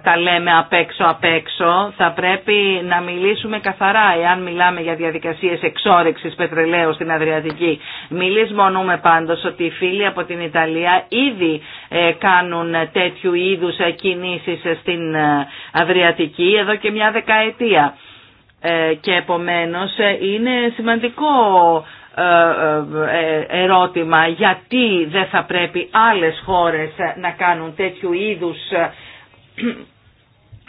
τα λέμε απ' έξω απ' έξω. Θα πρέπει να μιλήσουμε καθαρά εάν μιλάμε για διαδικασίες εξόρυξης πετρελαίου στην Αδριατική. μιλήσμονούμε πάντω πάντως ότι οι φίλοι από την Ιταλία ήδη ε, κάνουν τέτοιου είδους ε, κινήσεις στην Αδριατική εδώ και μια δεκαετία και επομένως είναι σημαντικό ε, ε, ερώτημα γιατί δεν θα πρέπει άλλες χώρες να κάνουν τέτοιου είδους ε,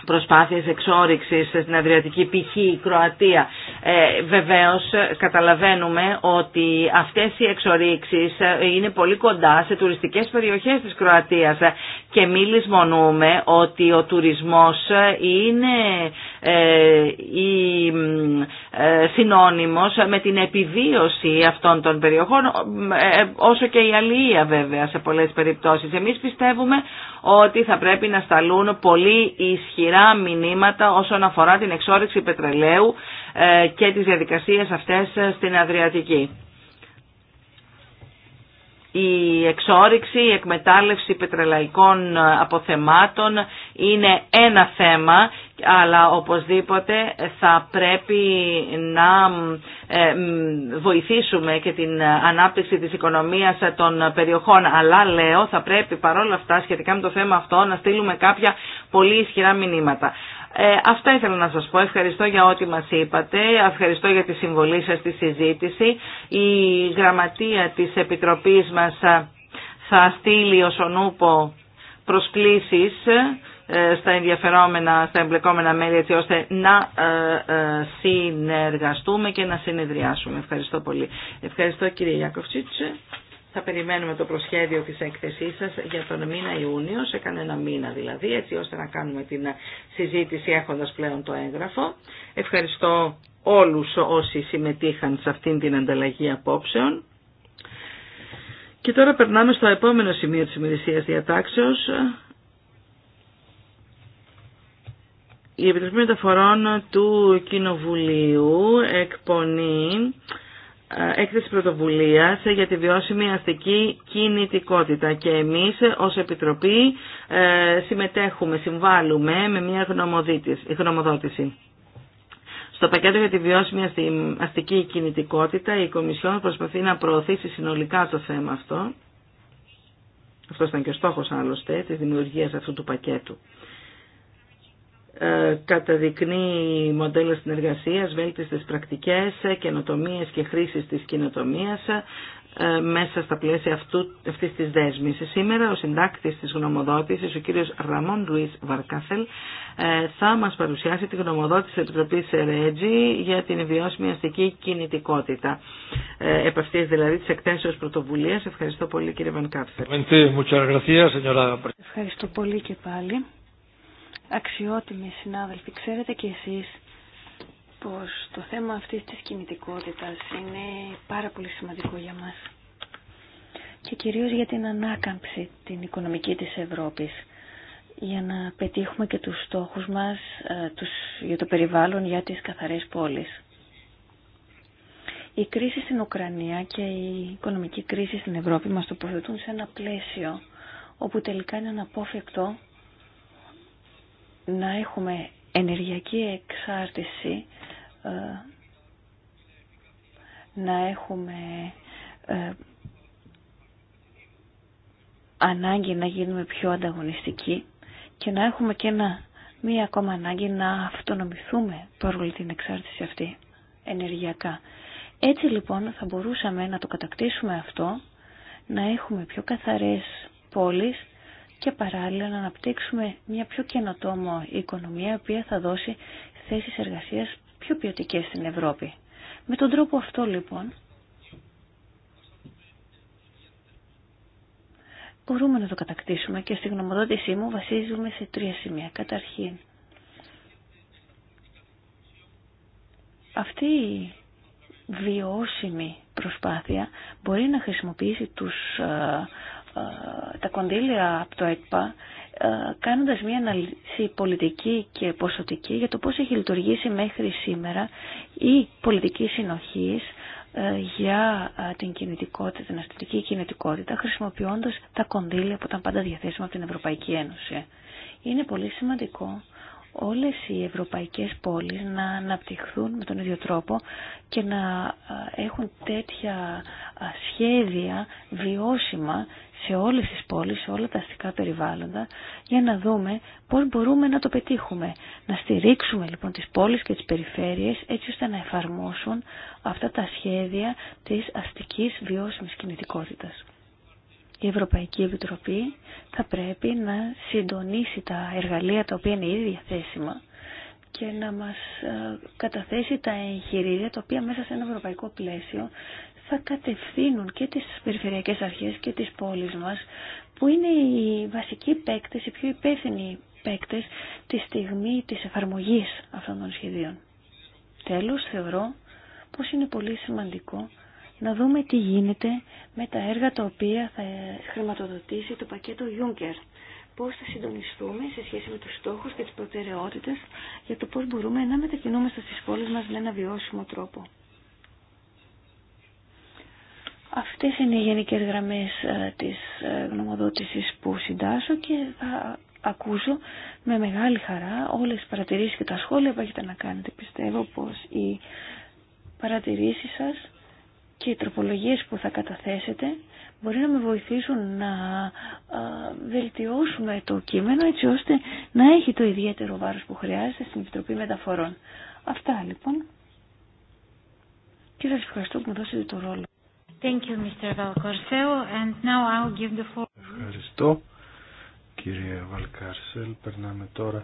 προσπάθειες εξόριξης στην Αδριατική π.χ. η Κροατία. Ε, βεβαίως καταλαβαίνουμε ότι αυτές οι εξορίξεις είναι πολύ κοντά σε τουριστικές περιοχές της Κροατίας και μη λησμονούμε ότι ο τουρισμός είναι ή ε, ε, συνώνυμος με την επιβίωση αυτών των περιοχών ε, όσο και η αλληλεία βέβαια σε πολλές περιπτώσεις. Εμείς πιστεύουμε ότι θα πρέπει να σταλούν πολύ ισχυρά μηνύματα όσον αφορά την εξόριξη πετρελαίου και τις διαδικασίες αυτές στην Αδριατική η εξόριξη, η εκμετάλλευση πετρελαϊκών ε, αποθεμάτων είναι ένα θέμα, αλλά οπωσδήποτε θα πρέπει να ε, βοηθήσουμε και την ανάπτυξη της οικονομίας των περιοχών. Αλλά λέω θα πρέπει παρόλα αυτά σχετικά με το θέμα αυτό να στείλουμε κάποια πολύ ισχυρά μηνύματα. Ε, αυτά ήθελα να σας πω. Ευχαριστώ για ό,τι μας είπατε. Ευχαριστώ για τη συμβολή σας στη συζήτηση. Η γραμματεία της Επιτροπής μας ε, θα στείλει ως ονούπο προσκλήσεις ε, στα ενδιαφερόμενα, στα εμπλεκόμενα μέλη έτσι ώστε να συνεργαστούμε και να συνεδριάσουμε. Ευχαριστώ πολύ. Ευχαριστώ κύριε Γιάκοφτσίτσε. Θα περιμένουμε το προσχέδιο της έκθεσής σας για τον μήνα Ιούνιο, σε κανένα μήνα δηλαδή, έτσι ώστε να κάνουμε την συζήτηση έχοντας πλέον το έγγραφο. Ευχαριστώ όλους όσοι συμμετείχαν σε αυτήν την ανταλλαγή απόψεων. Και τώρα περνάμε στο επόμενο σημείο της ημερησίας διατάξεως. Η Επιτροπή Μεταφορών του Κοινοβουλίου εκπονεί ε, έκθεση πρωτοβουλίας για τη βιώσιμη αστική κινητικότητα και εμείς ως Επιτροπή ε, συμμετέχουμε, συμβάλλουμε με μια γνωμοδότηση. Στο πακέτο για τη βιώσιμη αστική κινητικότητα η Κομισιόν προσπαθεί να προωθήσει συνολικά το θέμα αυτό. Αυτό ήταν και ο στόχος άλλωστε της δημιουργίας αυτού του πακέτου. Ε, καταδεικνύει μοντέλο συνεργασίας, βέλτιστες πρακτικές, ε, καινοτομίες και χρήσεις της κοινοτομίας ε, μέσα στα πλαίσια αυτού, αυτής της δέσμης. Σήμερα ο συντάκτης της γνωμοδότησης, ο κύριος Ραμόν Λουίς Βαρκάθελ, θα μας παρουσιάσει τη γνωμοδότηση της Επιτροπής ΡΕΤΖΙ για την βιώσιμη αστική κινητικότητα. Ε, επ' αυτής δηλαδή της εκτέσεως πρωτοβουλίας. Ευχαριστώ πολύ κύριε Βαρκάθελ. Ευχαριστώ πολύ και πάλι. Αξιότιμοι συνάδελφοι, ξέρετε κι εσείς πως το θέμα αυτής της κινητικότητας είναι πάρα πολύ σημαντικό για μας και κυρίως για την ανάκαμψη την οικονομική της Ευρώπης για να πετύχουμε και τους στόχους μας ε, τους, για το περιβάλλον, για τις καθαρές πόλεις. Η κρίση στην Ουκρανία και η οικονομική κρίση στην Ευρώπη μας τοποθετούν σε ένα πλαίσιο όπου τελικά είναι αναπόφευκτο να έχουμε ενεργειακή εξάρτηση, ε, να έχουμε ε, ανάγκη να γίνουμε πιο ανταγωνιστικοί και να έχουμε και ένα, μία ακόμα ανάγκη να αυτονομηθούμε παρόλη την εξάρτηση αυτή ενεργειακά. Έτσι λοιπόν θα μπορούσαμε να το κατακτήσουμε αυτό, να έχουμε πιο καθαρές πόλεις, και παράλληλα να αναπτύξουμε μια πιο καινοτόμο οικονομία η οποία θα δώσει θέσεις εργασίας πιο ποιοτικές στην Ευρώπη. Με τον τρόπο αυτό λοιπόν μπορούμε να το κατακτήσουμε και στη γνωμοδότησή μου βασίζουμε σε τρία σημεία. Καταρχήν, αυτή η βιώσιμη προσπάθεια μπορεί να χρησιμοποιήσει τους ε, ε, τα κονδύλια από το ΕΚΠΑ ε, κάνοντας μια αναλύση πολιτική και ποσοτική για το πώς έχει λειτουργήσει μέχρι σήμερα η πολιτική συνοχής ε, για την κινητικότητα, την αστυνομική κινητικότητα, χρησιμοποιώντας τα κονδύλια που ήταν πάντα διαθέσιμα από την Ευρωπαϊκή Ένωση. Είναι πολύ σημαντικό όλες οι ευρωπαϊκές πόλεις να αναπτυχθούν με τον ίδιο τρόπο και να έχουν τέτοια σχέδια βιώσιμα σε όλες τις πόλεις, σε όλα τα αστικά περιβάλλοντα, για να δούμε πώς μπορούμε να το πετύχουμε. Να στηρίξουμε λοιπόν τις πόλεις και τις περιφέρειες έτσι ώστε να εφαρμόσουν αυτά τα σχέδια της αστικής βιώσιμης κινητικότητας η Ευρωπαϊκή Επιτροπή θα πρέπει να συντονίσει τα εργαλεία τα οποία είναι ήδη διαθέσιμα και να μας ε, καταθέσει τα εγχειρίδια τα οποία μέσα σε ένα ευρωπαϊκό πλαίσιο θα κατευθύνουν και τις περιφερειακές αρχές και τις πόλεις μας που είναι οι βασικοί παίκτες, οι πιο υπεύθυνοι παίκτες τη στιγμή της εφαρμογής αυτών των σχεδίων. Τέλος, θεωρώ πως είναι πολύ σημαντικό να δούμε τι γίνεται με τα έργα τα οποία θα χρηματοδοτήσει το πακέτο Juncker. Πώς θα συντονιστούμε σε σχέση με τους στόχους και τις προτεραιότητες για το πώς μπορούμε να μετακινούμαστε στις πόλεις μας με ένα βιώσιμο τρόπο. Αυτές είναι οι γενικές γραμμές ε, της ε, γνωμοδότησης που συντάσσω και θα ακούσω με μεγάλη χαρά όλες τις παρατηρήσεις και τα σχόλια που έχετε να κάνετε. Πιστεύω πως οι παρατηρήσεις σας και οι τροπολογίες που θα καταθέσετε μπορεί να με βοηθήσουν να βελτιώσουμε το κείμενο έτσι ώστε να έχει το ιδιαίτερο βάρος που χρειάζεται στην Επιτροπή Μεταφορών. Αυτά λοιπόν. Και σας ευχαριστώ που μου δώσετε το ρόλο. And now give the floor. Ευχαριστώ, κύριε Βαλκάρσελ. Περνάμε τώρα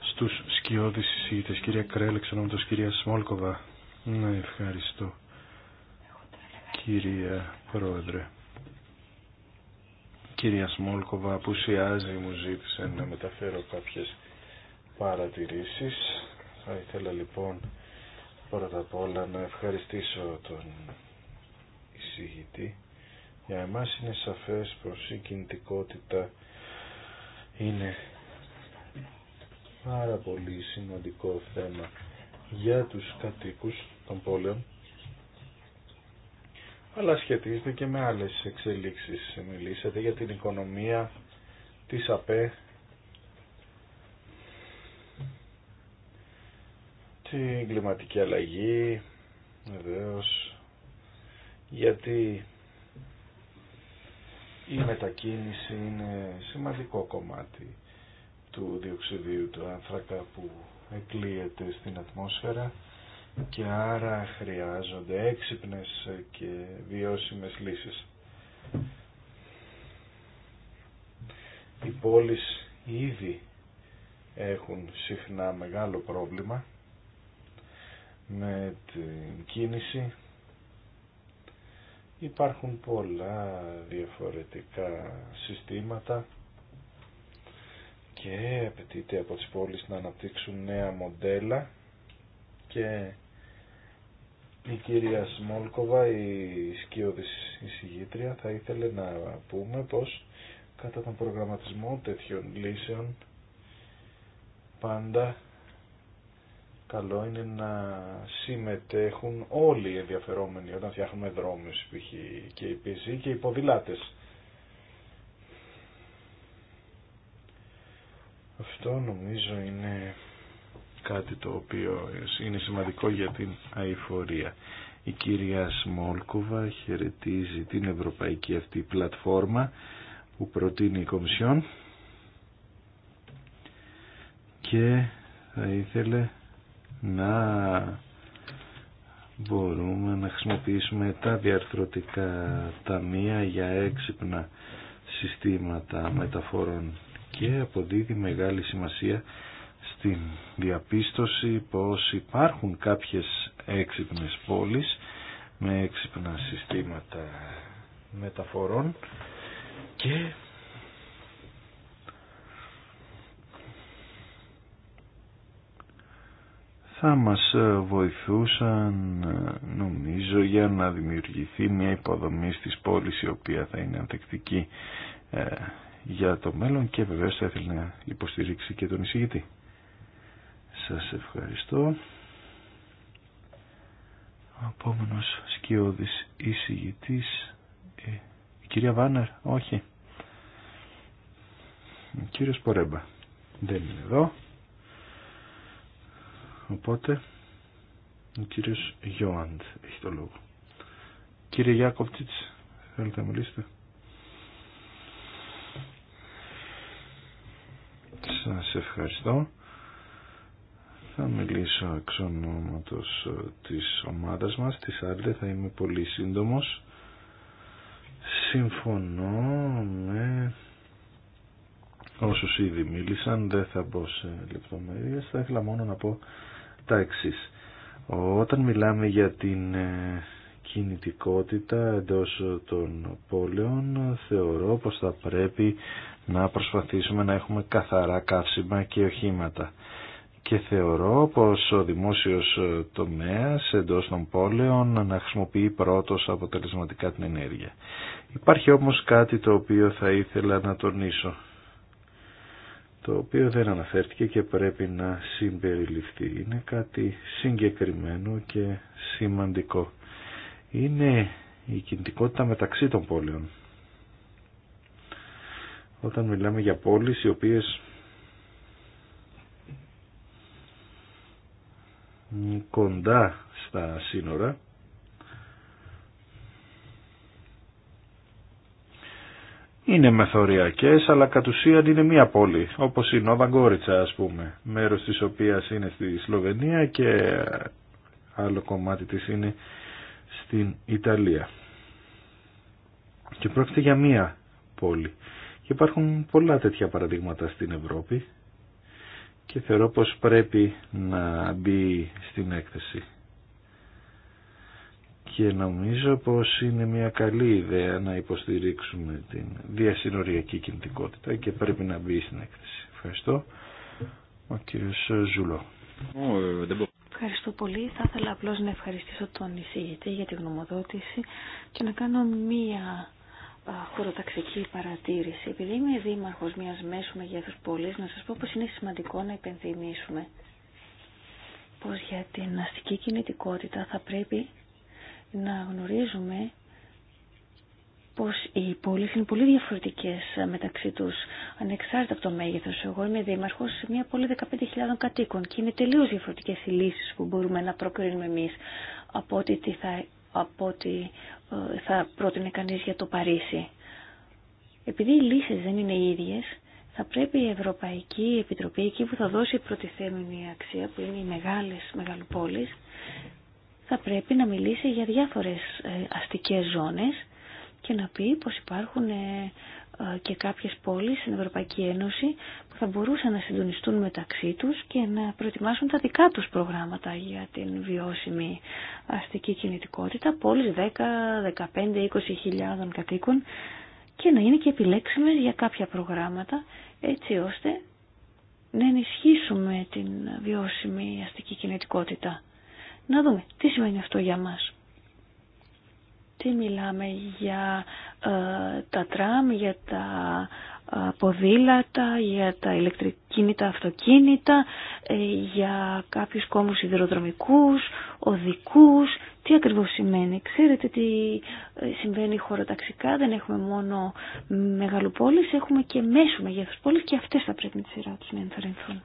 στους σκιώδεις εισηγητές. Κυρία Κρέλεξ, ονοματός κυρία Σμόλκοβα. Ναι, ευχαριστώ. Κύριε Πρόεδρε. κυρία Σμόλκοβα που μου ζήτησε να μεταφέρω κάποιες παρατηρήσεις. Θα ήθελα λοιπόν πρώτα απ' όλα να ευχαριστήσω τον εισηγητή. Για εμάς είναι σαφές πως η κινητικότητα είναι πάρα πολύ σημαντικό θέμα για τους κατοίκους των πόλεων αλλά σχετίζεται και με άλλες εξελίξεις. Μιλήσατε για την οικονομία της ΑΠΕ, την κλιματική αλλαγή, βεβαίω γιατί η μετακίνηση είναι σημαντικό κομμάτι του διοξιδίου του άνθρακα που εκλείεται στην ατμόσφαιρα και άρα χρειάζονται έξυπνες και βιώσιμες λύσεις. Οι πόλεις ήδη έχουν συχνά μεγάλο πρόβλημα με την κίνηση. Υπάρχουν πολλά διαφορετικά συστήματα και απαιτείται από τις πόλεις να αναπτύξουν νέα μοντέλα και η κυρία Σμόλκοβα, η σκιώδης εισηγήτρια, θα ήθελε να πούμε πως κατά τον προγραμματισμό τέτοιων λύσεων πάντα καλό είναι να συμμετέχουν όλοι οι ενδιαφερόμενοι όταν φτιάχνουμε δρόμους π.χ. και οι PC και οι ποδηλάτες. Αυτό νομίζω είναι κάτι το οποίο είναι σημαντικό για την αηφορία. Η κυρία Σμόλκοβα χαιρετίζει την ευρωπαϊκή αυτή πλατφόρμα που προτείνει η Κομισιόν και θα ήθελε να μπορούμε να χρησιμοποιήσουμε τα διαρθρωτικά ταμεία για έξυπνα συστήματα μεταφορών και αποδίδει μεγάλη σημασία στην διαπίστωση πως υπάρχουν κάποιες έξυπνες πόλεις με έξυπνα συστήματα μεταφορών και θα μας βοηθούσαν νομίζω για να δημιουργηθεί μια υποδομή στις πόλεις η οποία θα είναι ανθεκτική ε, για το μέλλον και βεβαίως θα ήθελε να υποστηρίξει και τον εισηγητή. Σας ευχαριστώ. Ο επόμενος σκιώδης εισηγητής, ε, η κυρία Βάνερ, όχι. Ο κύριος Πορέμπα δεν είναι εδώ. Οπότε, ο κύριος Γιώαντ έχει το λόγο. Κύριε Γιάκοπτιτς, θέλετε να μιλήσετε. Σας ευχαριστώ. Θα μιλήσω εξ ονόματος ε, της ομάδας μας, της Άλτε, θα είμαι πολύ σύντομος. Συμφωνώ με όσους ήδη μίλησαν, δεν θα μπω σε λεπτομέρειες, θα ήθελα μόνο να πω τα εξής. Όταν μιλάμε για την ε, κινητικότητα εντός των πόλεων, θεωρώ πως θα πρέπει να προσπαθήσουμε να έχουμε καθαρά καύσιμα και οχήματα και θεωρώ πως ο δημόσιος ε, τομέας εντός των πόλεων να χρησιμοποιεί πρώτος αποτελεσματικά την ενέργεια. Υπάρχει όμως κάτι το οποίο θα ήθελα να τονίσω, το οποίο δεν αναφέρθηκε και πρέπει να συμπεριληφθεί. Είναι κάτι συγκεκριμένο και σημαντικό. Είναι η κινητικότητα μεταξύ των πόλεων. Όταν μιλάμε για πόλεις οι οποίες κοντά στα σύνορα είναι μεθοριακές αλλά κατ' ουσίαν είναι μία πόλη όπως η Νόβα Γκόριτσα ας πούμε μέρος της οποίας είναι στη Σλοβενία και άλλο κομμάτι της είναι στην Ιταλία και πρόκειται για μία πόλη και υπάρχουν πολλά τέτοια παραδείγματα στην Ευρώπη και θεωρώ πως πρέπει να μπει στην έκθεση. Και νομίζω πως είναι μια καλή ιδέα να υποστηρίξουμε την διασυνοριακή κινητικότητα και πρέπει να μπει στην έκθεση. Ευχαριστώ. Ο Ζουλό. Ευχαριστώ πολύ. Θα ήθελα απλώς να ευχαριστήσω τον εισηγητή για τη γνωμοδότηση και να κάνω μία χωροταξική παρατήρηση. Επειδή είμαι δήμαρχος μιας μέσου μεγέθους πόλης, να σας πω πως είναι σημαντικό να υπενθυμίσουμε πως για την αστική κινητικότητα θα πρέπει να γνωρίζουμε πως οι πόλεις είναι πολύ διαφορετικές μεταξύ τους, ανεξάρτητα από το μέγεθος. Εγώ είμαι δήμαρχος σε μια πόλη 15.000 κατοίκων και είναι τελείως διαφορετικές οι λύσεις που μπορούμε να προκρίνουμε εμείς από ότι τι θα από ότι ε, θα πρότεινε κανείς για το Παρίσι. Επειδή οι λύσεις δεν είναι οι ίδιες, θα πρέπει η Ευρωπαϊκή Επιτροπή, εκεί που θα δώσει προτιθέμενη αξία, που είναι οι μεγάλες μεγαλοπόλεις, θα πρέπει να μιλήσει για διάφορες ε, αστικές ζώνες και να πει πως υπάρχουν ε, ε, και κάποιες πόλεις στην Ευρωπαϊκή Ένωση που θα μπορούσαν να συντονιστούν μεταξύ τους και να προετοιμάσουν τα δικά τους προγράμματα για την βιώσιμη αστική κινητικότητα, πόλεις 10, 15, 20 χιλιάδων κατοίκων και να είναι και επιλέξιμες για κάποια προγράμματα έτσι ώστε να ενισχύσουμε την βιώσιμη αστική κινητικότητα. Να δούμε τι σημαίνει αυτό για μας τι μιλάμε για ε, τα τραμ, για τα ε, ποδήλατα, για τα ηλεκτροκίνητα αυτοκίνητα, ε, για κάποιους κόμμους υδροδρομικούς, οδικούς. Τι ακριβώς σημαίνει. Ξέρετε τι συμβαίνει χωροταξικά. Δεν έχουμε μόνο μεγαλοπόλεις, έχουμε και μέσου μεγέθους πόλεις και αυτές θα πρέπει τη σειρά τους να ενθαρρυνθούν.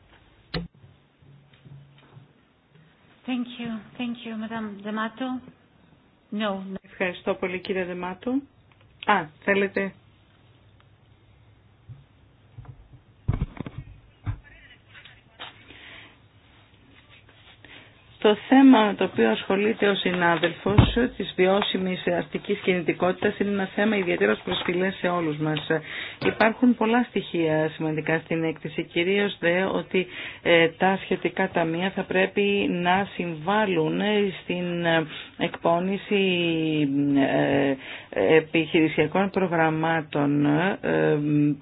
Thank you. Thank you, No. Ευχαριστώ πολύ κύριε Δεμάτου. Α, θέλετε Το θέμα το οποίο ασχολείται ο συνάδελφος της βιώσιμης αστικής κινητικότητας είναι ένα θέμα ιδιαίτερα προσφυλές σε όλους μας. Υπάρχουν πολλά στοιχεία σημαντικά στην έκθεση, κυρίως δε ότι ε, τα σχετικά ταμεία θα πρέπει να συμβάλλουν ε, στην εκπόνηση ε, επιχειρησιακών προγραμμάτων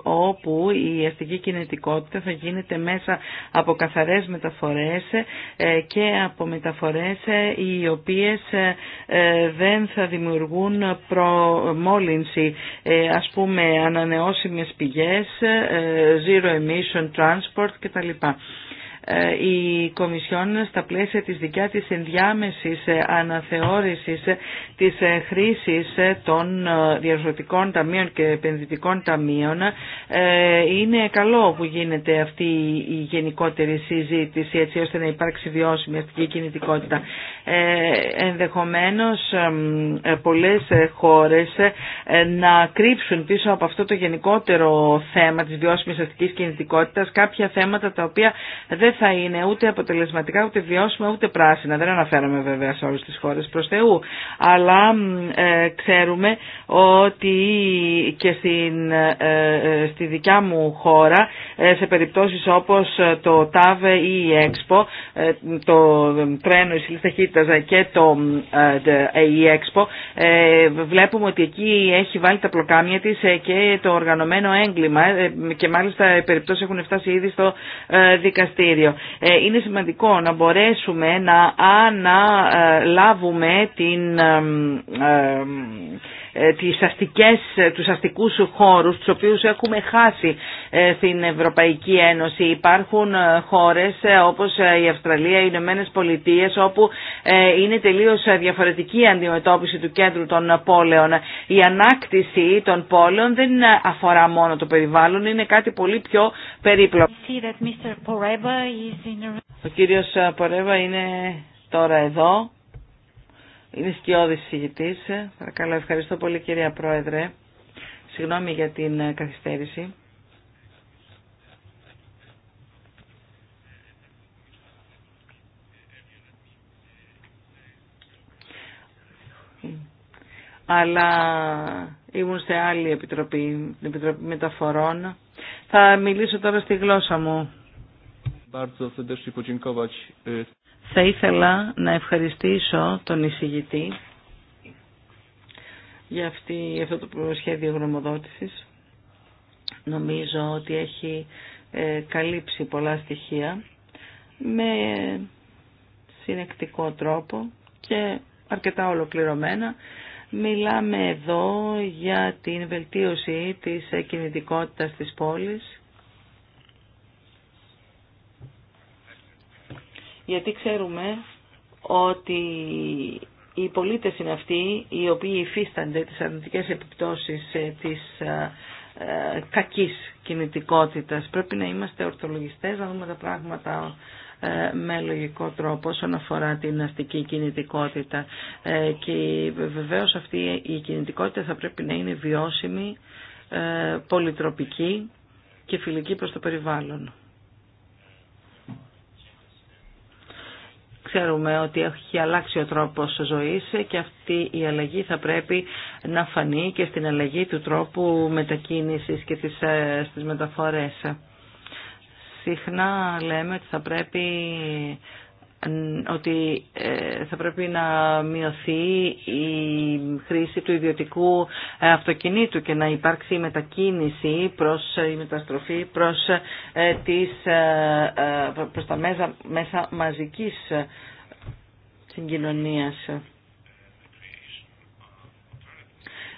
όπου η αστική κινητικότητα θα γίνεται μέσα από καθαρές μεταφορές και από μεταφορές ε, οι οποίες ε, ε, δεν θα δημιουργούν προμόλυνση. Ας πούμε ανανεώσιμες πηγές, zero emission transport κτλ. Ε, η Κομισιόν στα πλαίσια της δικιά της ενδιάμεσης ε, αναθεώρησης ε, της χρήσης των διαρθρωτικών ταμείων και επενδυτικών ταμείων είναι καλό που γίνεται αυτή η γενικότερη συζήτηση έτσι ώστε να υπάρξει βιώσιμη αστική κινητικότητα. Ενδεχομένως πολλές χώρες να κρύψουν πίσω από αυτό το γενικότερο θέμα της βιώσιμης αστικής κινητικότητας κάποια θέματα τα οποία δεν θα είναι ούτε αποτελεσματικά, ούτε βιώσιμα, ούτε πράσινα. Δεν αναφέρομαι βέβαια σε όλες τις χώρες προς Θεού. Αλλά ε, ξέρουμε ότι και στην, ε, ε, στη δικιά μου χώρα, σε περιπτώσεις όπως το ΤΑΒΕ ή η ΕΞΠΟ, το τρένο η ταχύτητας και το, η ΕΞΠΟ, βλέπουμε ότι εκεί έχει βάλει τα πλοκάμια της και το οργανωμένο έγκλημα και μάλιστα οι περιπτώσεις έχουν φτάσει ήδη στο δικαστήριο. Ε, είναι σημαντικό να μπορέσουμε να αναλάβουμε την ε, τις αστικές, τους αστικούς χώρους, τους οποίους έχουμε χάσει ε, στην Ευρωπαϊκή Ένωση. Υπάρχουν ε, χώρες όπως η Αυστραλία, οι Ηνωμένε Πολιτείε, όπου είναι τελείως διαφορετική η αντιμετώπιση του κέντρου των πόλεων. Η ανάκτηση των πόλεων δεν αφορά μόνο το περιβάλλον, είναι κάτι πολύ πιο περίπλοκο. Ο κύριος Πορέβα είναι τώρα εδώ. Είναι σκιώδης συγητής. Παρακαλώ, ευχαριστώ πολύ κυρία Πρόεδρε. Συγγνώμη για την ε, καθυστέρηση. αλλά ήμουν σε άλλη επιτροπή, την Επιτροπή Μεταφορών. Θα μιλήσω τώρα στη γλώσσα μου. Ε, θα ήθελα να ευχαριστήσω τον εισηγητή για αυτή, αυτό το σχέδιο γνωμοδότησης. Νομίζω ότι έχει ε, καλύψει πολλά στοιχεία με συνεκτικό τρόπο και αρκετά ολοκληρωμένα. Μιλάμε εδώ για την βελτίωση της κινητικότητας της πόλης γιατί ξέρουμε ότι οι πολίτες είναι αυτοί οι οποίοι υφίστανται τις αρνητικές επιπτώσεις ε, της ε, ε, κακής κινητικότητας. Πρέπει να είμαστε ορθολογιστές, να δούμε τα πράγματα με λογικό τρόπο όσον αφορά την αστική κινητικότητα. Και βεβαίως αυτή η κινητικότητα θα πρέπει να είναι βιώσιμη, πολυτροπική και φιλική προς το περιβάλλον. Ξέρουμε ότι έχει αλλάξει ο τρόπος ζωής και αυτή η αλλαγή θα πρέπει να φανεί και στην αλλαγή του τρόπου μετακίνησης και της, ε, στις μεταφορές. Συχνά λέμε ότι θα πρέπει ότι ε, θα πρέπει να μειωθεί η χρήση του ιδιωτικού ε, αυτοκινήτου και να υπάρξει μετακίνηση προς ε, η μεταστροφή προς, τις, προς τα μέσα, μέσα μαζικής συγκοινωνίας.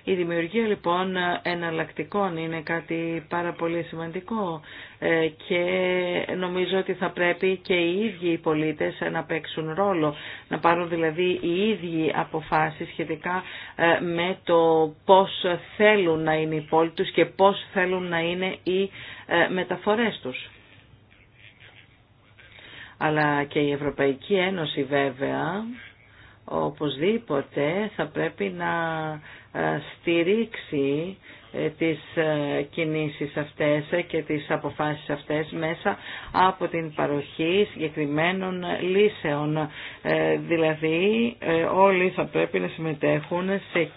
Η δημιουργία λοιπόν εναλλακτικών είναι κάτι πάρα πολύ σημαντικό ε, και νομίζω ότι θα πρέπει και οι ίδιοι οι πολίτες να παίξουν ρόλο, να πάρουν δηλαδή οι ίδιοι αποφάσεις σχετικά ε, με το πώς θέλουν να είναι οι πόλοι τους και πώς θέλουν να είναι οι ε, μεταφορές τους αλλά και η Ευρωπαϊκή Ένωση βέβαια οπωσδήποτε θα πρέπει να ε, στηρίξει ε, τις ε, κινήσεις αυτές και τις αποφάσεις αυτές μέσα από την παροχή συγκεκριμένων λύσεων. Ε, δηλαδή όλοι θα πρέπει να συμμετέχουν σε,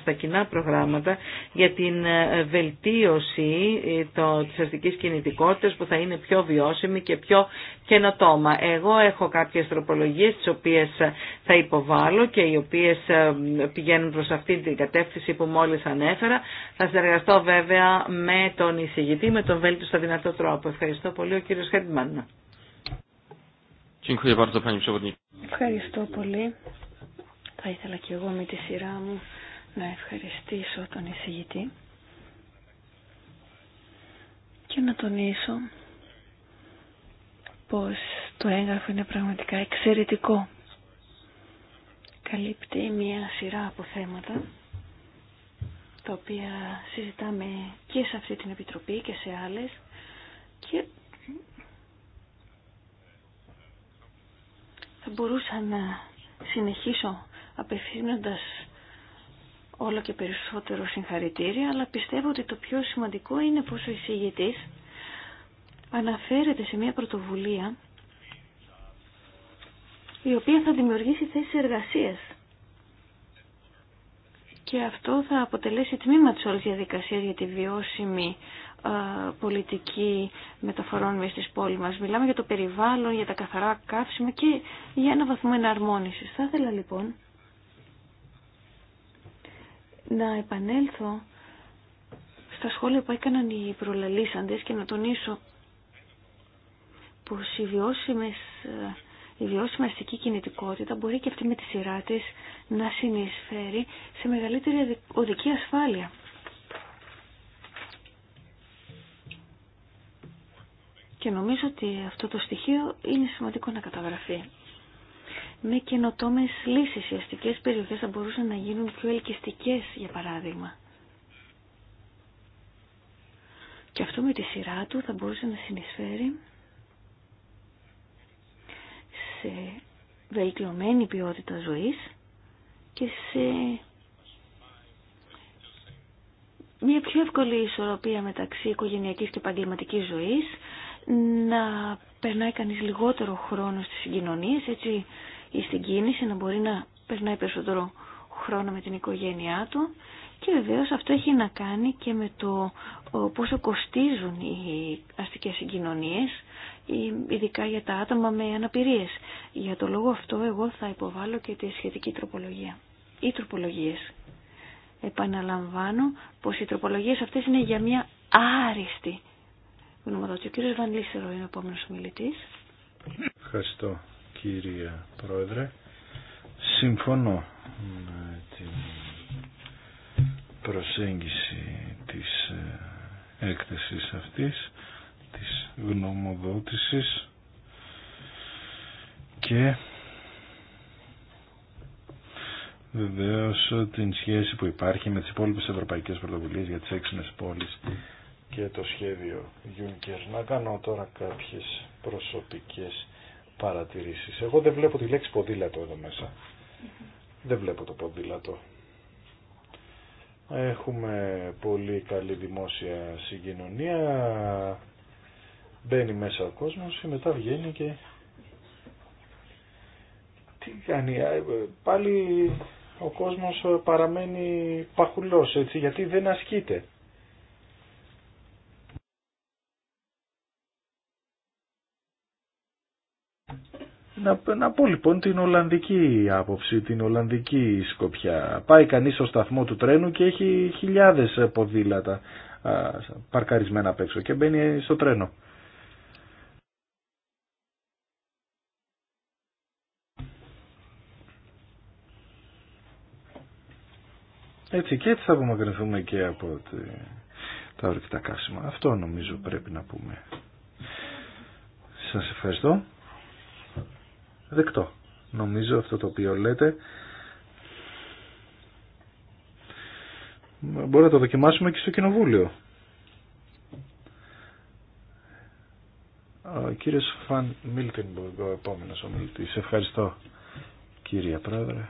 στα κοινά προγράμματα για την βελτίωση το, της αστικής κινητικότητας που θα είναι πιο βιώσιμη και πιο καινοτόμα. Εγώ έχω κάποιες τροπολογίες τις οποίες θα υποβάλω και οι οποίες πηγαίνουν προς αυτή την κατεύθυνση που μόλις ανέφερα. Θα συνεργαστώ βέβαια με τον εισηγητή, με τον βέλτιστο δυνατό τρόπο. Ευχαριστώ πολύ ο κύριος Χέντμαν. Ευχαριστώ πολύ. Θα ήθελα και εγώ με τη σειρά μου να ευχαριστήσω τον εισηγητή και να τονίσω πως το έγγραφο είναι πραγματικά εξαιρετικό. Καλύπτει μια σειρά από θέματα τα οποία συζητάμε και σε αυτή την Επιτροπή και σε άλλες και θα μπορούσα να συνεχίσω απευθύνοντας όλο και περισσότερο συγχαρητήρια, αλλά πιστεύω ότι το πιο σημαντικό είναι πως ο εισηγητής αναφέρεται σε μια πρωτοβουλία η οποία θα δημιουργήσει θέσεις εργασίας, και αυτό θα αποτελέσει τμήμα της όλης διαδικασίας για τη βιώσιμη πολιτική μεταφορών μέσα στις πόλη μας. Μιλάμε για το περιβάλλον, για τα καθαρά καύσιμα και για ένα βαθμό εναρμόνισης. Θα ήθελα λοιπόν να επανέλθω στα σχόλια που έκαναν οι προλαλήσαντες και να τονίσω πως οι βιώσιμες η βιώσιμη αστική κινητικότητα μπορεί και αυτή με τη σειρά τη να συνεισφέρει σε μεγαλύτερη οδική ασφάλεια. Και νομίζω ότι αυτό το στοιχείο είναι σημαντικό να καταγραφεί. Με καινοτόμε λύσεις οι αστικές περιοχές θα μπορούσαν να γίνουν πιο ελκυστικές, για παράδειγμα. Και αυτό με τη σειρά του θα μπορούσε να συνεισφέρει σε βελτιωμένη ποιότητα ζωής και σε μια πιο εύκολη ισορροπία μεταξύ οικογενειακής και επαγγελματική ζωής, να περνάει κανείς λιγότερο χρόνο στις συγκοινωνίες, έτσι ή στην κίνηση, να μπορεί να περνάει περισσότερο χρόνο με την οικογένειά του και βεβαίως αυτό έχει να κάνει και με το πόσο κοστίζουν οι αστικές συγκοινωνίες ειδικά για τα άτομα με αναπηρίες. Για το λόγο αυτό εγώ θα υποβάλω και τη σχετική τροπολογία. Ή τροπολογίες. Επαναλαμβάνω πως οι τροπολογίες αυτές είναι για μια άριστη γνωμοδότηση. Ο κύριος Βανλίσερο είναι ο επόμενος μιλητής Ευχαριστώ κύριε Πρόεδρε. Συμφωνώ με την προσέγγιση της ε, έκθεσης αυτής της γνωμοδότησης και βεβαίω την σχέση που υπάρχει με τις υπόλοιπες ευρωπαϊκές πρωτοβουλίες για τις έξινες πόλεις και το σχέδιο Juncker. Να κάνω τώρα κάποιες προσωπικές παρατηρήσεις. Εγώ δεν βλέπω τη λέξη ποδήλατο εδώ μέσα. Δεν βλέπω το ποδήλατο. Έχουμε πολύ καλή δημόσια συγκοινωνία, μπαίνει μέσα ο κόσμος και μετά βγαίνει και τι κάνει, πάλι ο κόσμος παραμένει παχουλός έτσι γιατί δεν ασκείται. Να, να πω λοιπόν την Ολλανδική άποψη, την Ολλανδική σκοπιά. Πάει κανείς στο σταθμό του τρένου και έχει χιλιάδες ποδήλατα α, παρκαρισμένα απ' έξω και μπαίνει στο τρένο. Έτσι και έτσι θα απομακρυνθούμε και από τα ορυκτά κάψιμα. Αυτό νομίζω πρέπει να πούμε. Σας ευχαριστώ. Δεκτό. Νομίζω αυτό το οποίο λέτε. Μπορεί να το δοκιμάσουμε και στο κοινοβούλιο. Ο κύριος Φαν Μίλτινμπουργκ, ο επόμενος ομιλητής. Ευχαριστώ κύριε Πρόεδρε.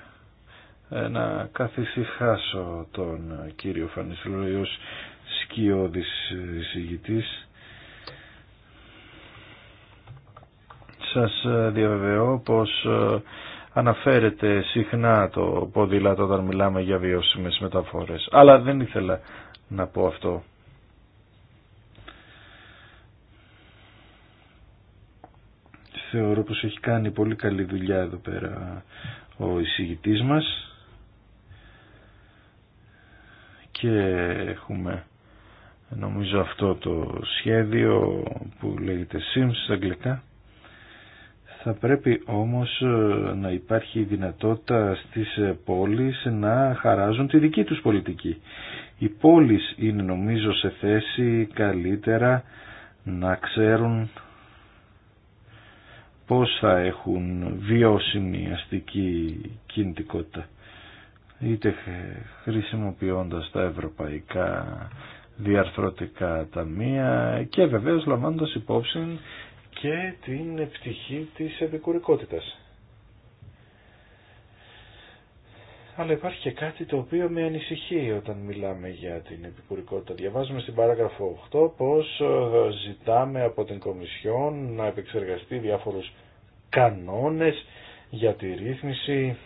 Ε, να καθησυχάσω τον κύριο Φανισλόη ως σκιώδης συγητής. Σας ε, διαβεβαιώ πως ε, αναφέρεται συχνά το ποδήλατο όταν μιλάμε για βιώσιμες μεταφορές. Αλλά δεν ήθελα να πω αυτό. Θεωρώ πως έχει κάνει πολύ καλή δουλειά εδώ πέρα ο εισηγητής μας. και έχουμε νομίζω αυτό το σχέδιο που λέγεται SIMS στα αγγλικά θα πρέπει όμως ε, να υπάρχει η δυνατότητα στις ε, πόλεις να χαράζουν τη δική τους πολιτική. Οι πόλεις είναι νομίζω σε θέση καλύτερα να ξέρουν πώς θα έχουν βιώσιμη αστική κινητικότητα είτε χρησιμοποιώντας τα ευρωπαϊκά διαρθρωτικά ταμεία και βεβαίως λαμβάνοντας υπόψη και την επιτυχή της επικουρικότητας. Αλλά υπάρχει και κάτι το οποίο με ανησυχεί όταν μιλάμε για την επικουρικότητα. Διαβάζουμε στην παράγραφο 8 πως ε, ζητάμε από την Κομισιόν να επεξεργαστεί διάφορους κανόνες για τη ρύθμιση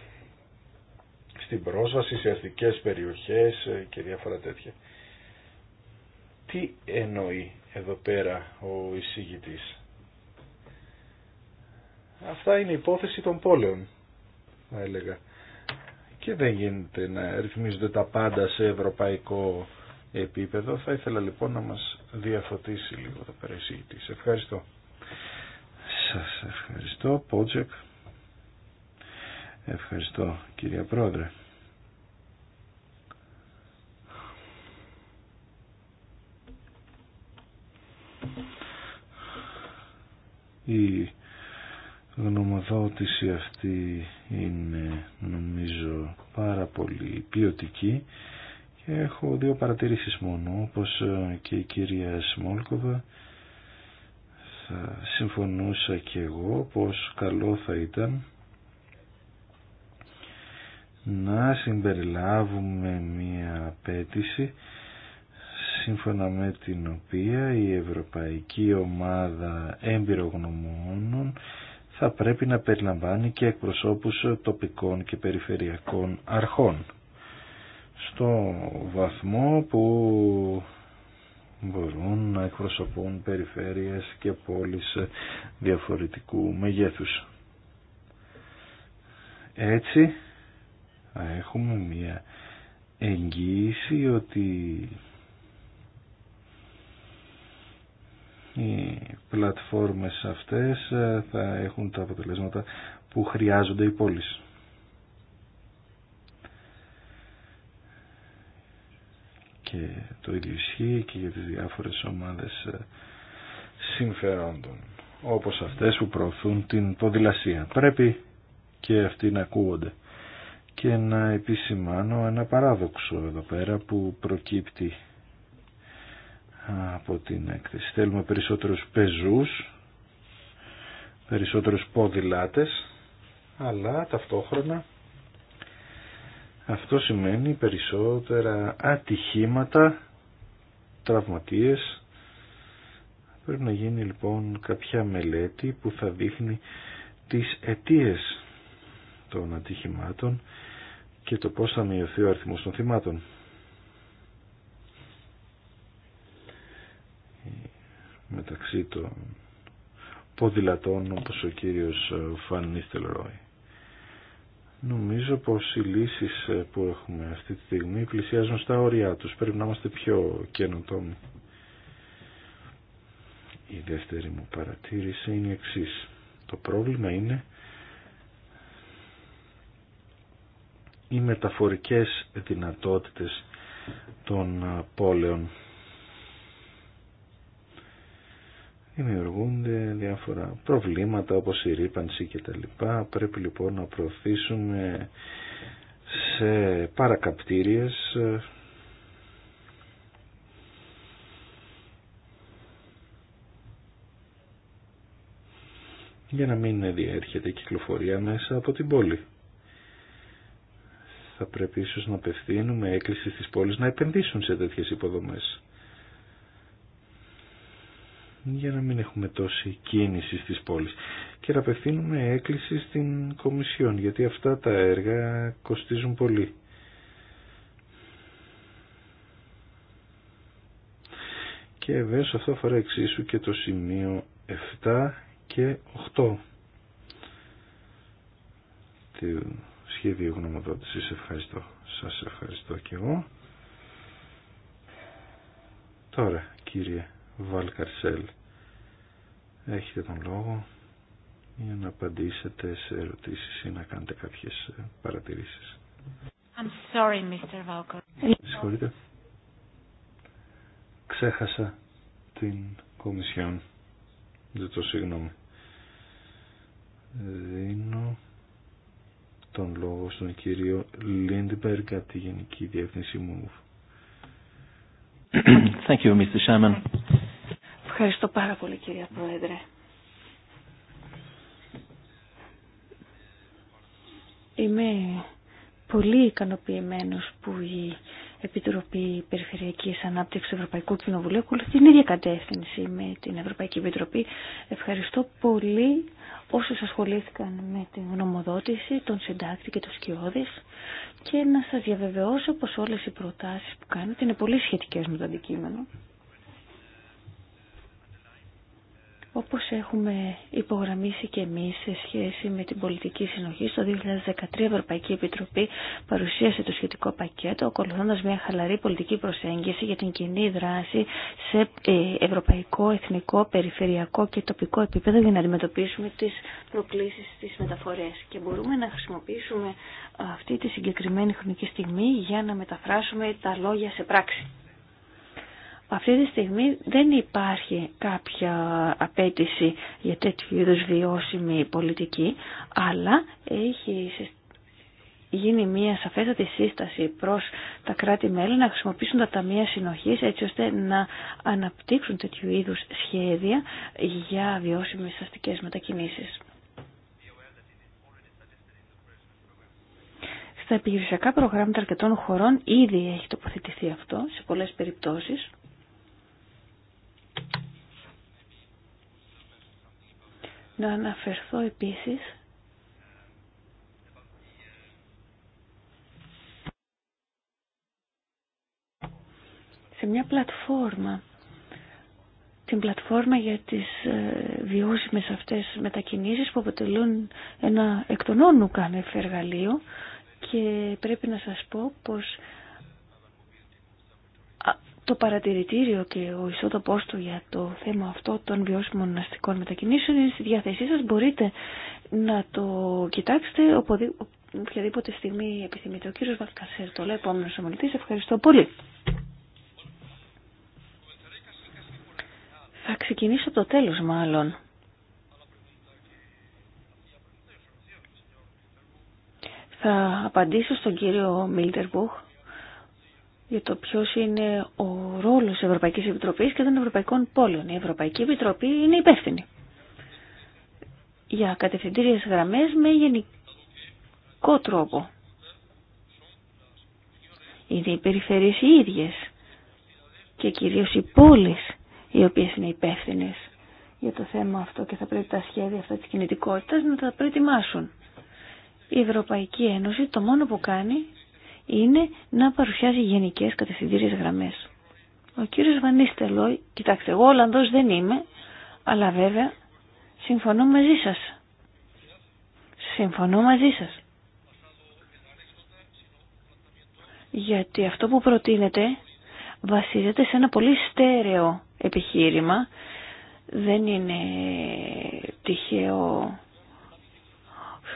στην πρόσβαση σε αστικές περιοχές ε, και διάφορα τέτοια. Τι εννοεί εδώ πέρα ο εισηγητής. Αυτά είναι η υπόθεση των πόλεων, θα έλεγα. Και δεν γίνεται να ρυθμίζονται τα πάντα σε ευρωπαϊκό επίπεδο. Θα ήθελα λοιπόν να μας διαφωτίσει λίγο το πέρα εισηγητής. Ευχαριστώ. Σας ευχαριστώ, Πότζεκ. Ευχαριστώ κυρία Πρόεδρε. Η γνωμοδότηση αυτή είναι νομίζω πάρα πολύ ποιοτική και έχω δύο παρατηρήσεις μόνο όπως και η κυρία Σμόλκοβα θα συμφωνούσα και εγώ πως καλό θα ήταν να συμπεριλάβουμε μία απέτηση σύμφωνα με την οποία η Ευρωπαϊκή Ομάδα Εμπειρογνωμόνων θα πρέπει να περιλαμβάνει και εκπροσώπους τοπικών και περιφερειακών αρχών. Στο βαθμό που μπορούν να εκπροσωπούν περιφέρειες και πόλεις διαφορετικού μεγέθους. Έτσι, έχουμε μια εγγύηση ότι οι πλατφόρμες αυτές ε, θα έχουν τα αποτελέσματα που χρειάζονται οι πόλεις. Και το ίδιο ισχύει και για τις διάφορες ομάδες ε, συμφερόντων, όπως αυτές που προωθούν την ποδηλασία. Πρέπει και αυτοί να ακούγονται και να επισημάνω ένα παράδοξο εδώ πέρα που προκύπτει από την έκθεση. Θέλουμε περισσότερους πεζούς, περισσότερους πόδιλάτες, αλλά ταυτόχρονα αυτό σημαίνει περισσότερα ατυχήματα, τραυματίες. Πρέπει να γίνει λοιπόν κάποια μελέτη που θα δείχνει τις αιτίες των ατυχημάτων και το πώς θα μειωθεί ο αριθμός των θυμάτων. Μεταξύ των ποδηλατών όπως ο κύριος Φαν Ρόι. Νομίζω πως οι λύσεις που έχουμε αυτή τη στιγμή πλησιάζουν στα όρια τους. Πρέπει να είμαστε πιο καινοτόμοι. Η δεύτερη μου παρατήρηση είναι η εξής. Το πρόβλημα είναι οι μεταφορικές δυνατότητες των ε, πόλεων. Δημιουργούνται διάφορα προβλήματα όπως η ρήπανση κτλ. Πρέπει λοιπόν να προωθήσουμε σε παρακαπτήριες ε, για να μην διέρχεται η κυκλοφορία μέσα από την πόλη θα πρέπει ίσως να απευθύνουμε έκκληση στις πόλεις να επενδύσουν σε τέτοιες υποδομές. Για να μην έχουμε τόση κίνηση στις πόλεις. Και να απευθύνουμε έκκληση στην Κομισιόν, γιατί αυτά τα έργα κοστίζουν πολύ. Και βέβαια αυτό αφορά εξίσου και το σημείο 7 και 8 του σχέδιο γνωμοδότησης. Ευχαριστώ. Σας ευχαριστώ και εγώ. Τώρα, κύριε Βαλκαρσέλ, έχετε τον λόγο για να απαντήσετε σε ερωτήσεις ή να κάνετε κάποιες ε, παρατηρήσεις. I'm sorry, Mr. Συγχωρείτε. Ξέχασα την Κομισιόν. Δεν το συγγνώμη. Δίνω τον λόγο στον κύριο Λίντμπεργκ από τη Γενική Διεύθυνση μου. Ευχαριστώ πάρα πολύ κυρία Πρόεδρε. Είμαι πολύ ικανοποιημένος που η Επιτροπή Περιφερειακής Ανάπτυξης Ευρωπαϊκού Κοινοβουλίου ακολουθεί την ίδια κατεύθυνση με την Ευρωπαϊκή Επιτροπή. Ευχαριστώ πολύ όσους ασχολήθηκαν με την γνωμοδότηση, τον συντάκτη και τους σκιώδης και να σας διαβεβαιώσω πως όλες οι προτάσεις που κάνετε είναι πολύ σχετικές με το αντικείμενο. Όπως έχουμε υπογραμμίσει και εμείς σε σχέση με την πολιτική συνοχή, στο 2013 η Ευρωπαϊκή Επιτροπή παρουσίασε το σχετικό πακέτο, ακολουθώντας μια χαλαρή πολιτική προσέγγιση για την κοινή δράση σε ε, ευρωπαϊκό, εθνικό, περιφερειακό και τοπικό επίπεδο για να αντιμετωπίσουμε τις προκλήσεις στις μεταφορές. Και μπορούμε να χρησιμοποιήσουμε αυτή τη συγκεκριμένη χρονική στιγμή για να μεταφράσουμε τα λόγια σε πράξη. Αυτή τη στιγμή δεν υπάρχει κάποια απέτηση για τέτοιου είδους βιώσιμη πολιτική, αλλά έχει γίνει μια σαφέστατη σύσταση προς τα κράτη-μέλη να χρησιμοποιήσουν τα ταμεία συνοχής έτσι ώστε να αναπτύξουν τέτοιου είδους σχέδια για βιώσιμες αστικές μετακινήσεις. Στα επιχειρησιακά προγράμματα αρκετών χωρών ήδη έχει τοποθετηθεί αυτό σε πολλές περιπτώσεις. Να αναφερθώ επίσης σε μια πλατφόρμα την πλατφόρμα για τις ε, βιώσιμες αυτές μετακινήσεις που αποτελούν ένα εκ των όνου εργαλείο και πρέπει να σας πω πως το παρατηρητήριο και ο ισότοπός του για το θέμα αυτό των βιώσιμων αστικών μετακινήσεων είναι στη διάθεσή σας. Μπορείτε να το κοιτάξετε οποιαδήποτε στιγμή επιθυμείτε. Ο κύριος Βαλκασέρ, το λέει επόμενος ομιλητή. Ευχαριστώ πολύ. Θα ξεκινήσω το τέλος μάλλον. Θα απαντήσω στον κύριο Μίλτερμπουχ για το ποιο είναι ο ρόλος της Ευρωπαϊκής Επιτροπής και των Ευρωπαϊκών Πόλεων. Η Ευρωπαϊκή Επιτροπή είναι υπεύθυνη για κατευθυντήριε γραμμές με γενικό τρόπο. Είναι οι περιφερειέ οι ίδιε και κυρίω οι πόλεις οι οποίες είναι υπεύθυνε για το θέμα αυτό και θα πρέπει τα σχέδια αυτά της κινητικότητας να τα προετοιμάσουν. Η Ευρωπαϊκή Ένωση το μόνο που κάνει είναι να παρουσιάζει γενικές κατευθυντήριες γραμμές. Ο κύριος Βανίστελο, κοιτάξτε, εγώ Ολλανδός δεν είμαι, αλλά βέβαια συμφωνώ μαζί σας. Συμφωνώ μαζί σας. Γιατί αυτό που προτείνετε βασίζεται σε ένα πολύ στέρεο επιχείρημα. Δεν είναι τυχαίο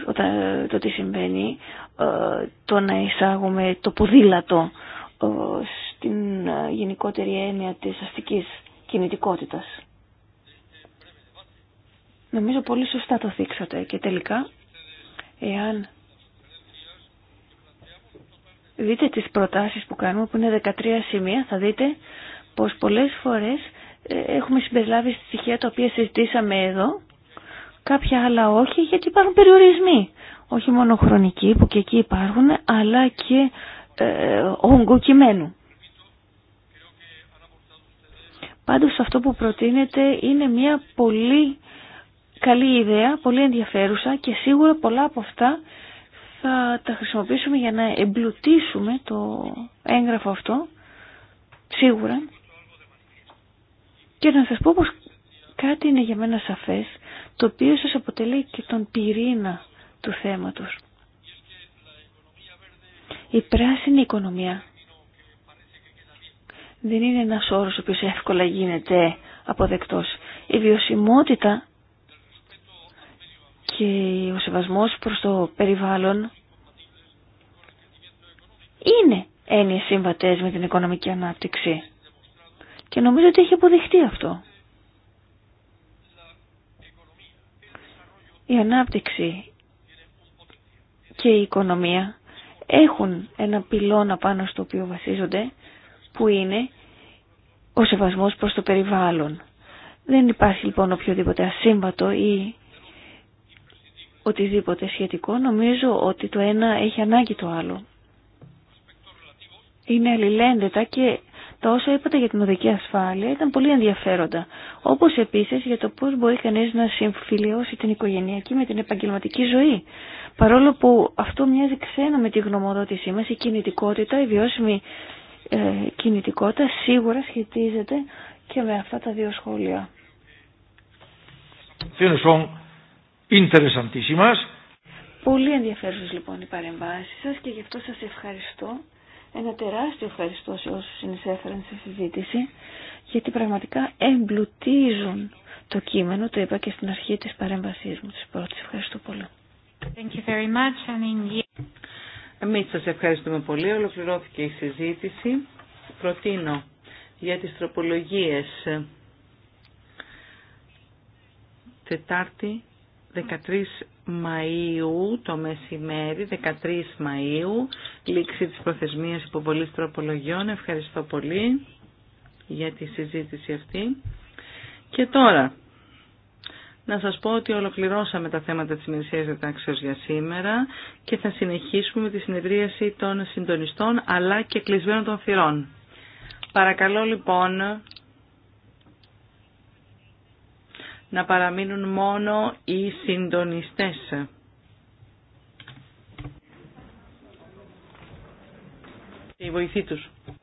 όταν, το τι συμβαίνει, ε, το να εισάγουμε το ποδήλατο ε, στην ε, γενικότερη έννοια της αστικής κινητικότητας. Νομίζω πολύ σωστά το θίξατε και τελικά, εάν δείτε τις προτάσεις που κάνουμε που είναι 13 σημεία, θα δείτε πως πολλές φορές έχουμε συμπεριλάβει στοιχεία τα οποία συζητήσαμε εδώ κάποια άλλα όχι, γιατί υπάρχουν περιορισμοί. Όχι μόνο χρονικοί που και εκεί υπάρχουν, αλλά και ε, όγκο Πάντως αυτό που προτείνεται είναι μια πολύ καλή ιδέα, πολύ ενδιαφέρουσα και σίγουρα πολλά από αυτά θα τα χρησιμοποιήσουμε για να εμπλουτίσουμε το έγγραφο αυτό, σίγουρα. Και να σας πω πως κάτι είναι για μένα σαφές το οποίο σας αποτελεί και τον πυρήνα του θέματος. Η πράσινη οικονομία δεν είναι ένας όρος ο οποίος εύκολα γίνεται αποδεκτός. Η βιωσιμότητα και ο σεβασμός προς το περιβάλλον είναι έννοιες συμβατές με την οικονομική ανάπτυξη. Και νομίζω ότι έχει αποδειχτεί αυτό. η ανάπτυξη και η οικονομία έχουν ένα πυλώνα πάνω στο οποίο βασίζονται που είναι ο σεβασμός προς το περιβάλλον. Δεν υπάρχει λοιπόν οποιοδήποτε ασύμβατο ή οτιδήποτε σχετικό. Νομίζω ότι το ένα έχει ανάγκη το άλλο. Είναι αλληλένδετα και τα όσα είπατε για την οδική ασφάλεια ήταν πολύ ενδιαφέροντα. Όπως επίσης για το πώς μπορεί κανείς να συμφιλειώσει την οικογενειακή με την επαγγελματική ζωή. Παρόλο που αυτό μοιάζει ξένα με τη γνωμοδότησή μα, η κινητικότητα, η βιώσιμη ε, κινητικότητα σίγουρα σχετίζεται και με αυτά τα δύο σχόλια. Λοιπόν, πολύ ενδιαφέρουσες λοιπόν οι παρεμβάσεις σας και γι' αυτό σας ευχαριστώ ένα τεράστιο ευχαριστώ σε όσους συνεισέφεραν στη συζήτηση, γιατί πραγματικά εμπλουτίζουν το κείμενο, το είπα και στην αρχή της παρέμβασής μου της πρώτης. Ευχαριστώ πολύ. Thank you very much. Εμείς σας ευχαριστούμε πολύ. Ολοκληρώθηκε η συζήτηση. Προτείνω για τις τροπολογίες Τετάρτη 13 Μαΐου το μεσημέρι, 13 Μαΐου, λήξη της προθεσμίας υποβολής τροπολογιών. Ευχαριστώ πολύ για τη συζήτηση αυτή. Και τώρα, να σας πω ότι ολοκληρώσαμε τα θέματα της ημερησίας διατάξεως για σήμερα και θα συνεχίσουμε τη συνεδρίαση των συντονιστών αλλά και κλεισμένων των θυρών. Παρακαλώ λοιπόν να παραμείνουν μόνο οι συντονιστές. οι τους.